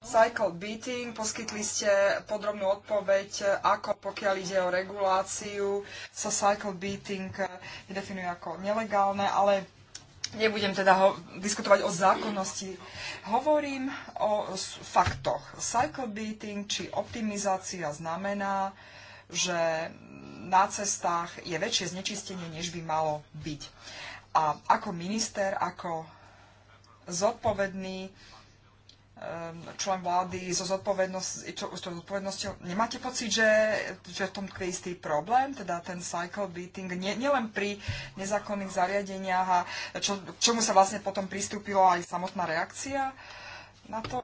Cycle Beating, poskytli ste podrobnú odpoveď, ako pokiaľ ide o reguláciu, sa Cycle Beating definuje ako nelegálne, ale nebudem teda ho- diskutovať o zákonnosti. Hovorím o faktoch. Cycle Beating či optimizácia znamená, že na cestách je väčšie znečistenie, než by malo byť. A ako minister, ako zodpovedný ehm, člen vlády so, zodpovednosť, so zodpovednosťou. Nemáte pocit, že, že v tom tkvie istý problém, teda ten cycle beating, nie, nielen pri nezákonných zariadeniach a čo, čomu sa vlastne potom pristúpilo aj samotná reakcia na to?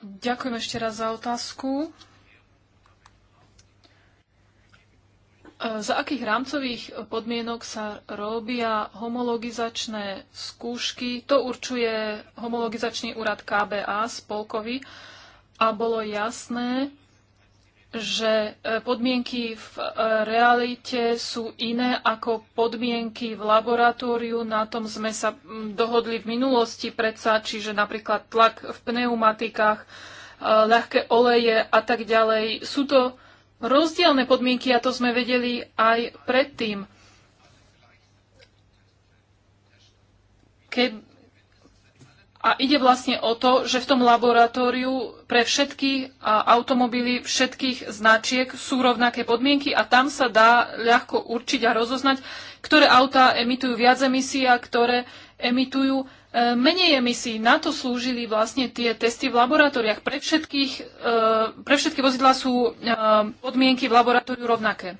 Ďakujem ešte raz za otázku. za akých rámcových podmienok sa robia homologizačné skúšky? To určuje homologizačný úrad KBA spolkovi a bolo jasné, že e, podmienky v e, realite sú iné ako podmienky v laboratóriu. Na tom sme sa dohodli v minulosti predsa, čiže napríklad tlak v pneumatikách, e, ľahké oleje a tak ďalej. Sú to rozdielne podmienky a to sme vedeli aj predtým. Keď A ide vlastne o to, že v tom laboratóriu pre všetky automobily všetkých značiek sú rovnaké podmienky a tam sa dá ľahko určiť a rozoznať, ktoré autá emitujú viac emisí a ktoré emitujú E, menej emisí. Na to slúžili vlastne tie testy v laboratóriách. Pre, všetkých, e, pre všetky vozidlá sú e, podmienky v laboratóriu rovnaké.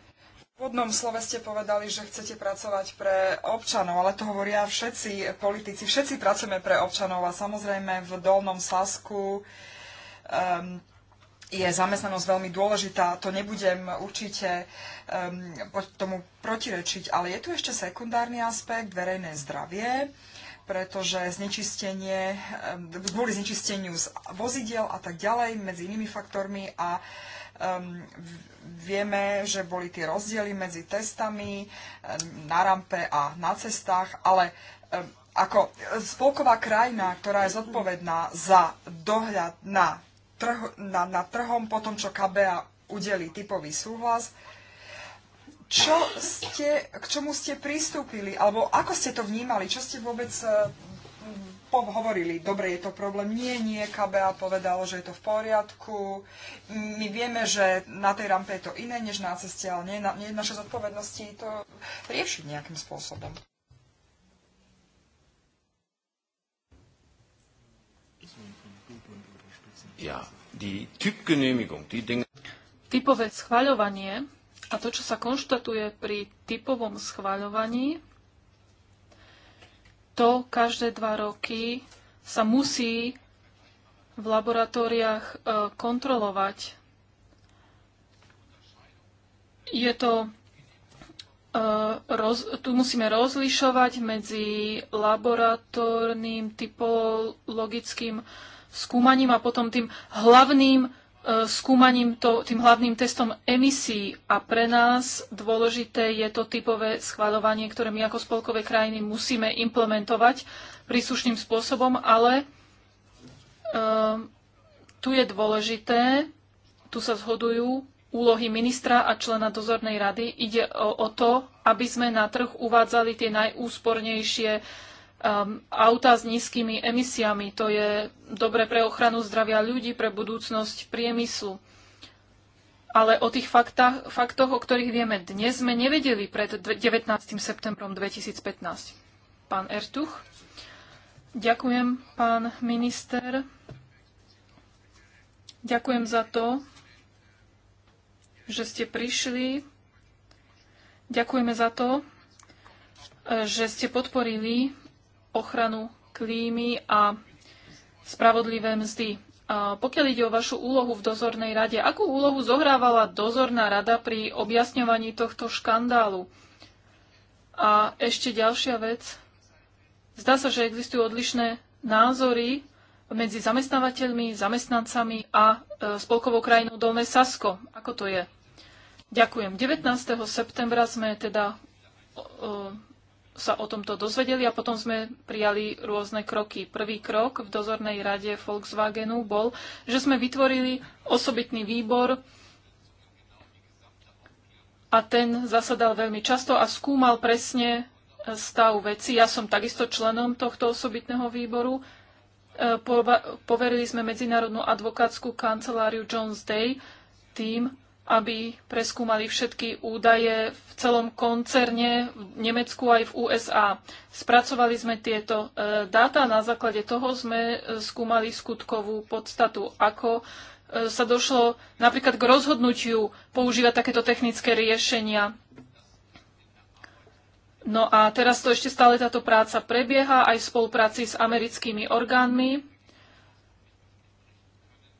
V podnom slove ste povedali, že chcete pracovať pre občanov, ale to hovoria všetci politici. Všetci pracujeme pre občanov a samozrejme v Dolnom Sasku um, je zamestnanosť veľmi dôležitá. To nebudem určite um, tomu protirečiť, ale je tu ešte sekundárny aspekt, verejné zdravie pretože znečistenie, eh, kvôli znečisteniu z vozidiel a tak ďalej, medzi inými faktormi a um, vieme, že boli tie rozdiely medzi testami na rampe a na cestách, ale um, ako spolková krajina, ktorá je zodpovedná za dohľad na, trh, na, na trhom po tom, čo KBA udeli typový súhlas, čo ste, k čomu ste pristúpili, alebo ako ste to vnímali, čo ste vôbec e, hovorili, dobre, je to problém, nie, nie, KBA povedalo, že je to v poriadku, my vieme, že na tej rampe je to iné než na ceste, ale nie, nie je naše zodpovednosti to riešiť nejakým spôsobom. Ja, die Typgenehmigung, die Dinge... Typové schvaľovanie a to, čo sa konštatuje pri typovom schváľovaní, to každé dva roky sa musí v laboratóriách e, kontrolovať. Je to, e, roz, tu musíme rozlišovať medzi laboratórnym typologickým skúmaním a potom tým hlavným E, skúmaním, to, tým hlavným testom emisí a pre nás dôležité je to typové schváľovanie, ktoré my ako spolkové krajiny musíme implementovať príslušným spôsobom, ale um, tu je dôležité, tu sa zhodujú úlohy ministra a člena dozornej rady. Ide o, o to, aby sme na trh uvádzali tie najúspornejšie uh, um, auta s nízkymi emisiami. To je dobre pre ochranu zdravia ľudí, pre budúcnosť priemyslu. Ale o tých faktách, faktoch, o ktorých vieme dnes, sme nevedeli pred 19. septembrom 2015. Pán Ertuch. Ďakujem, pán minister. Ďakujem za to, že ste prišli. Ďakujeme za to, že ste podporili ochranu klímy a spravodlivé mzdy. A pokiaľ ide o vašu úlohu v dozornej rade, akú úlohu zohrávala dozorná rada pri objasňovaní tohto škandálu? A ešte ďalšia vec. Zdá sa, že existujú odlišné názory medzi zamestnávateľmi, zamestnancami a e, spolkovou krajinou Dolné Sasko. Ako to je? Ďakujem. 19. septembra sme teda sa o tomto dozvedeli a potom sme prijali rôzne kroky. Prvý krok v dozornej rade Volkswagenu bol, že sme vytvorili osobitný výbor a ten zasadal veľmi často a skúmal presne e, stav veci. Ja som takisto členom tohto osobitného výboru. E, poverili sme Medzinárodnú advokátsku kanceláriu Jones Day tým, aby preskúmali všetky údaje v celom koncerne v Nemecku aj v USA. Spracovali sme tieto e, dáta, na základe toho sme e, skúmali skutkovú podstatu, ako e, sa došlo napríklad k rozhodnutiu používať takéto technické riešenia. No a teraz to ešte stále táto práca prebieha aj v spolupráci s americkými orgánmi.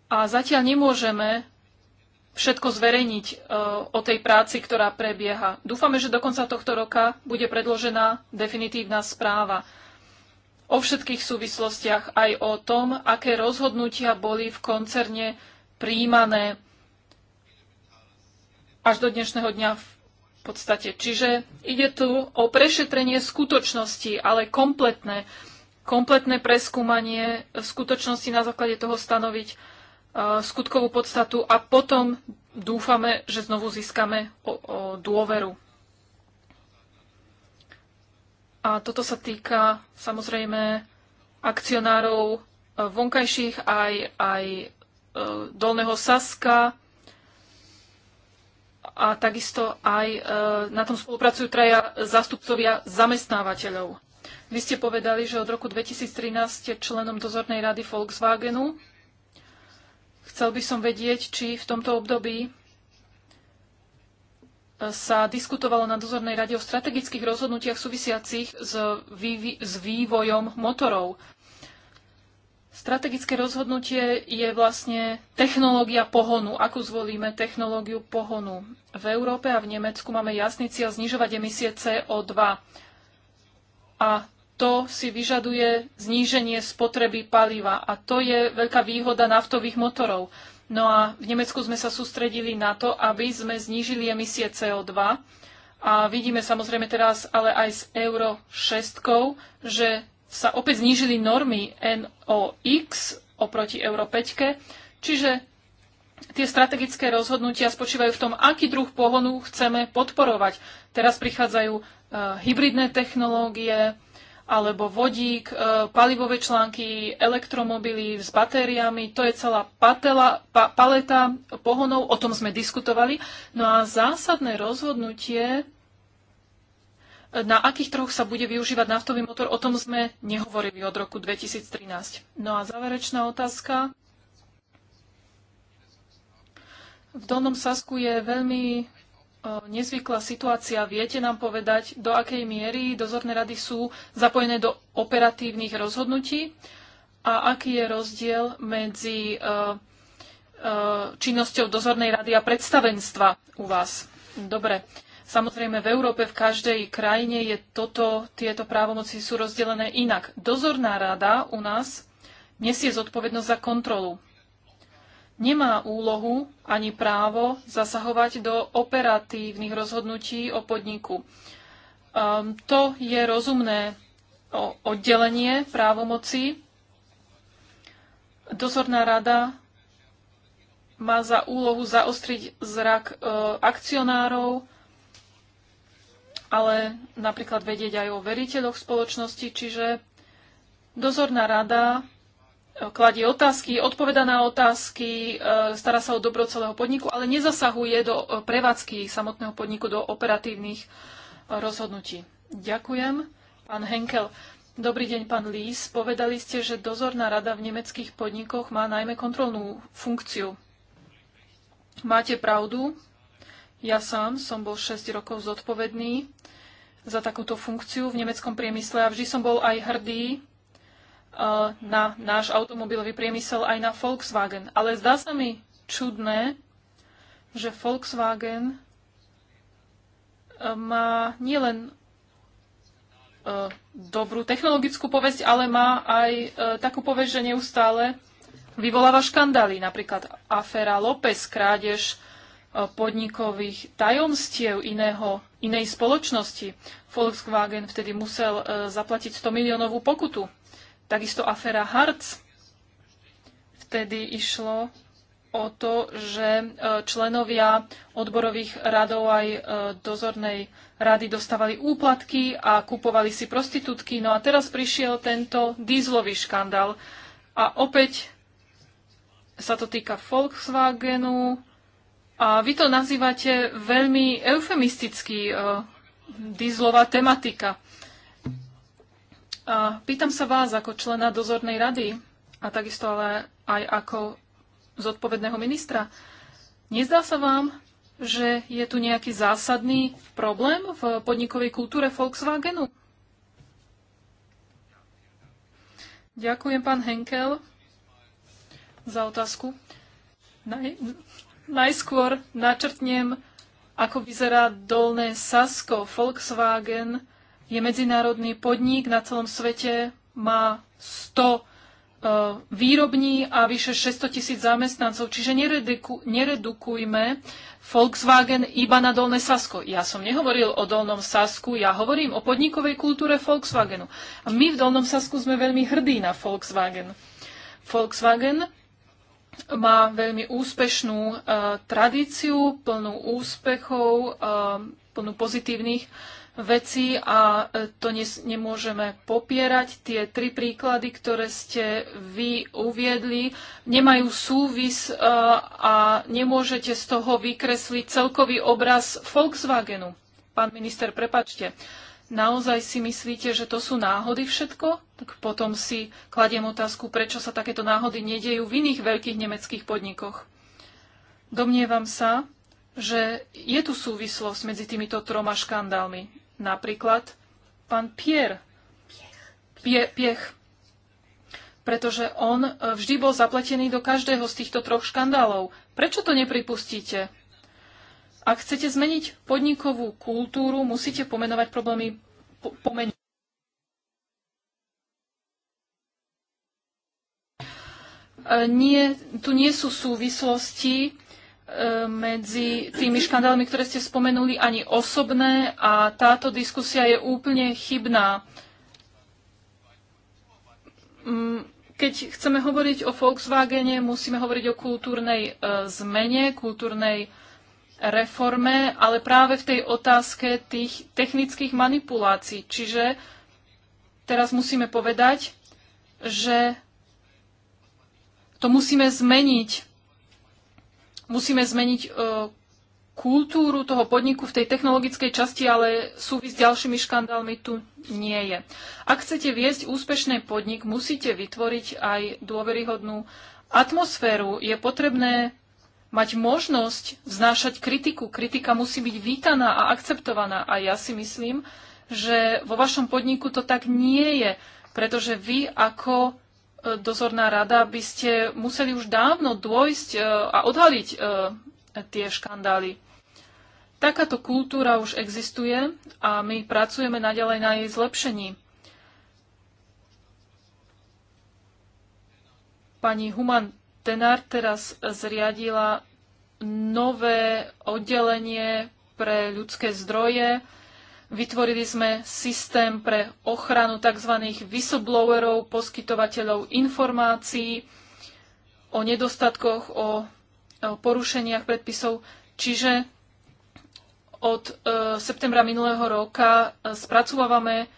A zatiaľ nemôžeme všetko zverejniť e, o tej práci, ktorá prebieha. Dúfame, že do konca tohto roka bude predložená definitívna správa o všetkých súvislostiach, aj o tom, aké rozhodnutia boli v koncerne príjmané až do dnešného dňa v podstate. Čiže ide tu o prešetrenie skutočnosti, ale kompletné, kompletné preskúmanie skutočnosti na základe toho stanoviť E, skutkovú podstatu a potom dúfame, že znovu získame o, o dôveru. A toto sa týka samozrejme akcionárov e, vonkajších aj, aj e, Dolného Saska a takisto aj na tom spolupracujú traja zastupcovia zamestnávateľov. Vy ste povedali, že od roku 2013 ste členom dozornej rady Volkswagenu Chcel by som vedieť, či v tomto období e, sa diskutovalo na dozornej rade o strategických rozhodnutiach súvisiacich s, vývi- s vývojom motorov. Strategické rozhodnutie je vlastne technológia pohonu. Akú zvolíme technológiu pohonu? V Európe a v Nemecku máme jasný cieľ znižovať emisie CO2. A to si vyžaduje zníženie spotreby paliva a to je veľká výhoda naftových motorov. No a v Nemecku sme sa sústredili na to, aby sme znížili emisie CO2 a vidíme samozrejme teraz ale aj s Euro 6, že sa opäť znížili normy NOx oproti Euro 5, čiže tie strategické rozhodnutia spočívajú v tom, aký druh pohonu chceme podporovať. Teraz prichádzajú eh, hybridné technológie, alebo vodík, e, palivové články, elektromobily s batériami, to je celá patela, pa, paleta pohonov, o tom sme diskutovali. No a zásadné rozhodnutie, e, na akých troch sa bude využívať naftový motor, o tom sme nehovorili od roku 2013. No a záverečná otázka. V Dolnom Sasku je veľmi E, nezvyklá situácia. Viete nám povedať, do akej miery dozorné rady sú zapojené do operatívnych rozhodnutí a aký je rozdiel medzi e, e, činnosťou dozornej rady a predstavenstva u vás? Dobre. Samozrejme, v Európe, v každej krajine je toto, tieto právomoci sú rozdelené inak. Dozorná rada u nás nesie zodpovednosť za kontrolu nemá úlohu ani právo zasahovať do operatívnych rozhodnutí o podniku. Um, to je rozumné oddelenie právomoci. Dozorná rada má za úlohu zaostriť zrak e, akcionárov, ale napríklad vedieť aj o veriteľoch spoločnosti, čiže dozorná rada kladie otázky, odpoveda na otázky, e, stará sa o dobro celého podniku, ale nezasahuje do e, prevádzky samotného podniku, do operatívnych e, rozhodnutí. Ďakujem. Pán Henkel, dobrý deň, pán Lís. Povedali ste, že dozorná rada v nemeckých podnikoch má najmä kontrolnú funkciu. Máte pravdu. Ja sám som bol 6 rokov zodpovedný za takúto funkciu v nemeckom priemysle a vždy som bol aj hrdý E, na náš automobilový priemysel aj na Volkswagen. Ale zdá sa mi čudné, že Volkswagen e, má nielen e, dobrú technologickú povesť, ale má aj takú povesť, že neustále vyvoláva škandály. Napríklad aféra López, krádež podnikových tajomstiev iného, inej spoločnosti. Volkswagen vtedy musel zaplatiť 100 miliónovú pokutu. Takisto aféra Harc. Vtedy išlo o to, že e, členovia odborových radov aj e, dozornej rady dostávali úplatky a kupovali si prostitútky. No a teraz prišiel tento dízlový škandál. A opäť sa to týka Volkswagenu. A vy to nazývate veľmi eufemisticky, e, dízlová tematika. A pýtam sa vás ako člena dozornej rady a takisto ale aj ako zodpovedného ministra. Nezdá sa vám, že je tu nejaký zásadný problém v podnikovej kultúre Volkswagenu? Ďakujem, pán Henkel, za otázku. Naj, najskôr načrtnem, ako vyzerá Dolné Sasko. Volkswagen je medzinárodný podnik na celom svete, má 100 e, výrobní a vyše 600 tisíc zamestnancov. Čiže nereduku, neredukujme Volkswagen iba na Dolné Sasko. Ja som nehovoril o Dolnom Sasku, ja hovorím o podnikovej kultúre Volkswagenu. A my v Dolnom Sasku sme veľmi hrdí na Volkswagen. Volkswagen má veľmi úspešnú uh, tradíciu, plnú úspechov, uh, plnú pozitívnych uh, veci a e, to nemôžeme popierať. Tie tri príklady, ktoré ste vy uviedli, nemajú súvis e, a nemôžete z toho vykresliť celkový obraz Volkswagenu. Pán minister, prepačte. Naozaj si myslíte, že to sú náhody všetko? Tak potom si kladiem otázku, prečo sa takéto náhody nedejú v iných veľkých nemeckých podnikoch. Domnievam sa, že je tu súvislosť medzi týmito troma škandálmi napríklad pán Pierre. Piech. Piech. Pretože on e, vždy bol zapletený do každého z týchto troch škandálov. Prečo to nepripustíte? Ak chcete zmeniť podnikovú kultúru, musíte pomenovať problémy po, pomeniť. E, nie, tu nie sú súvislosti medzi tými škandálmi, ktoré ste spomenuli, ani osobné a táto diskusia je úplne chybná. Mm, keď chceme hovoriť o Volkswagene, musíme hovoriť o kultúrnej e, zmene, kultúrnej reforme, ale práve v tej otázke tých technických manipulácií. Čiže teraz musíme povedať, že to musíme zmeniť musíme zmeniť e, kultúru toho podniku v tej technologickej časti, ale súvisť s ďalšími škandálmi tu nie je. Ak chcete viesť úspešný podnik, musíte vytvoriť aj dôveryhodnú atmosféru. Je potrebné mať možnosť vznášať kritiku. Kritika musí byť vítaná a akceptovaná. A ja si myslím, že vo vašom podniku to tak nie je, pretože vy ako dozorná rada, by ste museli už dávno dôjsť e, a odhaliť e, tie škandály. Takáto kultúra už existuje a my pracujeme naďalej na jej zlepšení. Pani Human Tenár teraz zriadila nové oddelenie pre ľudské zdroje, Vytvorili sme systém pre ochranu tzv. whistleblowerov, poskytovateľov informácií o nedostatkoch, o porušeniach predpisov. Čiže od e, septembra minulého roka e, spracovávame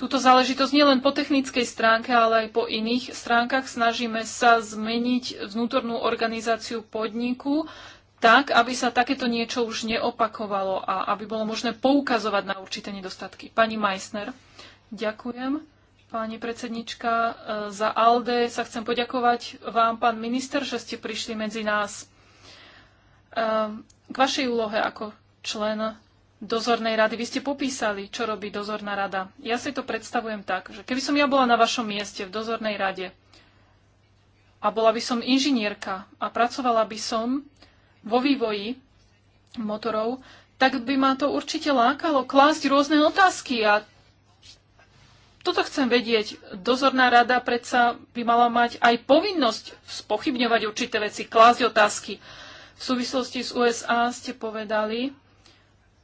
túto záležitosť nielen po technickej stránke, ale aj po iných stránkach. Snažíme sa zmeniť vnútornú organizáciu podniku tak, aby sa takéto niečo už neopakovalo a aby bolo možné poukazovať na určité nedostatky. Pani Meissner, ďakujem. Pani predsednička, e, za ALDE sa chcem poďakovať vám, pán minister, že ste prišli medzi nás. E, k vašej úlohe ako člen dozornej rady. Vy ste popísali, čo robí dozorná rada. Ja si to predstavujem tak, že keby som ja bola na vašom mieste v dozornej rade a bola by som inžinierka a pracovala by som vo vývoji motorov, tak by ma to určite lákalo klásť rôzne otázky a toto chcem vedieť. Dozorná rada predsa by mala mať aj povinnosť spochybňovať určité veci, klásť otázky. V súvislosti s USA ste povedali,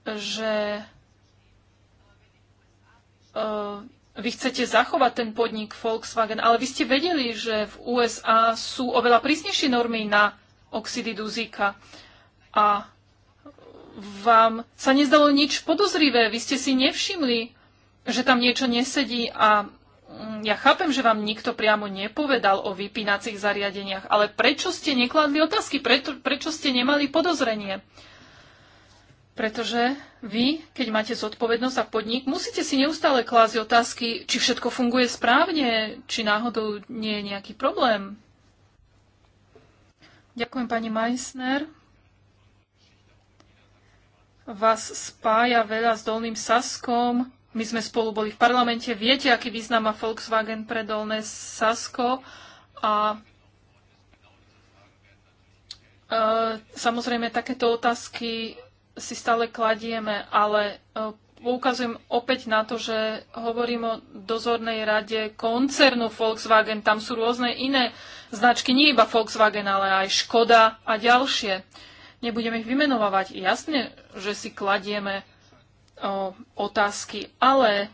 že e, vy chcete zachovať ten podnik Volkswagen, ale vy ste vedeli, že v USA sú oveľa prísnejšie normy na oxidy duzíka. A vám sa nezdalo nič podozrivé, vy ste si nevšimli, že tam niečo nesedí a mm, ja chápem, že vám nikto priamo nepovedal o vypínacích zariadeniach, ale prečo ste nekladli otázky, Preto, prečo ste nemali podozrenie? Pretože vy, keď máte zodpovednosť a podnik, musíte si neustále klásť otázky, či všetko funguje správne, či náhodou nie je nejaký problém. Ďakujem pani Meissner. Vás spája veľa s Dolným Saskom. My sme spolu boli v parlamente. Viete, aký význam má Volkswagen pre Dolné Sasko. A e, samozrejme, takéto otázky si stále kladieme, ale e, poukazujem opäť na to, že hovorím o dozornej rade koncernu Volkswagen. Tam sú rôzne iné značky nie iba Volkswagen, ale aj Škoda a ďalšie. Nebudeme ich vymenovávať. Jasne, že si kladieme o, otázky, ale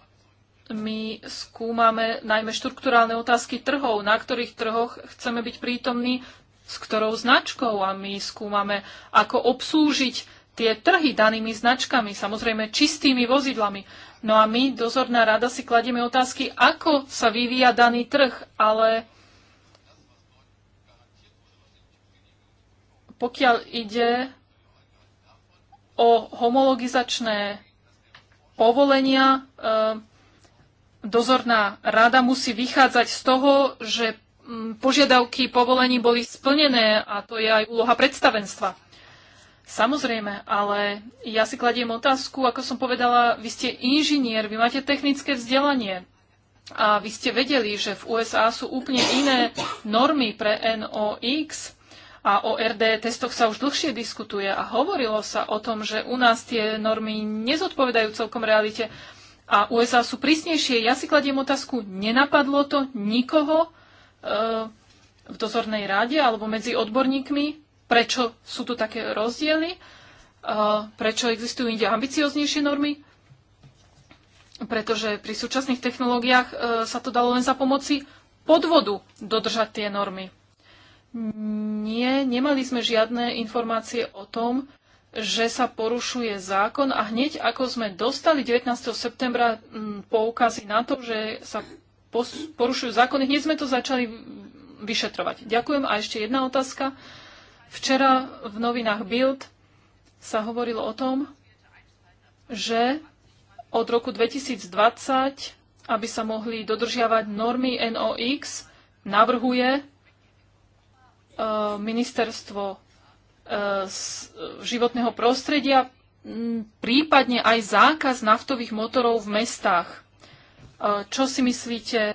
my skúmame najmä štrukturálne otázky trhov, na ktorých trhoch chceme byť prítomní, s ktorou značkou a my skúmame, ako obsúžiť tie trhy danými značkami, samozrejme čistými vozidlami. No a my, dozorná rada, si kladieme otázky, ako sa vyvíja daný trh, ale Pokiaľ ide o homologizačné povolenia, e, dozorná rada musí vychádzať z toho, že požiadavky povolení boli splnené a to je aj úloha predstavenstva. Samozrejme, ale ja si kladiem otázku, ako som povedala, vy ste inžinier, vy máte technické vzdelanie a vy ste vedeli, že v USA sú úplne iné normy pre NOx a o RD testoch sa už dlhšie diskutuje a hovorilo sa o tom, že u nás tie normy nezodpovedajú celkom realite a USA sú prísnejšie. Ja si kladiem otázku, nenapadlo to nikoho e, v dozornej rade alebo medzi odborníkmi, prečo sú tu také rozdiely, e, prečo existujú inde ambicioznejšie normy, pretože pri súčasných technológiách e, sa to dalo len za pomoci podvodu dodržať tie normy. Nie, nemali sme žiadne informácie o tom, že sa porušuje zákon a hneď ako sme dostali 19. septembra mm, poukazy na to, že sa porušujú zákony, hneď sme to začali vyšetrovať. Ďakujem. A ešte jedna otázka. Včera v novinách Bild sa hovorilo o tom, že od roku 2020, aby sa mohli dodržiavať normy NOx, navrhuje E, ministerstvo e, e, životného prostredia, prípadne aj zákaz naftových motorov v mestách. Čo si myslíte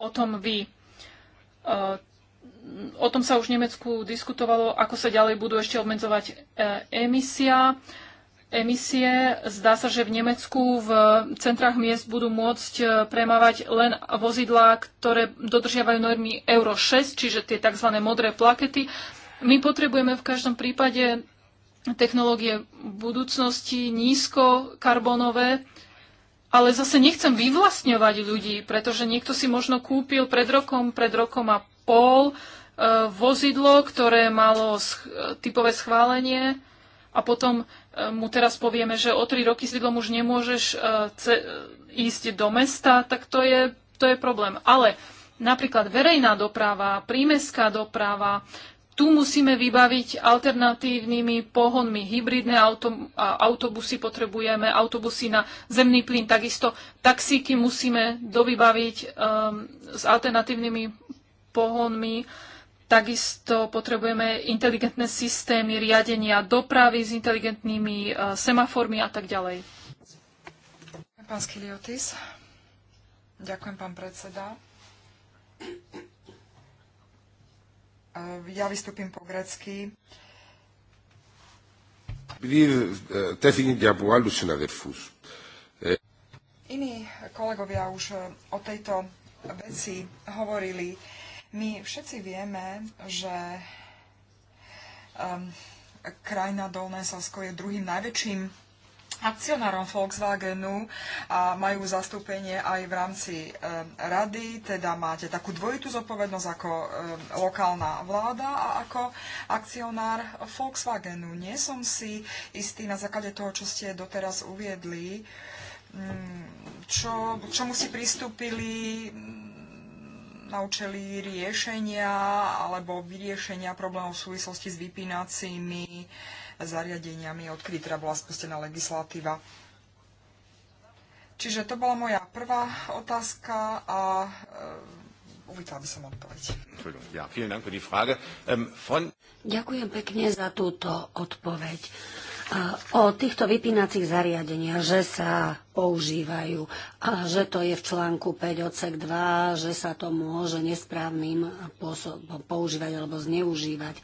o tom vy? O tom sa už v Nemecku diskutovalo, ako sa ďalej budú ešte obmedzovať emisia emisie. Zdá sa, že v Nemecku v centrách miest budú môcť e, premávať len vozidlá, ktoré dodržiavajú normy Euro 6, čiže tie tzv. modré plakety. My potrebujeme v každom prípade technológie budúcnosti nízkokarbonové, ale zase nechcem vyvlastňovať ľudí, pretože niekto si možno kúpil pred rokom, pred rokom a pol e, vozidlo, ktoré malo typové schválenie a potom mu teraz povieme, že o tri roky s už nemôžeš e, e, ísť do mesta, tak to je, to je problém. Ale napríklad verejná doprava, prímeská doprava, tu musíme vybaviť alternatívnymi pohonmi. Hybridné auto, autobusy potrebujeme, autobusy na zemný plyn takisto. Taxíky musíme dovybaviť um, s alternatívnymi pohonmi. Uh, Takisto potrebujeme inteligentné systémy riadenia dopravy s inteligentnými e, semaformi a tak ďalej. Pán Skiliotis. Ďakujem, pán predseda. E, ja vystúpim po grecky. E, Iní kolegovia už o tejto veci hovorili my všetci vieme, že um, krajina Dolné Sasko je druhým najväčším akcionárom Volkswagenu a majú zastúpenie aj v rámci e, rady, teda máte takú dvojitú zodpovednosť ako e, lokálna vláda a ako akcionár Volkswagenu. Nie som si istý na základe toho, čo ste doteraz uviedli, um, čo, čomu si pristúpili naučili riešenia alebo vyriešenia problémov v súvislosti s vypínacími zariadeniami, odkedy teda bola spustená legislatíva. Čiže to bola moja prvá otázka a e, uvítala by som odpoveď. Ähm, Ďakujem pekne za túto odpoveď o týchto vypínacích zariadeniach, že sa používajú a že to je v článku 5 odsek 2, že sa to môže nesprávnym používať alebo zneužívať.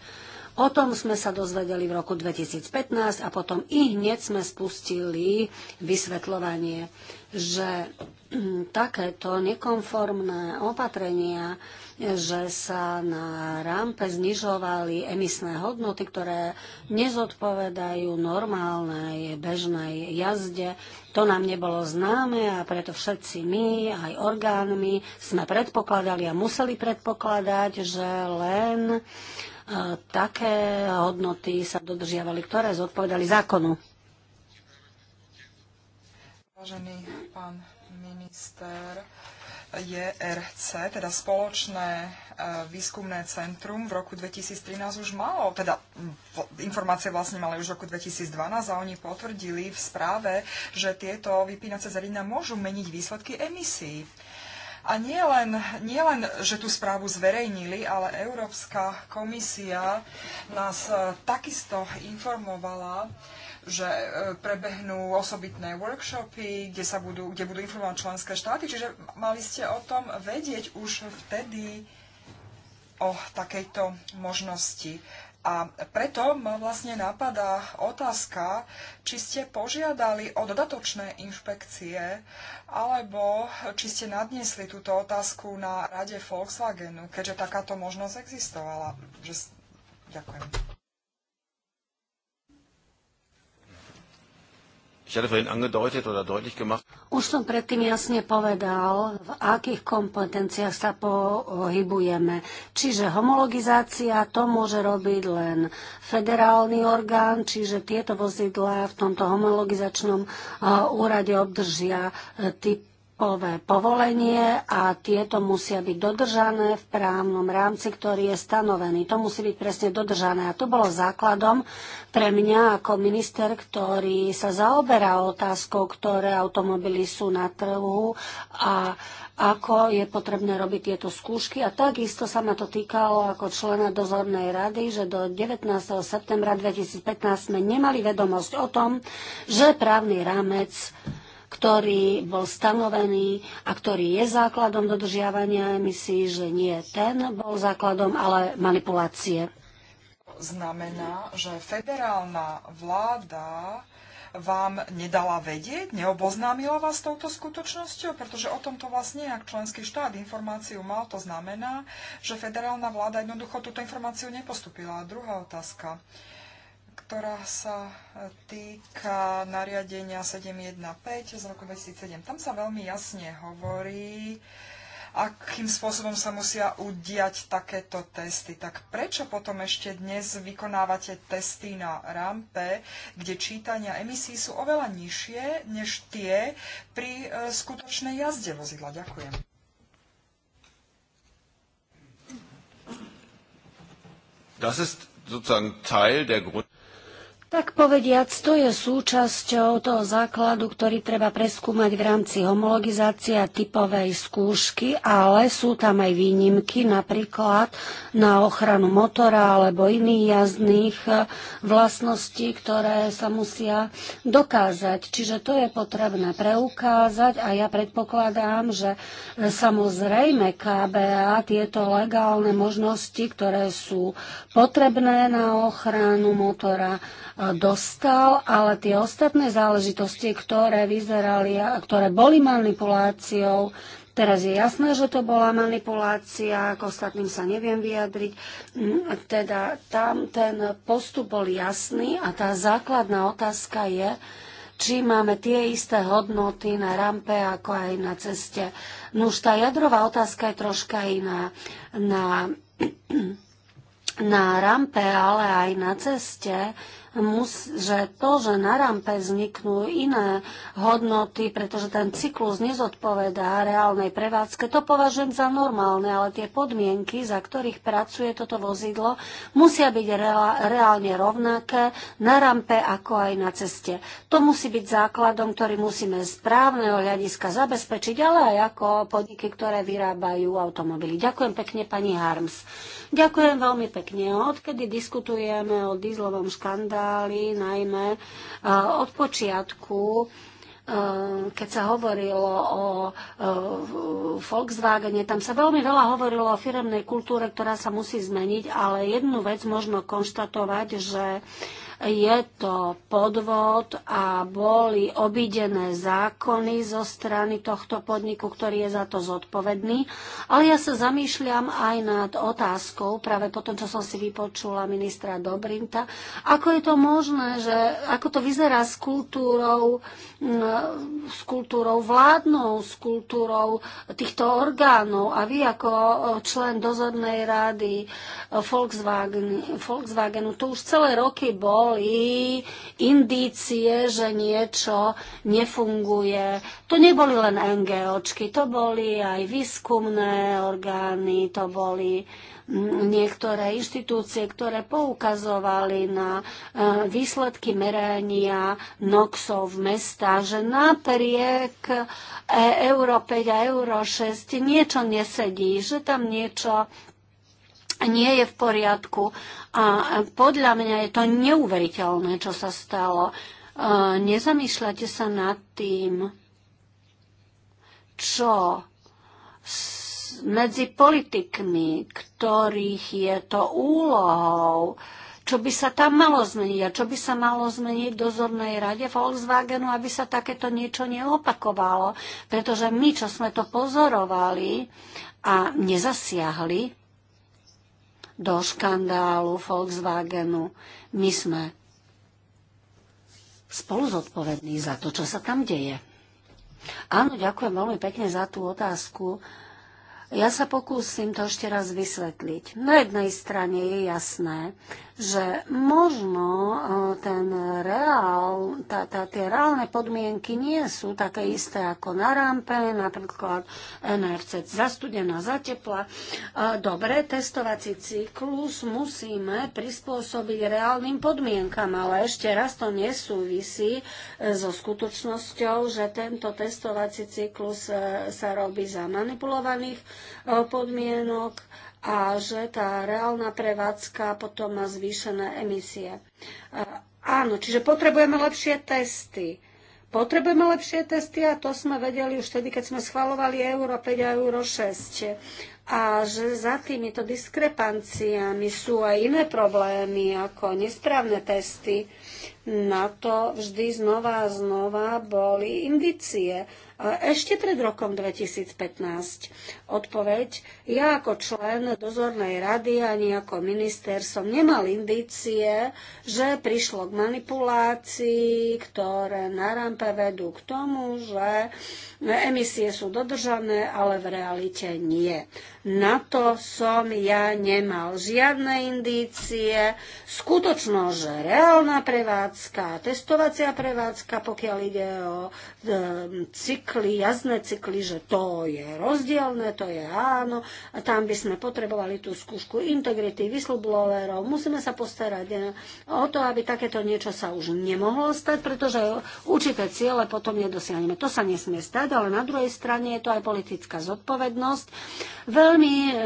O tom sme sa dozvedeli v roku 2015 a potom i hneď sme spustili vysvetľovanie, že takéto nekonformné opatrenia, že sa na rampe znižovali emisné hodnoty, ktoré nezodpovedajú normálnej bežnej jazde. To nám nebolo známe a preto všetci my, aj orgánmi, sme predpokladali a museli predpokladať, že len také hodnoty sa dodržiavali, ktoré zodpovedali zákonu. Vážený pán minister, JRC, teda spoločné e, výskumné centrum v roku 2013 už malo, teda informácie vlastne mali už v roku 2012 a oni potvrdili v správe, že tieto vypínace zariadenia môžu meniť výsledky emisí. A nielen, nie len, že tú správu zverejnili, ale Európska komisia nás e, takisto informovala, že e, prebehnú osobitné workshopy, kde, sa budú, kde budú informovať členské štáty. Čiže mali ste o tom vedieť už vtedy o takejto možnosti. A preto ma vlastne napadá otázka, či ste požiadali o dodatočné inšpekcie, alebo či ste nadniesli túto otázku na rade Volkswagenu, keďže takáto možnosť existovala. Že... Ďakujem. Už som predtým jasne povedal, v akých kompetenciách sa pohybujeme. Čiže homologizácia to môže robiť len federálny orgán, čiže tieto vozidlá v tomto homologizačnom eh, úrade obdržia eh, typ typové povolenie a tieto musia byť dodržané v právnom rámci, ktorý je stanovený. To musí byť presne dodržané. A to bolo základom pre mňa ako minister, ktorý sa zaoberá otázkou, ktoré automobily sú na trhu a ako je potrebné robiť tieto skúšky. A takisto sa ma to týkalo ako člena dozornej rady, že do 19. septembra 2015 sme nemali vedomosť o tom, že právny rámec ktorý bol stanovený a ktorý je základom dodržiavania emisí, že nie ten bol základom, ale manipulácie. Znamená, že federálna vláda vám nedala vedieť, neoboznámila vás s touto skutočnosťou, pretože o tomto vlastne, ak členský štát informáciu mal, to znamená, že federálna vláda jednoducho túto informáciu nepostupila. A druhá otázka. Uh, ktorá sa e, týka nariadenia 715 z roku 2007. Tam sa veľmi jasne hovorí, akým spôsobom sa musia udiať takéto testy. Tak prečo potom ešte dnes vykonávate testy na rampe, kde čítania emisí sú oveľa nižšie než tie pri e, skutočnej jazde vozidla? Ďakujem. Das ist sozusagen Teil der Grund tak povediac, to je súčasťou toho základu, ktorý treba preskúmať v rámci homologizácie a typovej skúšky, ale sú tam aj výnimky, napríklad na ochranu motora alebo iných jazdných e, vlastností, ktoré sa musia dokázať. Čiže to je potrebné preukázať a ja predpokladám, že e, samozrejme KBA tieto legálne možnosti, ktoré sú potrebné na ochranu motora, dostal, ale tie ostatné záležitosti, ktoré vyzerali a ktoré boli manipuláciou, Teraz je jasné, že to bola manipulácia, k ostatným sa neviem vyjadriť. Mm, teda tam ten postup bol jasný a tá základná otázka je, či máme tie isté hodnoty na rampe ako aj na ceste. No už tá jadrová otázka je troška iná. Na, na rampe, ale aj na ceste mus, že to, že na rampe vzniknú iné hodnoty, pretože ten cyklus nezodpovedá reálnej prevádzke, to považujem za normálne, ale tie podmienky, za ktorých pracuje toto vozidlo, musia byť reálne rovnaké na rampe ako aj na ceste. To musí byť základom, ktorý musíme z právneho hľadiska zabezpečiť, ale aj ako podniky, ktoré vyrábajú automobily. Ďakujem pekne pani Harms. Ďakujem veľmi pekne. Odkedy diskutujeme o dízlovom škandále, povedali, najmä e, od počiatku e, keď sa hovorilo o e, Volkswagene, tam sa veľmi veľa hovorilo o firemnej kultúre, ktorá sa musí zmeniť, ale jednu vec možno konštatovať, že je to podvod a boli obidené zákony zo strany tohto podniku, ktorý je za to zodpovedný. Ale ja sa zamýšľam aj nad otázkou, práve po tom, čo som si vypočula ministra Dobrinta, ako je to možné, že ako to vyzerá s kultúrou, s kultúrou vládnou, s kultúrou týchto orgánov. A vy ako člen dozornej rady Volkswagen, Volkswagenu, to už celé roky bol boli indície, že niečo nefunguje. To neboli len NGOčky, to boli aj výskumné orgány, to boli niektoré inštitúcie, ktoré poukazovali na e, výsledky merania NOXov v mestách, že napriek e, Euro 5 a Euro 6 niečo nesedí, že tam niečo nie je v poriadku. A podľa mňa je to neuveriteľné, čo sa stalo. E, Nezamýšľate sa nad tým, čo medzi politikmi, ktorých je to úlohou, čo by sa tam malo zmeniť a čo by sa malo zmeniť v dozornej rade Volkswagenu, aby sa takéto niečo neopakovalo. Pretože my, čo sme to pozorovali a nezasiahli, do škandálu Volkswagenu. My sme spolu zodpovední za to, čo sa tam deje. Áno, ďakujem veľmi pekne za tú otázku. Ja sa pokúsim to ešte raz vysvetliť. Na jednej strane je jasné, že možno e, ten reál, tá, tá, tie reálne podmienky nie sú také isté ako na rampe, napríklad NRC za studená, za tepla. E, dobre, testovací cyklus musíme prispôsobiť reálnym podmienkam, ale ešte raz to nesúvisí e, so skutočnosťou, že tento testovací cyklus sa robí za manipulovaných podmienok a že tá reálna prevádzka potom má zvýšené emisie. E, áno, čiže potrebujeme lepšie testy. Potrebujeme lepšie testy a to sme vedeli už vtedy, keď sme schvalovali euro 5 a euro 6. A že za týmito diskrepanciami sú aj iné problémy, ako nesprávne testy. Na to vždy znova a znova boli indicie ešte pred rokom 2015. Odpoveď, ja ako člen dozornej rady ani ako minister som nemal indície, že prišlo k manipulácii, ktoré na rampe vedú k tomu, že emisie sú dodržané, ale v realite nie. Na to som ja nemal žiadne indície. Skutočno, že reálna prevádzka, testovacia prevádzka, pokiaľ ide o e, cykly, jazdné cykly, že to je rozdielne, to je áno. A tam by sme potrebovali tú skúšku integrity whistleblowerov. Musíme sa postarať e, o to, aby takéto niečo sa už nemohlo stať, pretože určité ciele potom nedosiahneme. To sa nesmie stať, ale na druhej strane je to aj politická zodpovednosť. Veľ veľmi eh,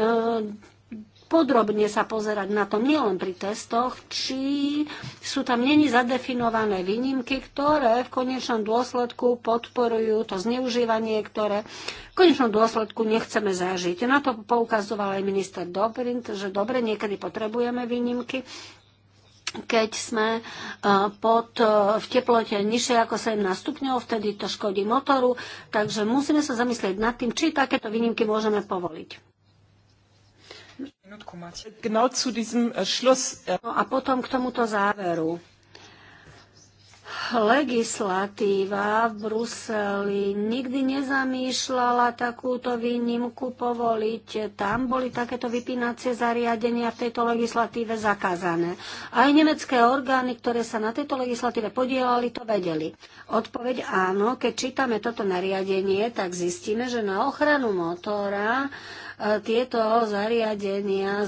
podrobne sa pozerať na to nielen pri testoch, či sú tam není zadefinované výnimky, ktoré v konečnom dôsledku podporujú to zneužívanie, ktoré v konečnom dôsledku nechceme zažiť. Na to poukazoval aj minister Dobrindt, že dobre, niekedy potrebujeme výnimky, keď sme eh, pod, eh, v teplote nižšie ako 17 stupňov, vtedy to škodí motoru, takže musíme sa zamyslieť nad tým, či takéto výnimky môžeme povoliť. Äh, äh, no a potom k tomuto záveru. Legislatíva v Bruseli nikdy nezamýšľala takúto výnimku povoliť. Tam boli takéto vypínacie zariadenia v tejto legislatíve zakázané. Aj nemecké orgány, ktoré sa na tejto legislatíve podielali, to vedeli. Odpoveď áno, keď čítame toto nariadenie, tak zistíme, že na ochranu motora tieto zariadenia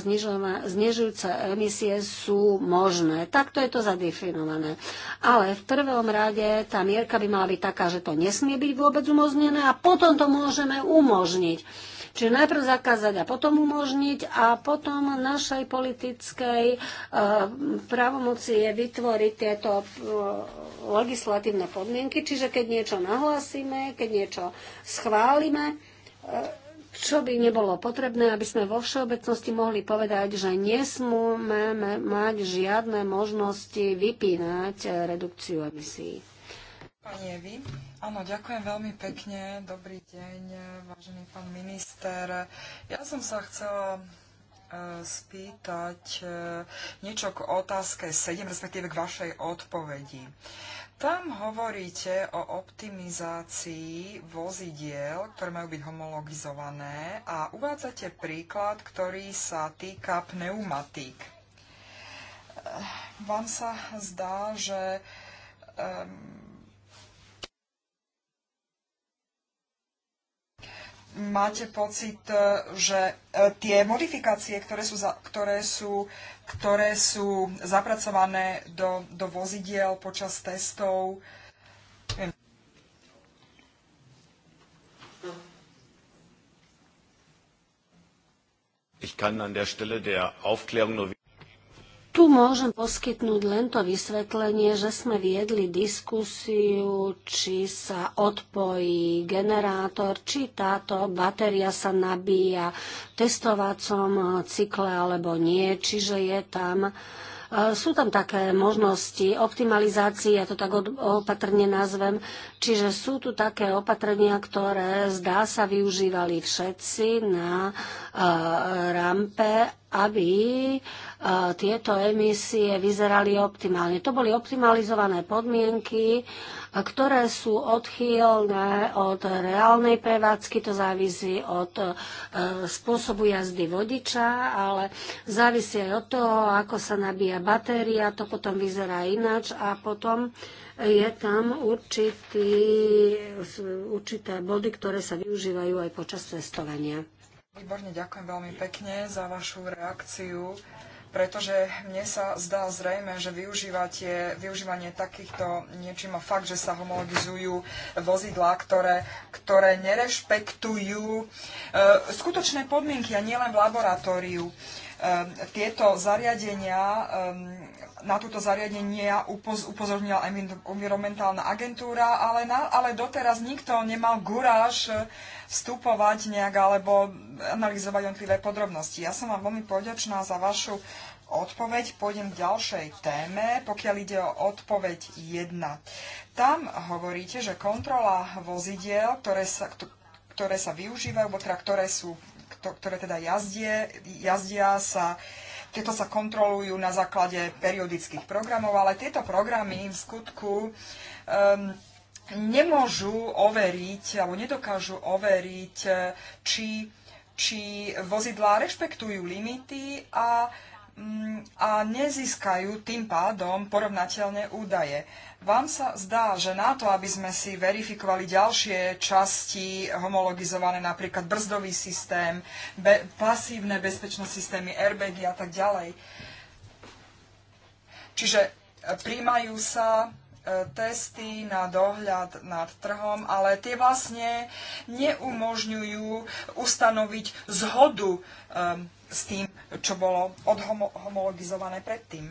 znižujúce emisie sú možné. Takto je to zadefinované. Ale v prvom rade tá mierka by mala byť taká, že to nesmie byť vôbec umožnené a potom to môžeme umožniť. Čiže najprv zakázať a potom umožniť a potom našej politickej uh, právomoci je vytvoriť tieto eh, legislatívne podmienky. Čiže keď niečo nahlásime, keď niečo schválime, eh, čo by nebolo potrebné, aby sme vo všeobecnosti mohli povedať, že nesmúme mať žiadne možnosti vypínať eh, redukciu emisí. Pani Evi, áno, ďakujem veľmi pekne. Dobrý deň, eh, vážený pán minister. Ja som sa chcela eh, spýtať niečo k otázke 7, respektíve k vašej odpovedi. Tam hovoríte o optimizácii vozidiel, ktoré majú byť homologizované a uvádzate príklad, ktorý sa týka pneumatík. Vám sa zdá, že um, máte pocit, e, že e, tie modifikácie, ktoré sú, za, ktoré sú, ktoré sú zapracované do, do vozidiel počas testov, Ich kann an der Stelle der Aufklärung nur tu môžem poskytnúť len to vysvetlenie, že sme viedli diskusiu, či sa odpojí generátor, či táto batéria sa nabíja v testovacom cykle alebo nie, čiže je tam uh, Eh, sú tam také možnosti optimalizácie, ja to tak opatrne nazvem, čiže sú tu také opatrenia, ktoré zdá sa využívali všetci na eh, rampe, aby eh, tieto emisie vyzerali optimálne. To boli optimalizované podmienky, ktoré sú odchýlne od reálnej prevádzky, to závisí od e, spôsobu jazdy vodiča, ale závisí aj od toho, ako sa nabíja batéria, to potom vyzerá ináč a potom je tam určitý, určité body, ktoré sa využívajú aj počas cestovania. Výborne, ďakujem veľmi pekne za vašu reakciu pretože mne sa zdá zrejme, že využívanie takýchto niečím a fakt, že sa homologizujú vozidlá, ktoré, ktoré nerešpektujú e, skutočné podmienky a nielen v laboratóriu. E, tieto zariadenia e, na túto zariadenia upoz, upozornila environmentálna agentúra, ale, na, ale doteraz nikto nemal guráž e, vstupovať nejak alebo analyzovať jednotlivé podrobnosti. Ja som vám veľmi poďačná za vašu odpoveď. Pôjdem k ďalšej téme, pokiaľ ide o odpoveď 1. Tam hovoríte, že kontrola vozidiel, ktoré sa, ktoré sa využívajú, teda ktoré, sú, ktoré teda jazdie, jazdia, sa tieto sa kontrolujú na základe periodických programov, ale tieto programy v skutku um, nemôžu overiť alebo nedokážu overiť, e, či, či vozidlá rešpektujú limity a, mm, a nezískajú tým pádom porovnateľné údaje. Vám sa zdá, že na to, aby sme si verifikovali ďalšie časti homologizované, napríklad brzdový systém, be- pasívne bezpečné systémy, airbagy a tak ďalej. Čiže e, príjmajú sa e, testy na dohľad nad trhom, ale tie vlastne neumožňujú ustanoviť zhodu um, s tým, čo bolo odhomologizované predtým.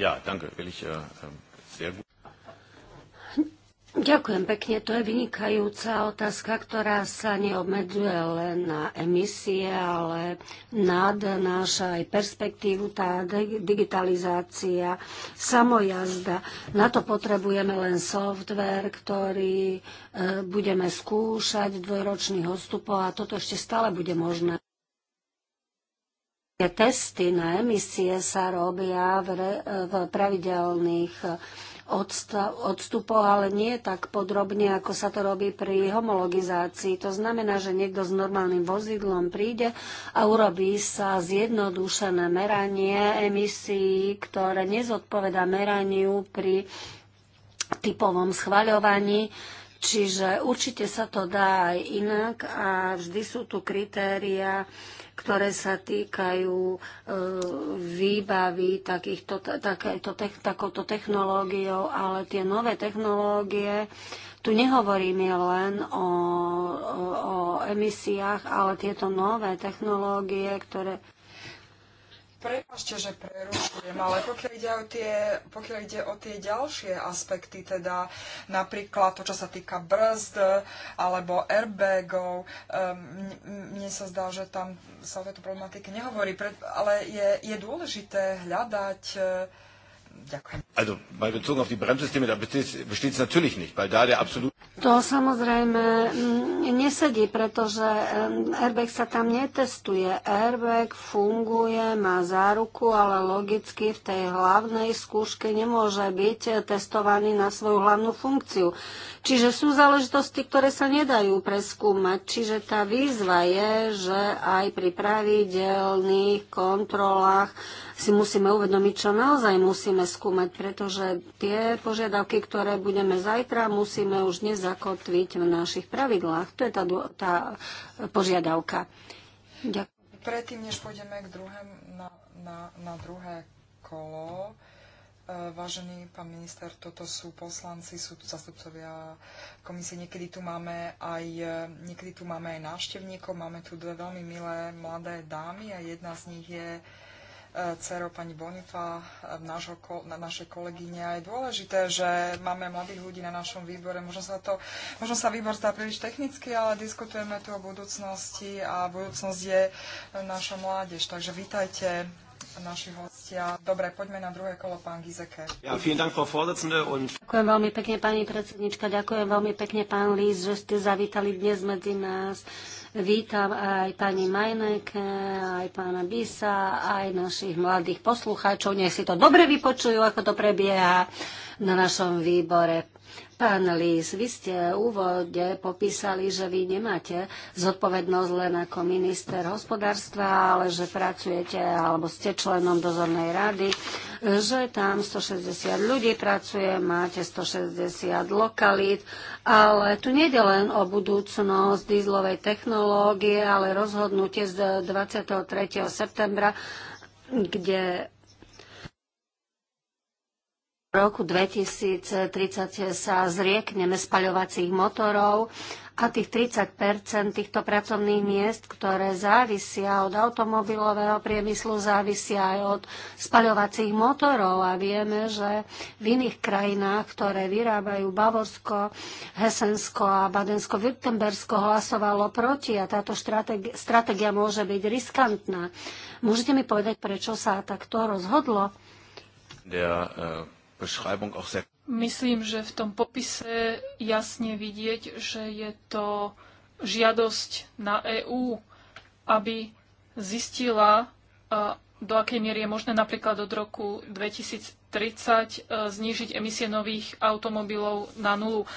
Ja, danke, will ich äh, ähm, sehr gut. Ďakujem pekne, to je vynikajúca otázka, ktorá sa neobmedzuje len na emisie, ale nadnáša aj perspektívu, tá digitalizácia, samojazda. Na to potrebujeme len software, ktorý e, budeme skúšať dvojročných odstupov a toto ešte stále bude možné. Testy na emisie sa robia v, re, v pravidelných e, odstupov, ale nie tak podrobne, ako sa to robí pri homologizácii. To znamená, že niekto s normálnym vozidlom príde a urobí sa zjednodušené meranie emisí, ktoré nezodpoveda meraniu pri typovom schvaľovaní. Čiže určite sa to dá aj inak a vždy sú tu kritéria, ktoré sa týkajú e, výbavy takýchto, takéto, takouto technológiou, ale tie nové technológie, tu nehovoríme len o, o, o emisiách, ale tieto nové technológie, ktoré Prepašte, že prerušujem, ale pokiaľ ide, o tie, pokiaľ ide o tie ďalšie aspekty, teda napríklad to, čo sa týka brzd alebo airbagov, um, ehm, mne sa zdá, že tam sa o tejto problematike nehovorí, ale je, je dôležité hľadať uh, to samozrejme mm, nesedí, pretože mm, airbag sa tam netestuje. Airbag funguje, má záruku, ale logicky v tej hlavnej skúške nemôže byť testovaný na svoju hlavnú funkciu. Čiže sú záležitosti, ktoré sa nedajú preskúmať. Čiže tá výzva je, že aj pri pravidelných kontrolách si musíme uvedomiť, čo naozaj musíme skúmať, pretože tie požiadavky, ktoré budeme zajtra, musíme už nezakotviť v našich pravidlách. To je tá, tá požiadavka. Ďakujem. Predtým, než pôjdeme k druhému, na, na, na druhé kolo, Eh, vážený pán minister, toto sú poslanci, sú tu zastupcovia komisie. Niekedy tu máme aj, eh, niekedy tu máme aj návštevníkov. Máme tu dve veľmi milé mladé dámy a jedna z nich je eh, dcero pani Bonifa, nášho, na našej kolegyne. A je dôležité, že máme mladých ľudí na našom výbore. Možno sa, to, možno sa výbor zdá príliš technicky, ale diskutujeme tu o budúcnosti a budúcnosť je naša mládež. Takže vítajte naši hostia. Dobre, poďme na druhé kolo, pán Gizeke. Ja, Dank, und... Ďakujem veľmi pekne, pani predsednička. Ďakujem veľmi pekne, pán Lís, že ste zavítali dnes medzi nás. Vítam aj pani Majneke, aj pána Bisa, aj našich mladých poslucháčov. Nech si to dobre vypočujú, ako to prebieha na našom výbore. Pán Lís, vy ste v úvode popísali, že vy nemáte zodpovednosť len ako minister hospodárstva, ale že pracujete alebo ste členom dozornej rady, že tam 160 ľudí pracuje, máte 160 lokalít, ale tu nie je len o budúcnosť dízlovej technológie, ale rozhodnutie z 23. septembra, kde roku 2030 sa zriekneme spaľovacích motorov a tých 30 týchto pracovných miest, ktoré závisia od automobilového priemyslu, závisia aj od spaľovacích motorov. A vieme, že v iných krajinách, ktoré vyrábajú Bavorsko, Hesensko a Badensko-Württembersko, hlasovalo proti a táto stratégia môže byť riskantná. Môžete mi povedať, prečo sa takto rozhodlo? Yeah, eh, uh... Myslím, že v tom popise jasne vidieť, že je to žiadosť na EÚ, aby zistila, e, do akej miery je možné napríklad od roku 2030 e, znížiť emisie nových automobilov na nulu. E,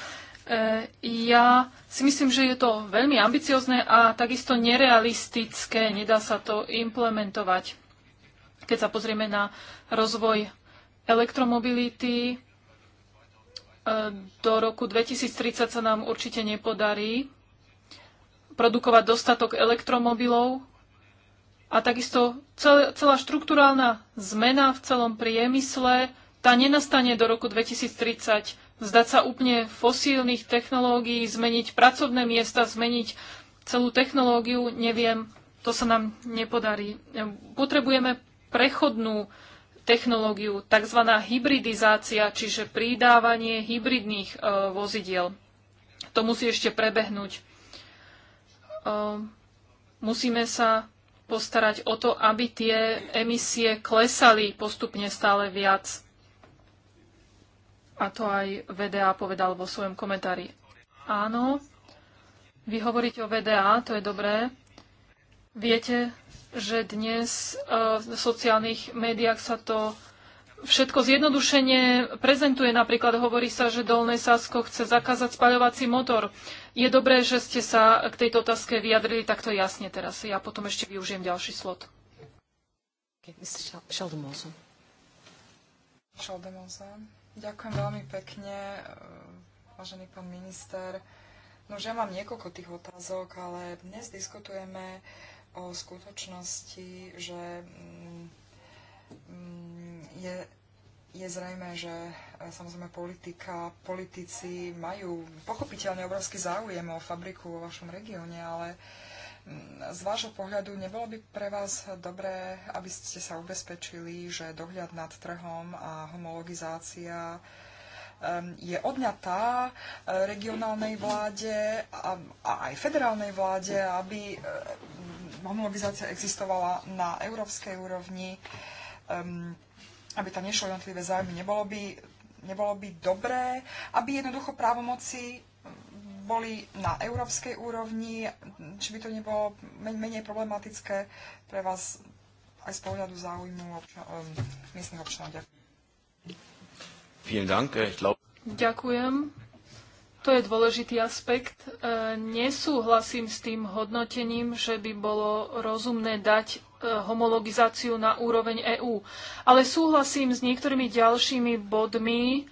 ja si myslím, že je to veľmi ambiciozne a takisto nerealistické, nedá sa to implementovať. Keď sa pozrieme na rozvoj elektromobility. E, do roku 2030 sa nám určite nepodarí produkovať dostatok elektromobilov. A takisto celá štruktúrálna zmena v celom priemysle, tá nenastane do roku 2030. Vzdať sa úplne fosílnych technológií, zmeniť pracovné miesta, zmeniť celú technológiu, neviem, to sa nám nepodarí. Potrebujeme prechodnú technológiu, tzv. hybridizácia, čiže pridávanie hybridných e, vozidiel. To musí ešte prebehnúť. E, musíme sa postarať o to, aby tie emisie klesali postupne stále viac. A to aj VDA povedal vo svojom komentári. Áno, vy hovoríte o VDA, to je dobré. Viete, že dnes e, v sociálnych médiách sa to všetko zjednodušene prezentuje. Napríklad hovorí sa, že Dolné Sasko chce zakázať spaľovací motor. Je dobré, že ste sa k tejto otázke vyjadrili takto jasne teraz. Ja potom ešte využijem ďalší slot. Ďakujem veľmi pekne, e, vážený pán minister. No že ja mám niekoľko tých otázok, ale dnes diskutujeme uh, o skutočnosti, že mm, mm, je, je zrejme, že e, samozrejme politika, politici majú pochopiteľne obrovský záujem o fabriku vo vašom regióne, ale mm, z vášho pohľadu nebolo by pre vás dobré, aby ste sa ubezpečili, že dohľad nad trhom a homologizácia je odňatá e, regionálnej vláde a, aj federálnej vláde, aby e, homologizácia existovala na európskej úrovni, um, aby tam nešlo jednotlivé záujmy, nebolo by, nebolo by dobré, aby jednoducho právomoci ehm, boli na európskej úrovni, či by to nebolo menej problematické pre vás aj z pohľadu záujmu obča- um, miestnych občanov. Ďakujem. Ďakujem. To je dôležitý aspekt. E, nesúhlasím s tým hodnotením, že by bolo rozumné dať e, homologizáciu na úroveň EÚ. Ale súhlasím s niektorými ďalšími bodmi,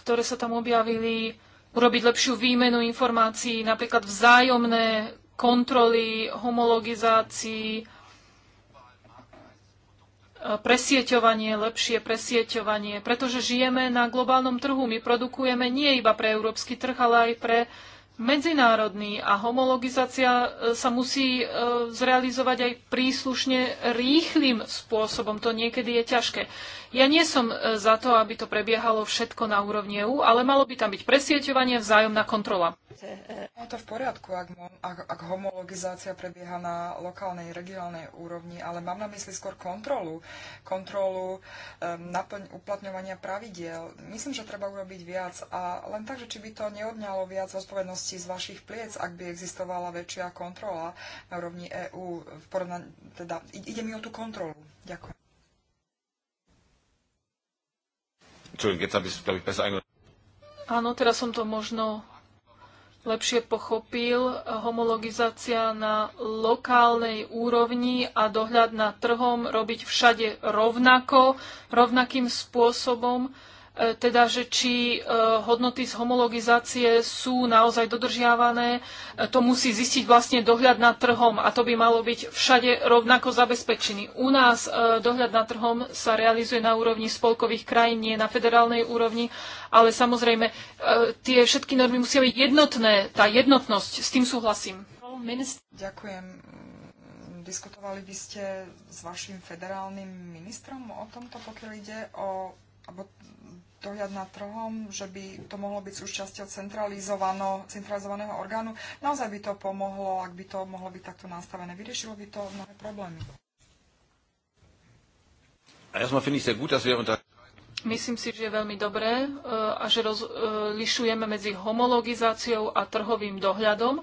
ktoré sa tam objavili, urobiť lepšiu výmenu informácií, napríklad vzájomné kontroly, homologizácií, presieťovanie, lepšie presieťovanie, pretože žijeme na globálnom trhu. My produkujeme nie iba pre európsky trh, ale aj pre medzinárodný a homologizácia e, sa musí e, zrealizovať aj príslušne rýchlým spôsobom. To niekedy je ťažké. Ja nie som e, za to, aby to prebiehalo všetko na úrovni EU, ale malo by tam byť presieťovanie, vzájomná kontrola. No to v poriadku, ak, ak, ak homologizácia prebieha na lokálnej, regionálnej úrovni, ale mám na mysli skôr kontrolu. Kontrolu um, naplň, uplatňovania pravidiel. Myslím, že treba urobiť viac a len tak, že či by to neodňalo viac zodpovednosti z vašich pliec, ak by existovala väčšia kontrola na úrovni EÚ. Teda, ide mi o tú kontrolu. Ďakujem. Čo, keď sa by sa Áno, teraz som to možno lepšie pochopil, homologizácia na lokálnej úrovni a dohľad nad trhom robiť všade rovnako, rovnakým spôsobom E, teda, že či e, hodnoty z homologizácie sú naozaj dodržiavané, e, to musí zistiť vlastne dohľad nad trhom a to by malo byť všade rovnako zabezpečený. U nás dohľad nad trhom sa realizuje na úrovni spolkových krajín, nie na federálnej úrovni, ale samozrejme tie všetky normy musia byť jednotné, tá jednotnosť, s tým súhlasím. Ďakujem. Diskutovali by ste s vašim federálnym ministrom o tomto, pokiaľ ide o alebo dohľad nad trhom, že by to mohlo byť súčasťou centralizovaného orgánu. Naozaj by to pomohlo, ak by to mohlo byť takto nastavené. Vyriešilo by to mnohé problémy. Myslím si, že je veľmi dobré e, a že rozlišujeme e, medzi homologizáciou a trhovým dohľadom.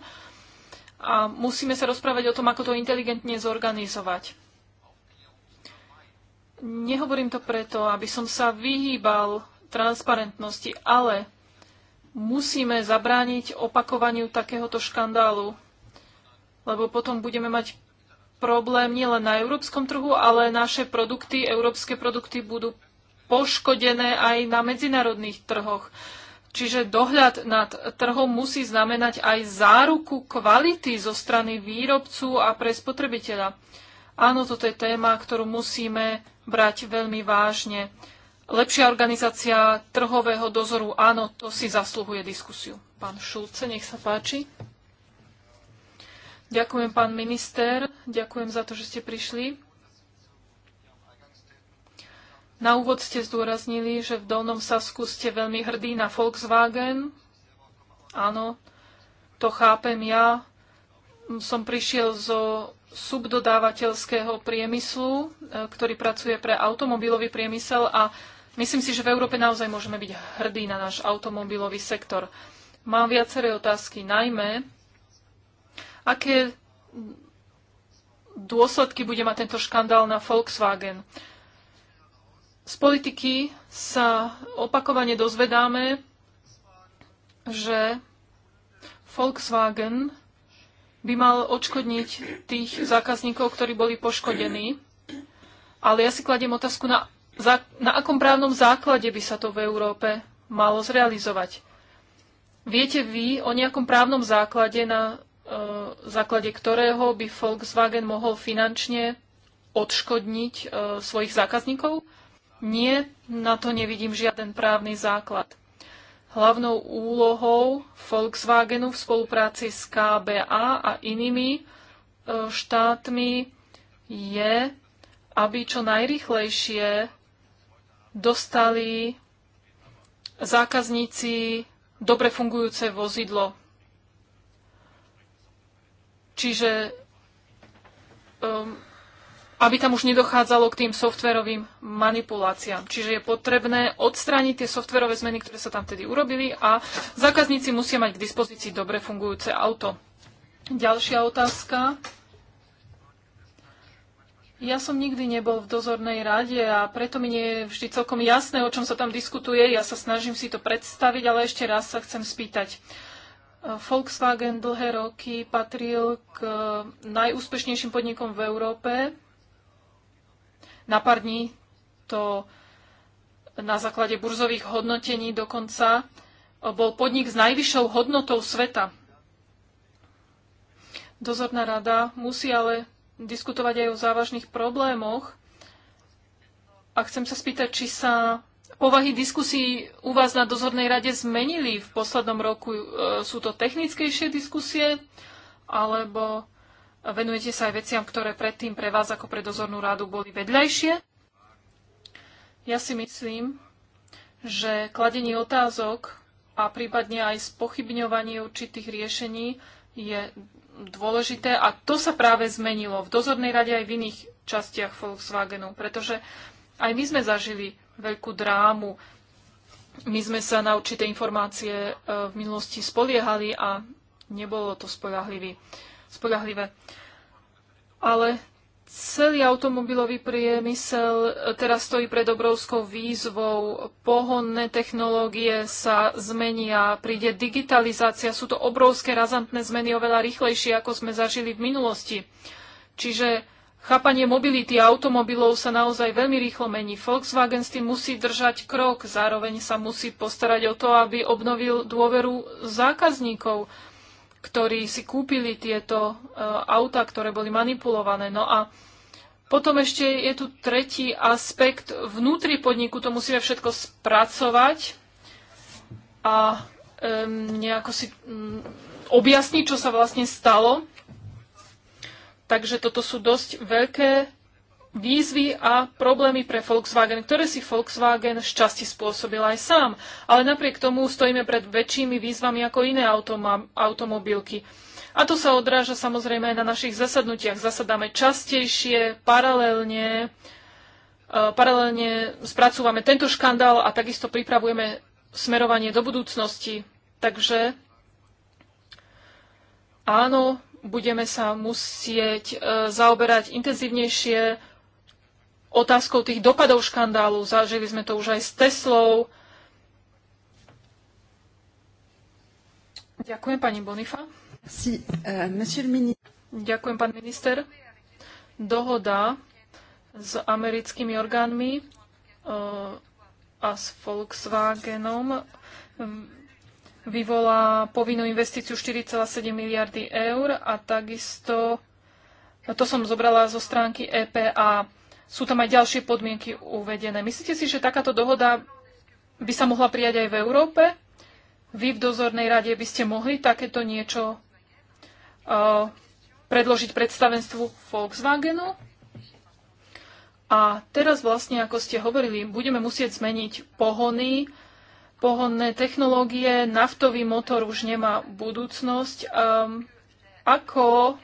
A musíme sa rozprávať o tom, ako to inteligentne zorganizovať. Nehovorím to preto, aby som sa vyhýbal transparentnosti, ale musíme zabrániť opakovaniu takéhoto škandálu, lebo potom budeme mať problém nielen na európskom trhu, ale naše produkty, európske produkty budú poškodené aj na medzinárodných trhoch. Čiže dohľad nad trhom musí znamenať aj záruku kvality zo strany výrobcu a pre spotrebiteľa. Áno, toto je téma, ktorú musíme brať veľmi vážne. Lepšia organizácia trhového dozoru, áno, to si zasluhuje diskusiu. Pán Šulce, nech sa páči. Ďakujem, pán minister. Ďakujem za to, že ste prišli. Na úvod ste zdôraznili, že v Dolnom Sasku ste veľmi hrdí na Volkswagen. Áno, to chápem ja. Som prišiel zo subdodávateľského priemyslu, e, ktorý pracuje pre automobilový priemysel a myslím si, že v Európe naozaj môžeme byť hrdí na náš automobilový sektor. Mám viaceré otázky, najmä aké dôsledky bude mať tento škandál na Volkswagen. Z politiky sa opakovane dozvedáme, že Volkswagen by mal odškodniť tých zákazníkov, ktorí boli poškodení. Ale ja si kladiem otázku, na, na akom právnom základe by sa to v Európe malo zrealizovať. Viete vy o nejakom právnom základe, na e, základe ktorého by Volkswagen mohol finančne odškodniť e, svojich zákazníkov? Nie, na to nevidím žiaden právny základ. Hlavnou úlohou Volkswagenu v spolupráci s KBA a inými e, štátmi je, aby čo najrychlejšie dostali zákazníci dobre fungujúce vozidlo. Čiže um, aby tam už nedochádzalo k tým softverovým manipuláciám. Čiže je potrebné odstrániť tie softverové zmeny, ktoré sa tam vtedy urobili a zákazníci musia mať k dispozícii dobre fungujúce auto. Ďalšia otázka. Ja som nikdy nebol v dozornej rade a preto mi nie je vždy celkom jasné, o čom sa tam diskutuje. Ja sa snažím si to predstaviť, ale ešte raz sa chcem spýtať. Volkswagen dlhé roky patril k najúspešnejším podnikom v Európe na pár dní to na základe burzových hodnotení dokonca e, bol podnik s najvyššou hodnotou sveta. Dozorná rada musí ale diskutovať aj o závažných problémoch. A chcem sa spýtať, či sa povahy diskusí u vás na dozornej rade zmenili v poslednom roku? E, sú to technickejšie diskusie, alebo Venujete sa aj veciam, ktoré predtým pre vás ako pre dozornú rádu boli vedľajšie? Ja si myslím, že kladenie otázok a prípadne aj spochybňovanie určitých riešení je dôležité a to sa práve zmenilo v dozornej rade aj v iných častiach Volkswagenu, pretože aj my sme zažili veľkú drámu. My sme sa na určité informácie e, v minulosti spoliehali a nebolo to spolahlivý spolahlivé. Ale celý automobilový priemysel e, teraz stojí pred obrovskou výzvou. Pohonné technológie sa zmenia, príde digitalizácia. Sú to obrovské razantné zmeny, oveľa rýchlejšie, ako sme zažili v minulosti. Čiže Chápanie mobility automobilov sa naozaj veľmi rýchlo mení. Volkswagen s tým musí držať krok, zároveň sa musí postarať o to, aby obnovil dôveru zákazníkov ktorí si kúpili tieto e, auta, ktoré boli manipulované. No a potom ešte je tu tretí aspekt. Vnútri podniku to musíme všetko spracovať a nejako si mm, objasniť, čo sa vlastne stalo. Takže toto sú dosť veľké výzvy a problémy pre Volkswagen, ktoré si Volkswagen z časti spôsobil aj sám. Ale napriek tomu stojíme pred väčšími výzvami ako iné automa- automobilky. A to sa odráža samozrejme aj na našich zasadnutiach. Zasadáme častejšie, paralelne, e, paralelne spracúvame tento škandál a takisto pripravujeme smerovanie do budúcnosti. Takže áno, budeme sa musieť e, zaoberať intenzívnejšie otázkou tých dopadov škandálu. Zažili sme to už aj s Teslou. Ďakujem pani Bonifa. Si, uh, Ďakujem pán minister. Dohoda s americkými orgánmi uh, a s Volkswagenom um, vyvolá povinnú investíciu 4,7 miliardy eur a takisto, to som zobrala zo stránky EPA, sú tam aj ďalšie podmienky uvedené. Myslíte si, že takáto dohoda by sa mohla prijať aj v Európe? Vy v dozornej rade by ste mohli takéto niečo uh, predložiť predstavenstvu Volkswagenu? A teraz vlastne, ako ste hovorili, budeme musieť zmeniť pohony, pohonné technológie, naftový motor už nemá budúcnosť. Um, ako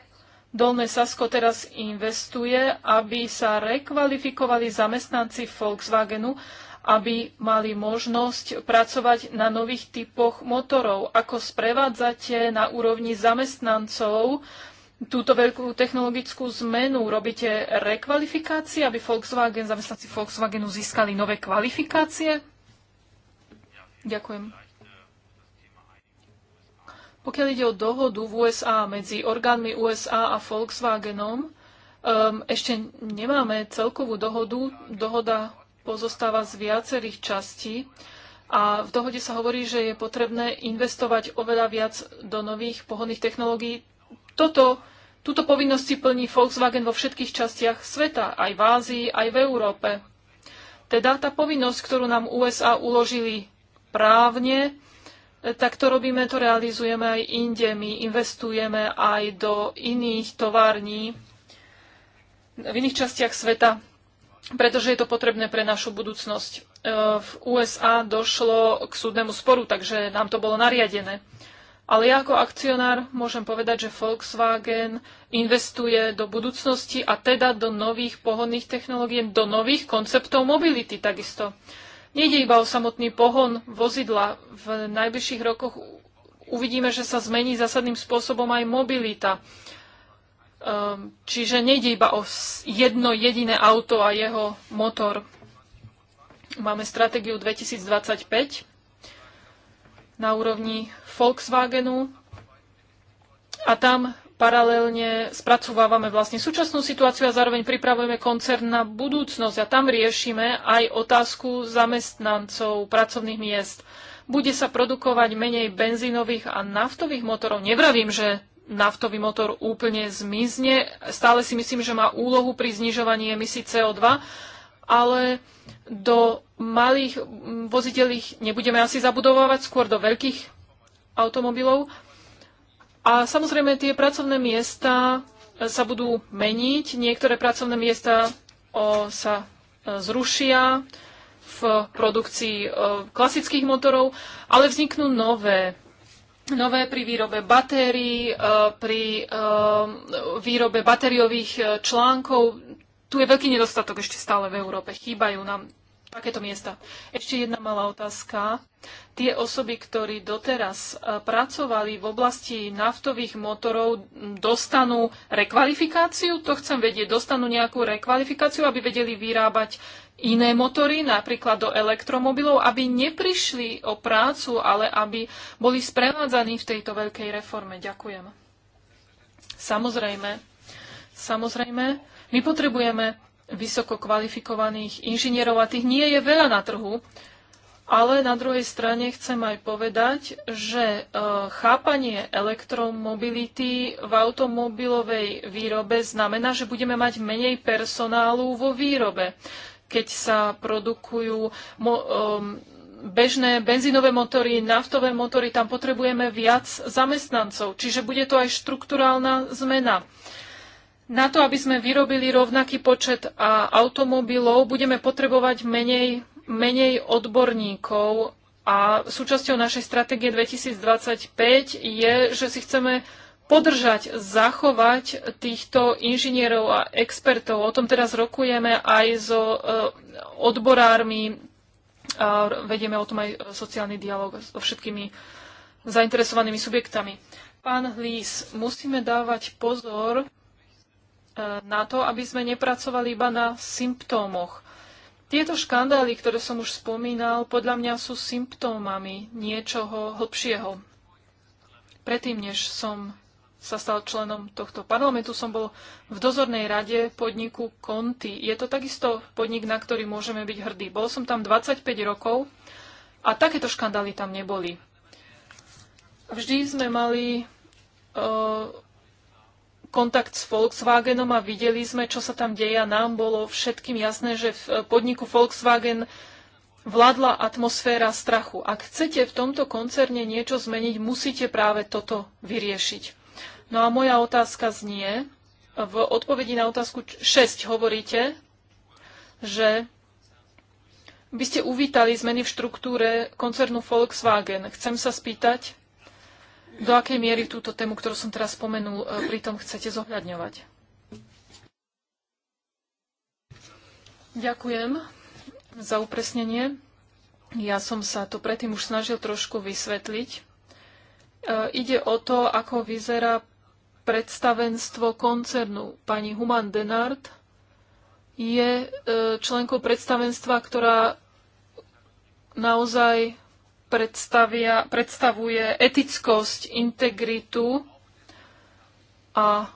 Dolné Sasko teraz investuje, aby sa rekvalifikovali zamestnanci Volkswagenu, aby mali možnosť pracovať na nových typoch motorov. Ako sprevádzate na úrovni zamestnancov túto veľkú technologickú zmenu? Robíte rekvalifikácie, aby Volkswagen, zamestnanci Volkswagenu získali nové kvalifikácie? Ďakujem. Pokiaľ ide o dohodu v USA medzi orgánmi USA a Volkswagenom, Um, ešte nemáme celkovú dohodu. Dohoda pozostáva z viacerých častí a v dohode sa hovorí, že je potrebné investovať oveľa viac do nových pohodných technológií. Toto, túto povinnosť si plní Volkswagen vo všetkých častiach sveta, aj v Ázii, aj v Európe. Teda tá povinnosť, ktorú nám USA uložili právne, tak to robíme, to realizujeme aj inde. My investujeme aj do iných tovární v iných častiach sveta, pretože je to potrebné pre našu budúcnosť. E, v USA došlo k súdnemu sporu, takže nám to bolo nariadené. Ale ja ako akcionár môžem povedať, že Volkswagen investuje do budúcnosti a teda do nových pohodných technológií, do nových konceptov mobility takisto. Nejde iba o samotný pohon vozidla. V najbližších rokoch uvidíme, že sa zmení zásadným spôsobom aj mobilita. Ehm, čiže nejde iba o jedno jediné auto a jeho motor. Máme stratégiu 2025 na úrovni Volkswagenu a tam Paralelne spracovávame vlastne súčasnú situáciu a zároveň pripravujeme koncern na budúcnosť a tam riešime aj otázku zamestnancov, pracovných miest. Bude sa produkovať menej benzínových a naftových motorov. Nevravím, že naftový motor úplne zmizne. Stále si myslím, že má úlohu pri znižovaní emisí CO2, ale do malých mm, vozidel ich nebudeme asi zabudovávať, skôr do veľkých automobilov. A samozrejme tie pracovné miesta e, sa budú meniť. Niektoré pracovné miesta o, sa e, zrušia v produkcii o, e, klasických motorov, ale vzniknú nové. Nové pri výrobe batérií, pri o, výrobe batériových článkov. Tu je veľký nedostatok ešte stále v Európe. Chýbajú nám takéto miesta. Ešte jedna malá otázka. Tie osoby, ktorí doteraz e, pracovali v oblasti naftových motorov, dostanú rekvalifikáciu? To chcem vedieť. Dostanú nejakú rekvalifikáciu, aby vedeli vyrábať iné motory, napríklad do elektromobilov, aby neprišli o prácu, ale aby boli sprevádzaní v tejto veľkej reforme. Ďakujem. Samozrejme. Samozrejme. My potrebujeme vysoko kvalifikovaných inžinierov a tých nie je veľa na trhu. Ale na druhej strane chcem aj povedať, že e, chápanie elektromobility v automobilovej výrobe znamená, že budeme mať menej personálu vo výrobe, keď sa produkujú e, bežné benzínové motory, naftové motory, tam potrebujeme viac zamestnancov. Čiže bude to aj štrukturálna zmena. Na to, aby sme vyrobili rovnaký počet automobilov, budeme potrebovať menej, menej odborníkov a súčasťou našej stratégie 2025 je, že si chceme podržať, zachovať týchto inžinierov a expertov. O tom teraz rokujeme aj so e, odborármi, a vedieme o tom aj sociálny dialog so všetkými zainteresovanými subjektami. Pán Hlís, musíme dávať pozor E, na to, aby sme nepracovali iba na symptómoch. Tieto škandály, ktoré som už spomínal, podľa mňa sú symptómami niečoho hlbšieho. Predtým, než som sa stal členom tohto parlamentu, som bol v dozornej rade podniku Conti. Je to takisto podnik, na ktorý môžeme byť hrdí. Bol som tam 25 rokov a takéto škandály tam neboli. Vždy sme mali uh, kontakt s Volkswagenom a videli sme, čo sa tam deje a nám bolo všetkým jasné, že v podniku Volkswagen vládla atmosféra strachu. Ak chcete v tomto koncerne niečo zmeniť, musíte práve toto vyriešiť. No a moja otázka znie, v odpovedi na otázku 6 hovoríte, že by ste uvítali zmeny v štruktúre koncernu Volkswagen. Chcem sa spýtať, do akej miery túto tému, ktorú som teraz spomenul, e, pritom chcete zohľadňovať? Ďakujem za upresnenie. Ja som sa to predtým už snažil trošku vysvetliť. E, ide o to, ako vyzerá predstavenstvo koncernu. Pani Human Denard je e, členkou predstavenstva, ktorá naozaj predstavuje etickosť, integritu a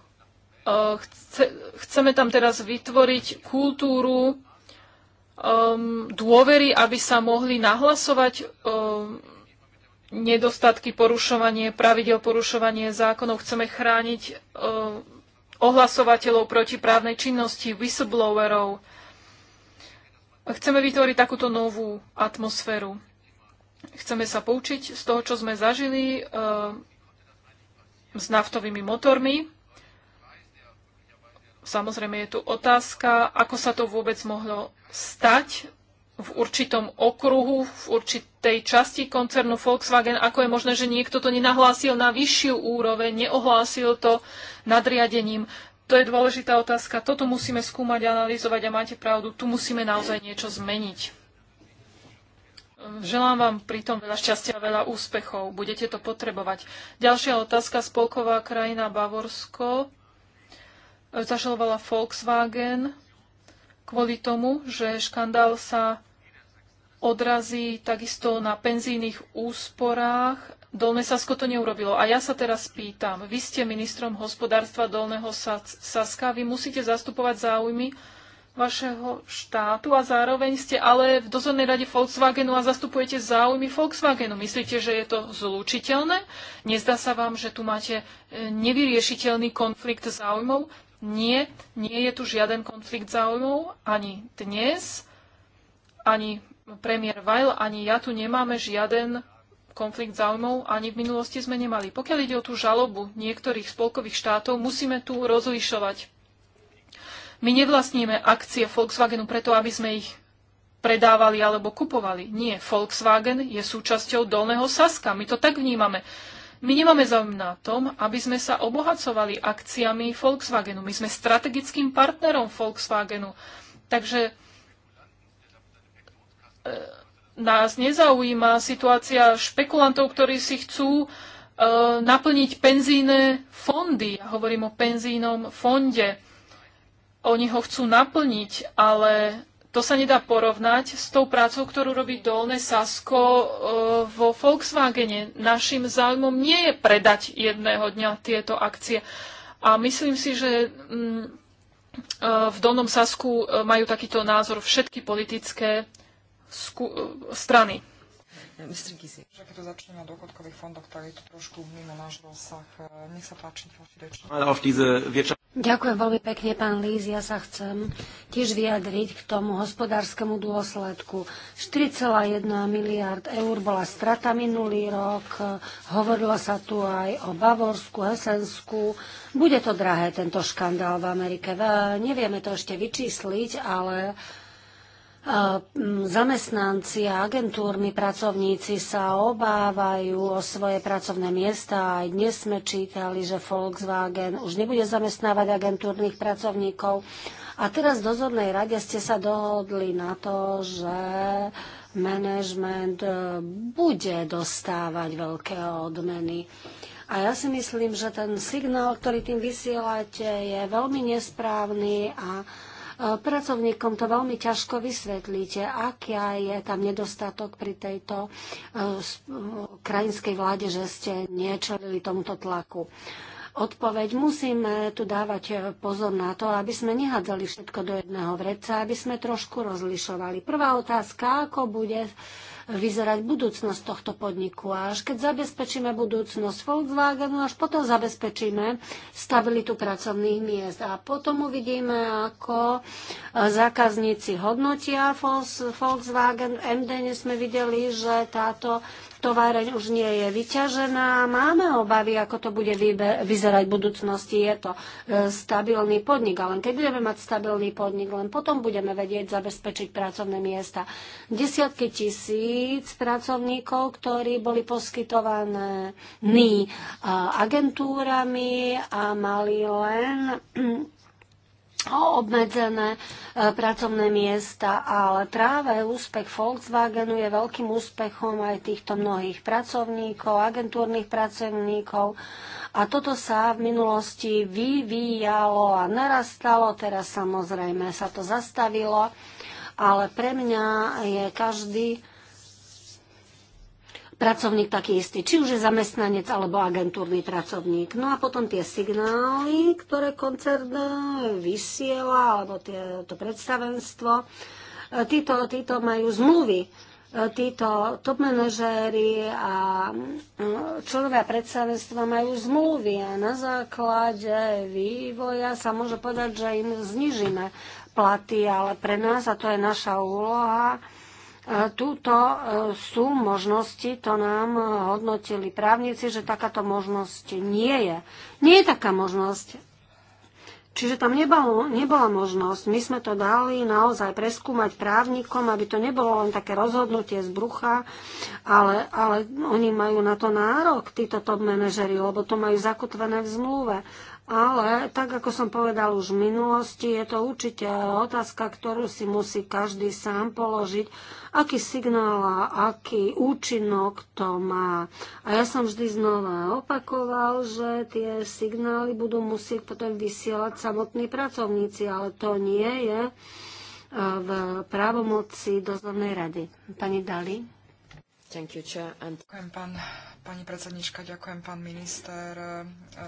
e, chce, chceme tam teraz vytvoriť kultúru um, dôvery, aby sa mohli nahlasovať um, nedostatky, porušovanie pravidel, porušovanie zákonov. Chceme chrániť um, ohlasovateľov proti právnej činnosti, whistleblowerov. Chceme vytvoriť takúto novú atmosféru. Chceme sa poučiť z toho, čo sme zažili e, s naftovými motormi. Samozrejme je tu otázka, ako sa to vôbec mohlo stať v určitom okruhu, v určitej časti koncernu Volkswagen, ako je možné, že niekto to nenahlásil na vyššiu úroveň, neohlásil to nadriadením. To je dôležitá otázka. Toto musíme skúmať, analyzovať a máte pravdu. Tu musíme naozaj niečo zmeniť. Želám vám pritom veľa šťastia a veľa úspechov. Budete to potrebovať. Ďalšia otázka. Spolková krajina Bavorsko e, zažalovala Volkswagen kvôli tomu, že škandál sa odrazí takisto na penzijných úsporách. Dolné Sasko to neurobilo. A ja sa teraz pýtam, vy ste ministrom hospodárstva Dolného Saska, vy musíte zastupovať záujmy vašeho štátu a zároveň ste ale v dozornej rade Volkswagenu a zastupujete záujmy Volkswagenu. Myslíte, že je to zlúčiteľné? Nezdá sa vám, že tu máte e, nevyriešiteľný konflikt záujmov? Nie, nie je tu žiaden konflikt záujmov ani dnes, ani premiér Weil, ani ja tu nemáme žiaden konflikt záujmov ani v minulosti sme nemali. Pokiaľ ide o tú žalobu niektorých spolkových štátov, musíme tu rozlišovať my nevlastníme akcie Volkswagenu preto, aby sme ich predávali alebo kupovali. Nie, Volkswagen je súčasťou Dolného Saska. My to tak vnímame. My nemáme záujem na tom, aby sme sa obohacovali akciami Volkswagenu. My sme strategickým partnerom Volkswagenu. Takže e, nás nezaujíma situácia špekulantov, ktorí si chcú e, naplniť penzíne fondy. Ja hovorím o penzínom fonde. Oni ho chcú naplniť, ale to sa nedá porovnať s tou prácou, ktorú robí Dolné Sasko e, vo Volkswagene. Našim záujmom nie je predať jedného dňa tieto akcie. A myslím si, že mm, e, v Dolnom Sasku e, majú takýto názor všetky politické sku- strany. Že Keď to začneme na dôchodkových fondoch, tak je to trošku mimo náš rozsah. Nech sa páči, vaši reči. Ďakujem veľmi pekne, pán Líz. Ja sa chcem tiež vyjadriť k tomu hospodárskému dôsledku. 4,1 miliard eur bola strata minulý rok. Hovorilo sa tu aj o Bavorsku, Hesensku. Bude to drahé, tento škandál v Amerike. Nevieme to ešte vyčísliť, ale Zamestnanci a agentúrni pracovníci sa obávajú o svoje pracovné miesta. Aj dnes sme čítali, že Volkswagen už nebude zamestnávať agentúrnych pracovníkov. A teraz v dozornej rade ste sa dohodli na to, že management e, bude dostávať veľké odmeny. A ja si myslím, že ten signál, ktorý tým vysielate, je veľmi nesprávny a Pracovníkom to veľmi ťažko vysvetlíte, aký je tam nedostatok pri tejto e, e, krajinskej vláde, že ste niečelili tomuto tlaku odpoveď. Musíme tu dávať e, pozor na to, aby sme nehádzali všetko do jedného vreca, aby sme trošku rozlišovali. Prvá otázka, ako bude vyzerať budúcnosť tohto podniku. A až keď zabezpečíme budúcnosť Volkswagenu, až potom zabezpečíme stabilitu pracovných miest. A potom uvidíme, ako e, zákazníci hodnotia Volkswagen. V MDN sme videli, že táto továreň už nie je vyťažená. Máme obavy, ako to bude vyzerať v budúcnosti. Je to e, stabilný podnik, ale keď budeme mať stabilný podnik, len potom budeme vedieť zabezpečiť pracovné miesta. Desiatky tisíc pracovníkov, ktorí boli poskytované agentúrami a mali len obmedzené e, pracovné miesta, ale práve úspech Volkswagenu je veľkým úspechom aj týchto mnohých pracovníkov, agentúrnych pracovníkov. A toto sa v minulosti vyvíjalo a narastalo, teraz samozrejme sa to zastavilo, ale pre mňa je každý pracovník taký istý, či už je zamestnanec alebo agentúrny pracovník. No a potom tie signály, ktoré koncern e, vysiela, alebo tie, to predstavenstvo, e, títo, títo majú zmluvy. E, títo top manažéri a členovia predstavenstva majú zmluvy a na základe vývoja sa môže povedať, že im znižíme platy, ale pre nás, a to je naša úloha, E, túto e, sú možnosti, to nám hodnotili právnici, že takáto možnosť nie je. Nie je taká možnosť. Čiže tam nebolo, nebola možnosť. My sme to dali naozaj preskúmať právnikom, aby to nebolo len také rozhodnutie z brucha, ale, ale oni majú na to nárok, títo top manažeri, lebo to majú zakotvené v zmluve. Ale tak, ako som povedal už v minulosti, je to určite otázka, ktorú si musí každý sám položiť, aký signál a aký účinok to má. A ja som vždy znova opakoval, že tie signály budú musieť potom vysielať samotní pracovníci, ale to nie je e, v právomoci dozornej rady. Pani Dali. Thank you, Chair. And... Ďakujem, pán pani predsednička, ďakujem, pán minister, e,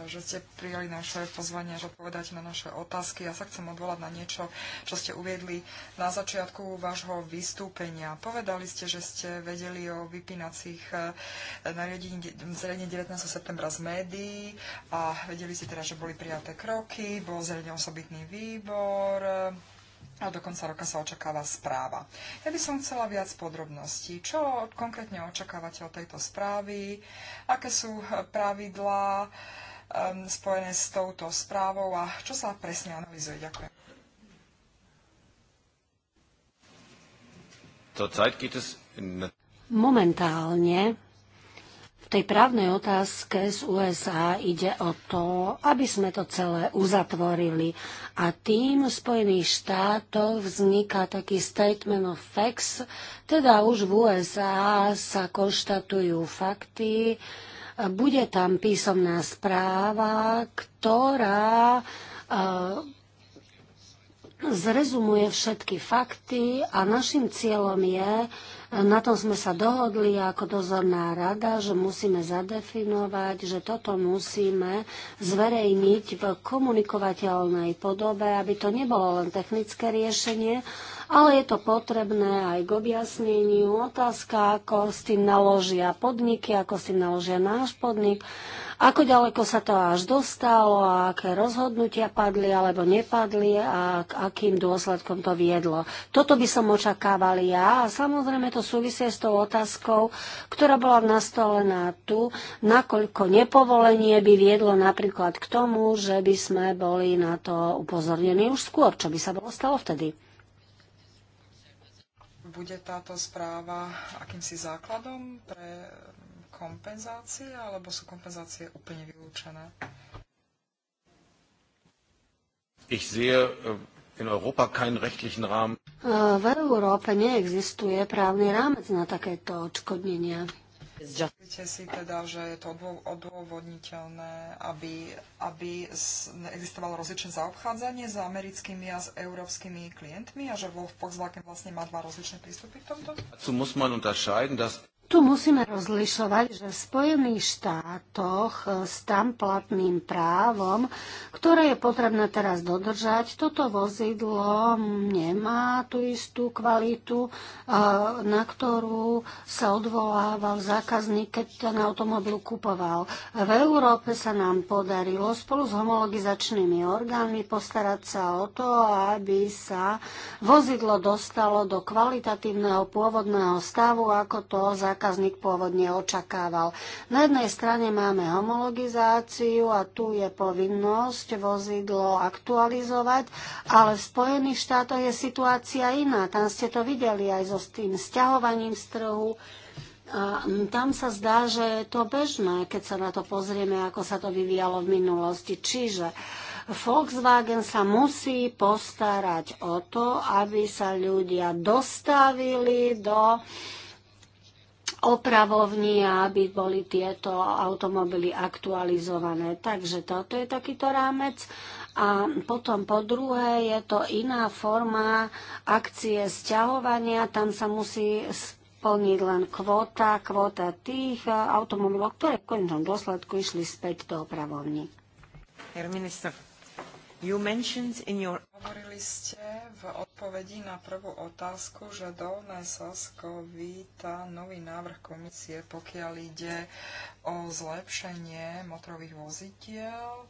že ste prijali naše pozvanie, že odpovedáte na naše otázky. Ja sa chcem odvolať na niečo, čo ste uviedli na začiatku vášho vystúpenia. Povedali ste, že ste vedeli o vypínacích e, zariadení 19. septembra z médií a vedeli ste teda, že boli prijaté kroky, bol zriadený osobitný výbor, a do konca roka sa očakáva správa. Ja by som chcela viac podrobností. Čo konkrétne očakávate od tejto správy? Aké sú pravidlá um, spojené s touto správou a čo sa presne analizuje? Ďakujem. Momentálne tej právnej otázke z USA ide o to, aby sme to celé uzatvorili. A tým v Spojených štátoch vzniká taký statement of facts, teda už v USA sa konštatujú fakty, bude tam písomná správa, ktorá e, zrezumuje všetky fakty a našim cieľom je, na tom sme sa dohodli ako dozorná rada, že musíme zadefinovať, že toto musíme zverejniť v komunikovateľnej podobe, aby to nebolo len technické riešenie, ale je to potrebné aj k objasneniu. Otázka, ako s tým naložia podniky, ako s tým naložia náš podnik, ako ďaleko sa to až dostalo a aké rozhodnutia padli alebo nepadli a k akým dôsledkom to viedlo. Toto by som očakával ja a samozrejme to súvisie s tou otázkou, ktorá bola nastolená tu, nakoľko nepovolenie by viedlo napríklad k tomu, že by sme boli na to upozornení už skôr, čo by sa bolo stalo vtedy bude táto správa akýmsi základom pre kompenzácie, alebo sú kompenzácie úplne vylúčené? Ich sehe äh, in Europa keinen rechtlichen Rahmen. Äh, v Európe neexistuje právny rámec na takéto odškodnenia. Myslíte si teda, že je to odôvodniteľné, aby, aby existovalo rozličné zaobchádzanie s americkými a s európskymi klientmi a že Volkswagen vlastne má dva rozličné prístupy k tomto? Tu musíme rozlišovať, že v Spojených štátoch e, s tam platným právom, ktoré je potrebné teraz dodržať, toto vozidlo nemá tú istú kvalitu, e, na ktorú sa odvolával zákazník, keď ten automobil kupoval. V Európe sa nám podarilo spolu s homologizačnými orgánmi postarať sa o to, aby sa vozidlo dostalo do kvalitatívneho pôvodného stavu, ako to za zákazník pôvodne očakával. Na jednej strane máme homologizáciu a tu je povinnosť vozidlo aktualizovať, ale v Spojených štátoch je situácia iná. Tam ste to videli aj so tým sťahovaním z trhu. A tam sa zdá, že je to bežné, keď sa na to pozrieme, ako sa to vyvíjalo v minulosti. Čiže Volkswagen sa musí postarať o to, aby sa ľudia dostavili do opravovní a aby boli tieto automobily aktualizované. Takže toto je takýto rámec. A potom po druhé je to iná forma akcie sťahovania. Tam sa musí splniť len kvóta, kvóta tých automobilov, ktoré v končnom dôsledku išli späť do opravovní. Herr Minister. You mentioned in your... Hovorili ste v odpovedi na prvú otázku, že Dolné Sasko víta nový návrh komisie, pokiaľ ide o zlepšenie motorových vozidiel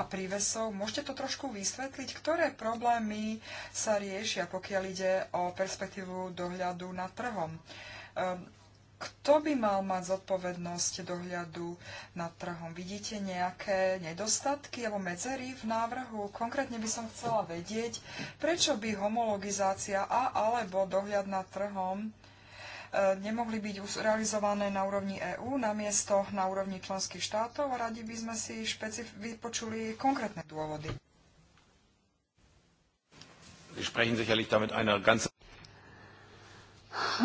a prívesov. Môžete to trošku vysvetliť, ktoré problémy sa riešia, pokiaľ ide o perspektívu dohľadu nad trhom? Ehm, kto by mal mať zodpovednosť dohľadu nad trhom? Vidíte nejaké nedostatky alebo medzery v návrhu? Konkrétne by som chcela vedieť, prečo by homologizácia a alebo dohľad nad trhom e, nemohli byť realizované na úrovni EÚ namiesto na úrovni členských štátov a radi by sme si špecif- vypočuli konkrétne dôvody. Sie sprechen sicherlich damit einer ganzen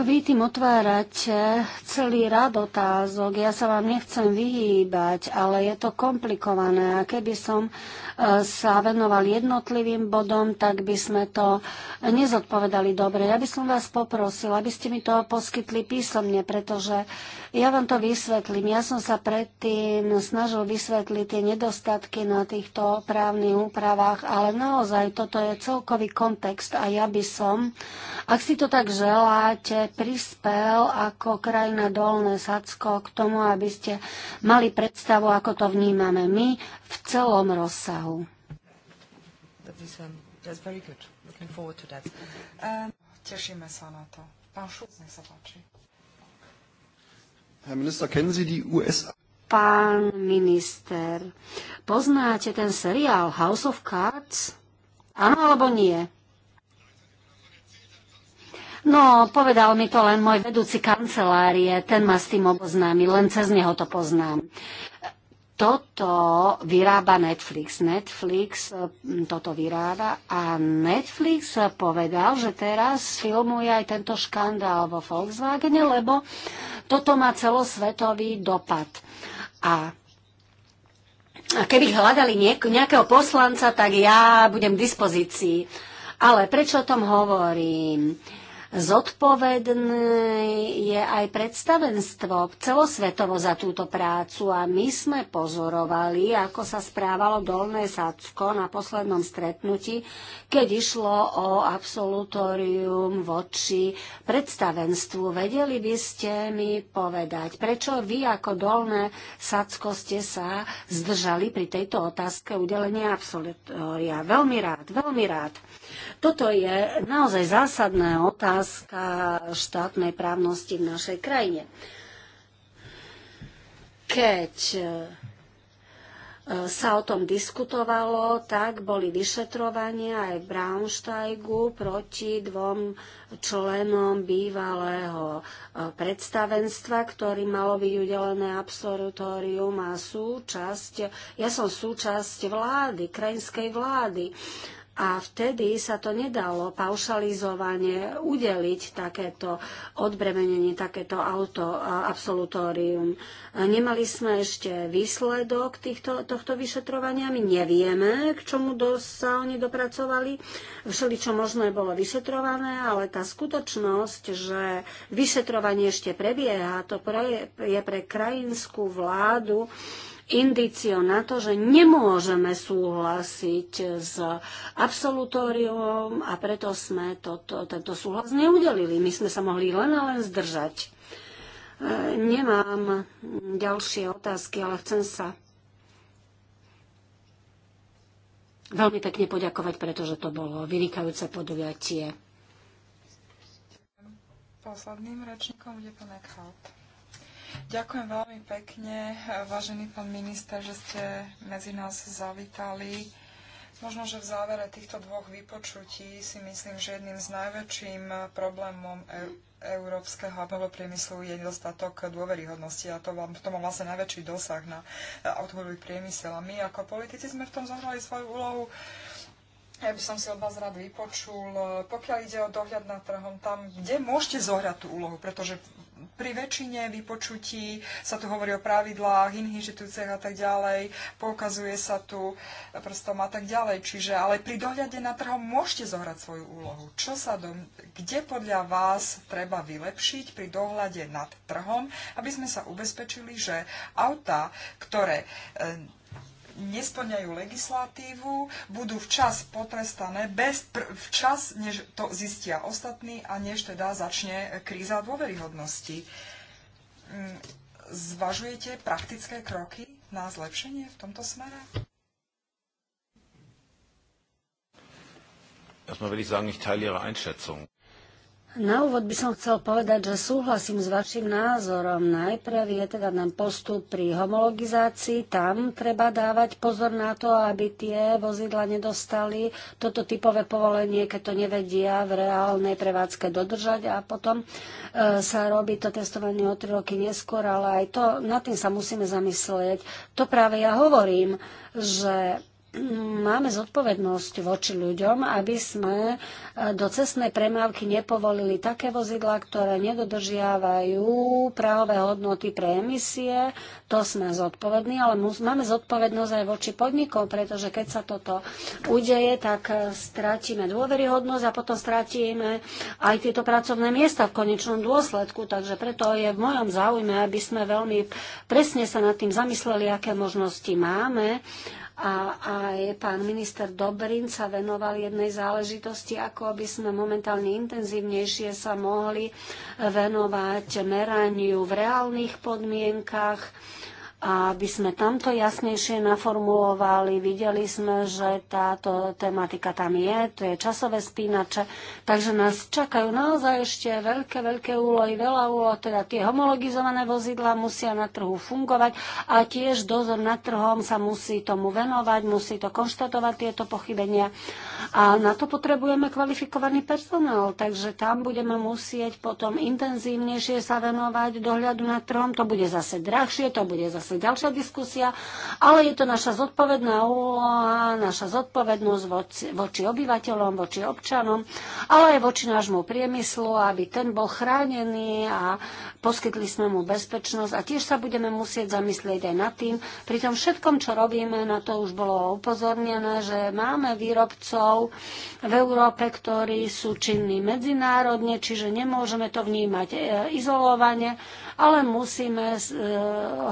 vy tým otvárate celý rad otázok. Ja sa vám nechcem vyhýbať, ale je to komplikované. A keby som E, sa venoval jednotlivým bodom, tak by sme to nezodpovedali dobre. Ja by som vás poprosil, aby ste mi to poskytli písomne, pretože ja vám to vysvetlím. Ja som sa predtým snažil vysvetliť tie nedostatky na týchto právnych úpravách, ale naozaj toto je celkový kontext a ja by som, ak si to tak želáte, prispel ako krajina Dolné Sacko k tomu, aby ste mali predstavu, ako to vnímame my, v celom rozsahu. Um, um, tešíme sa na to. Pán Šulc, nech sa páči. Herr Minister, kennen Sie die USA? Pán minister, poznáte ten seriál House of Cards? Áno alebo nie? No, povedal mi to len môj vedúci kancelárie, ten ma s tým oboznámi, len cez neho to poznám toto vyrába Netflix. Netflix e, toto vyrába a Netflix povedal, že teraz filmuje aj tento škandál vo Volkswagene, lebo toto má celosvetový dopad. A keby hľadali nejakého poslanca, tak ja budem k dispozícii. Ale prečo o tom hovorím? Zodpovedné je aj predstavenstvo celosvetovo za túto prácu a my sme pozorovali, ako sa správalo Dolné Sacko na poslednom stretnutí, keď išlo o absolutórium voči predstavenstvu. Vedeli by ste mi povedať, prečo vy ako Dolné Sacko ste sa zdržali pri tejto otázke udelenia absolutória? Veľmi rád, veľmi rád. Toto je naozaj zásadná otázka otázka štátnej právnosti v našej krajine. Keď e, sa o tom diskutovalo, tak boli vyšetrovania aj v Braunsteigu proti dvom členom bývalého e, predstavenstva, ktorý malo byť udelené absolutórium a súčasť, ja som súčasť vlády, krajinskej vlády a vtedy sa to nedalo paušalizovane udeliť takéto odbremenenie, takéto auto absolutórium. Nemali sme ešte výsledok týchto, tohto vyšetrovania, my nevieme, k čomu sa oni dopracovali. Všeli, čo možné bolo vyšetrované, ale tá skutočnosť, že vyšetrovanie ešte prebieha, to je pre krajinskú vládu, indicio na to, že nemôžeme súhlasiť s absolutóriom a preto sme to, tento súhlas neudelili. My sme sa mohli len a len zdržať. E, nemám ďalšie otázky, ale chcem sa veľmi pekne poďakovať, pretože to bolo vynikajúce podujatie. Posledným rečníkom bude pán Eckhout. Ďakujem veľmi pekne, vážený pán minister, že ste medzi nás zavítali. Možno, že v závere týchto dvoch vypočutí si myslím, že jedným z najväčším problémom e európskeho automobilového priemyslu je nedostatok dôveryhodnosti a to, vám, to má vlastne najväčší dosah na automobilový priemysel. A my ako politici sme v tom zahrali svoju úlohu ja by som si od vás rád vypočul, e, pokiaľ ide o dohľad nad trhom, tam, kde môžete zohrať tú úlohu, pretože pri väčšine vypočutí sa tu hovorí o pravidlách, iných inštitúciách a tak ďalej, poukazuje sa tu prstom a tak ďalej. Čiže, ale pri dohľade nad trhom môžete zohrať svoju úlohu. Čo sa do, kde podľa vás treba vylepšiť pri dohľade nad trhom, aby sme sa ubezpečili, že auta, ktoré e, nesplňajú legislatívu, budú včas potrestané, bez, pr- včas, než to zistia ostatní a než teda začne kríza dôveryhodnosti. Mm, zvažujete praktické kroky na zlepšenie v tomto smere? Erstmal will ich sagen, ich teile Ihre Einschätzung. Na úvod by som chcel povedať, že súhlasím s vašim názorom. Najprv je teda nám postup pri homologizácii. Tam treba dávať pozor na to, aby tie vozidla nedostali toto typové povolenie, keď to nevedia v reálnej prevádzke dodržať a potom e, sa robí to testovanie o 3 roky neskôr, ale aj to, nad tým sa musíme zamyslieť. To práve ja hovorím, že máme zodpovednosť voči ľuďom, aby sme e, do cestnej premávky nepovolili také vozidla, ktoré nedodržiavajú práve hodnoty pre emisie. To sme zodpovední, ale máme zodpovednosť aj voči podnikom, pretože keď sa toto udeje, tak e, strátime dôveryhodnosť a potom strátime aj tieto pracovné miesta v konečnom dôsledku. Takže preto je v mojom záujme, aby sme veľmi presne sa nad tým zamysleli, aké možnosti máme a aj pán minister Dobrin sa venoval jednej záležitosti, ako by sme momentálne intenzívnejšie sa mohli venovať meraniu v reálnych podmienkach aby sme tamto jasnejšie naformulovali. Videli sme, že táto tematika tam je, to je časové spínače, takže nás čakajú naozaj ešte veľké, veľké úlohy, veľa úloh, teda tie homologizované vozidla musia na trhu fungovať a tiež dozor nad trhom sa musí tomu venovať, musí to konštatovať tieto pochybenia a na to potrebujeme kvalifikovaný personál, takže tam budeme musieť potom intenzívnejšie sa venovať dohľadu nad trhom, to bude zase drahšie, to bude zase zase ďalšia diskusia, ale je to naša zodpovedná úloha, naša zodpovednosť voči, voči obyvateľom, voči občanom, ale aj voči nášmu priemyslu, aby ten bol chránený a poskytli sme mu bezpečnosť. A tiež sa budeme musieť zamyslieť aj nad tým, pri tom všetkom, čo robíme, na to už bolo upozornené, že máme výrobcov v Európe, ktorí sú činní medzinárodne, čiže nemôžeme to vnímať e, izolovane, ale musíme e,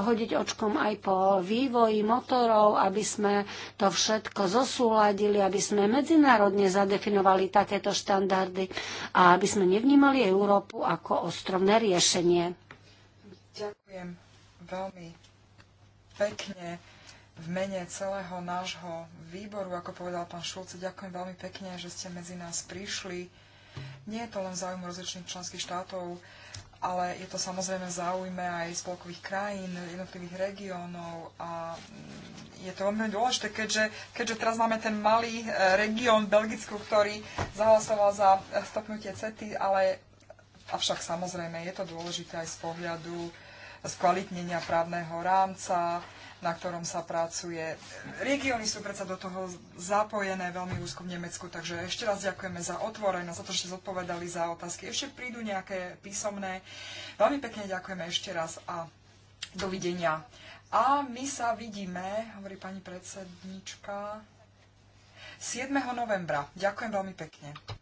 hodiť oč SROčkom aj po vývoji motorov, aby sme to všetko zosúladili, aby sme medzinárodne zadefinovali takéto štandardy a aby sme nevnímali Európu ako ostrovné riešenie. Ďakujem veľmi pekne v mene celého nášho výboru, ako povedal pán Šulce, ďakujem veľmi pekne, že ste medzi nás prišli. Nie je to len záujem rozličných členských štátov, ale je to samozrejme v záujme aj spolkových krajín, jednotlivých regiónov a mm, je to veľmi dôležité, keďže, keďže teraz máme ten malý e, región v Belgicku, ktorý zahlasoval za e, stopnutie CETY, ale avšak samozrejme je to dôležité aj z pohľadu e, skvalitnenia právneho rámca, na ktorom sa pracuje. Regióny sú predsa do toho zapojené veľmi úzko v Nemecku, takže ešte raz ďakujeme za otvorenosť, za to, že ste zodpovedali za otázky. Ešte prídu nejaké písomné. Veľmi pekne ďakujeme ešte raz a dovidenia. A my sa vidíme, hovorí pani predsednička, 7. novembra. Ďakujem veľmi pekne.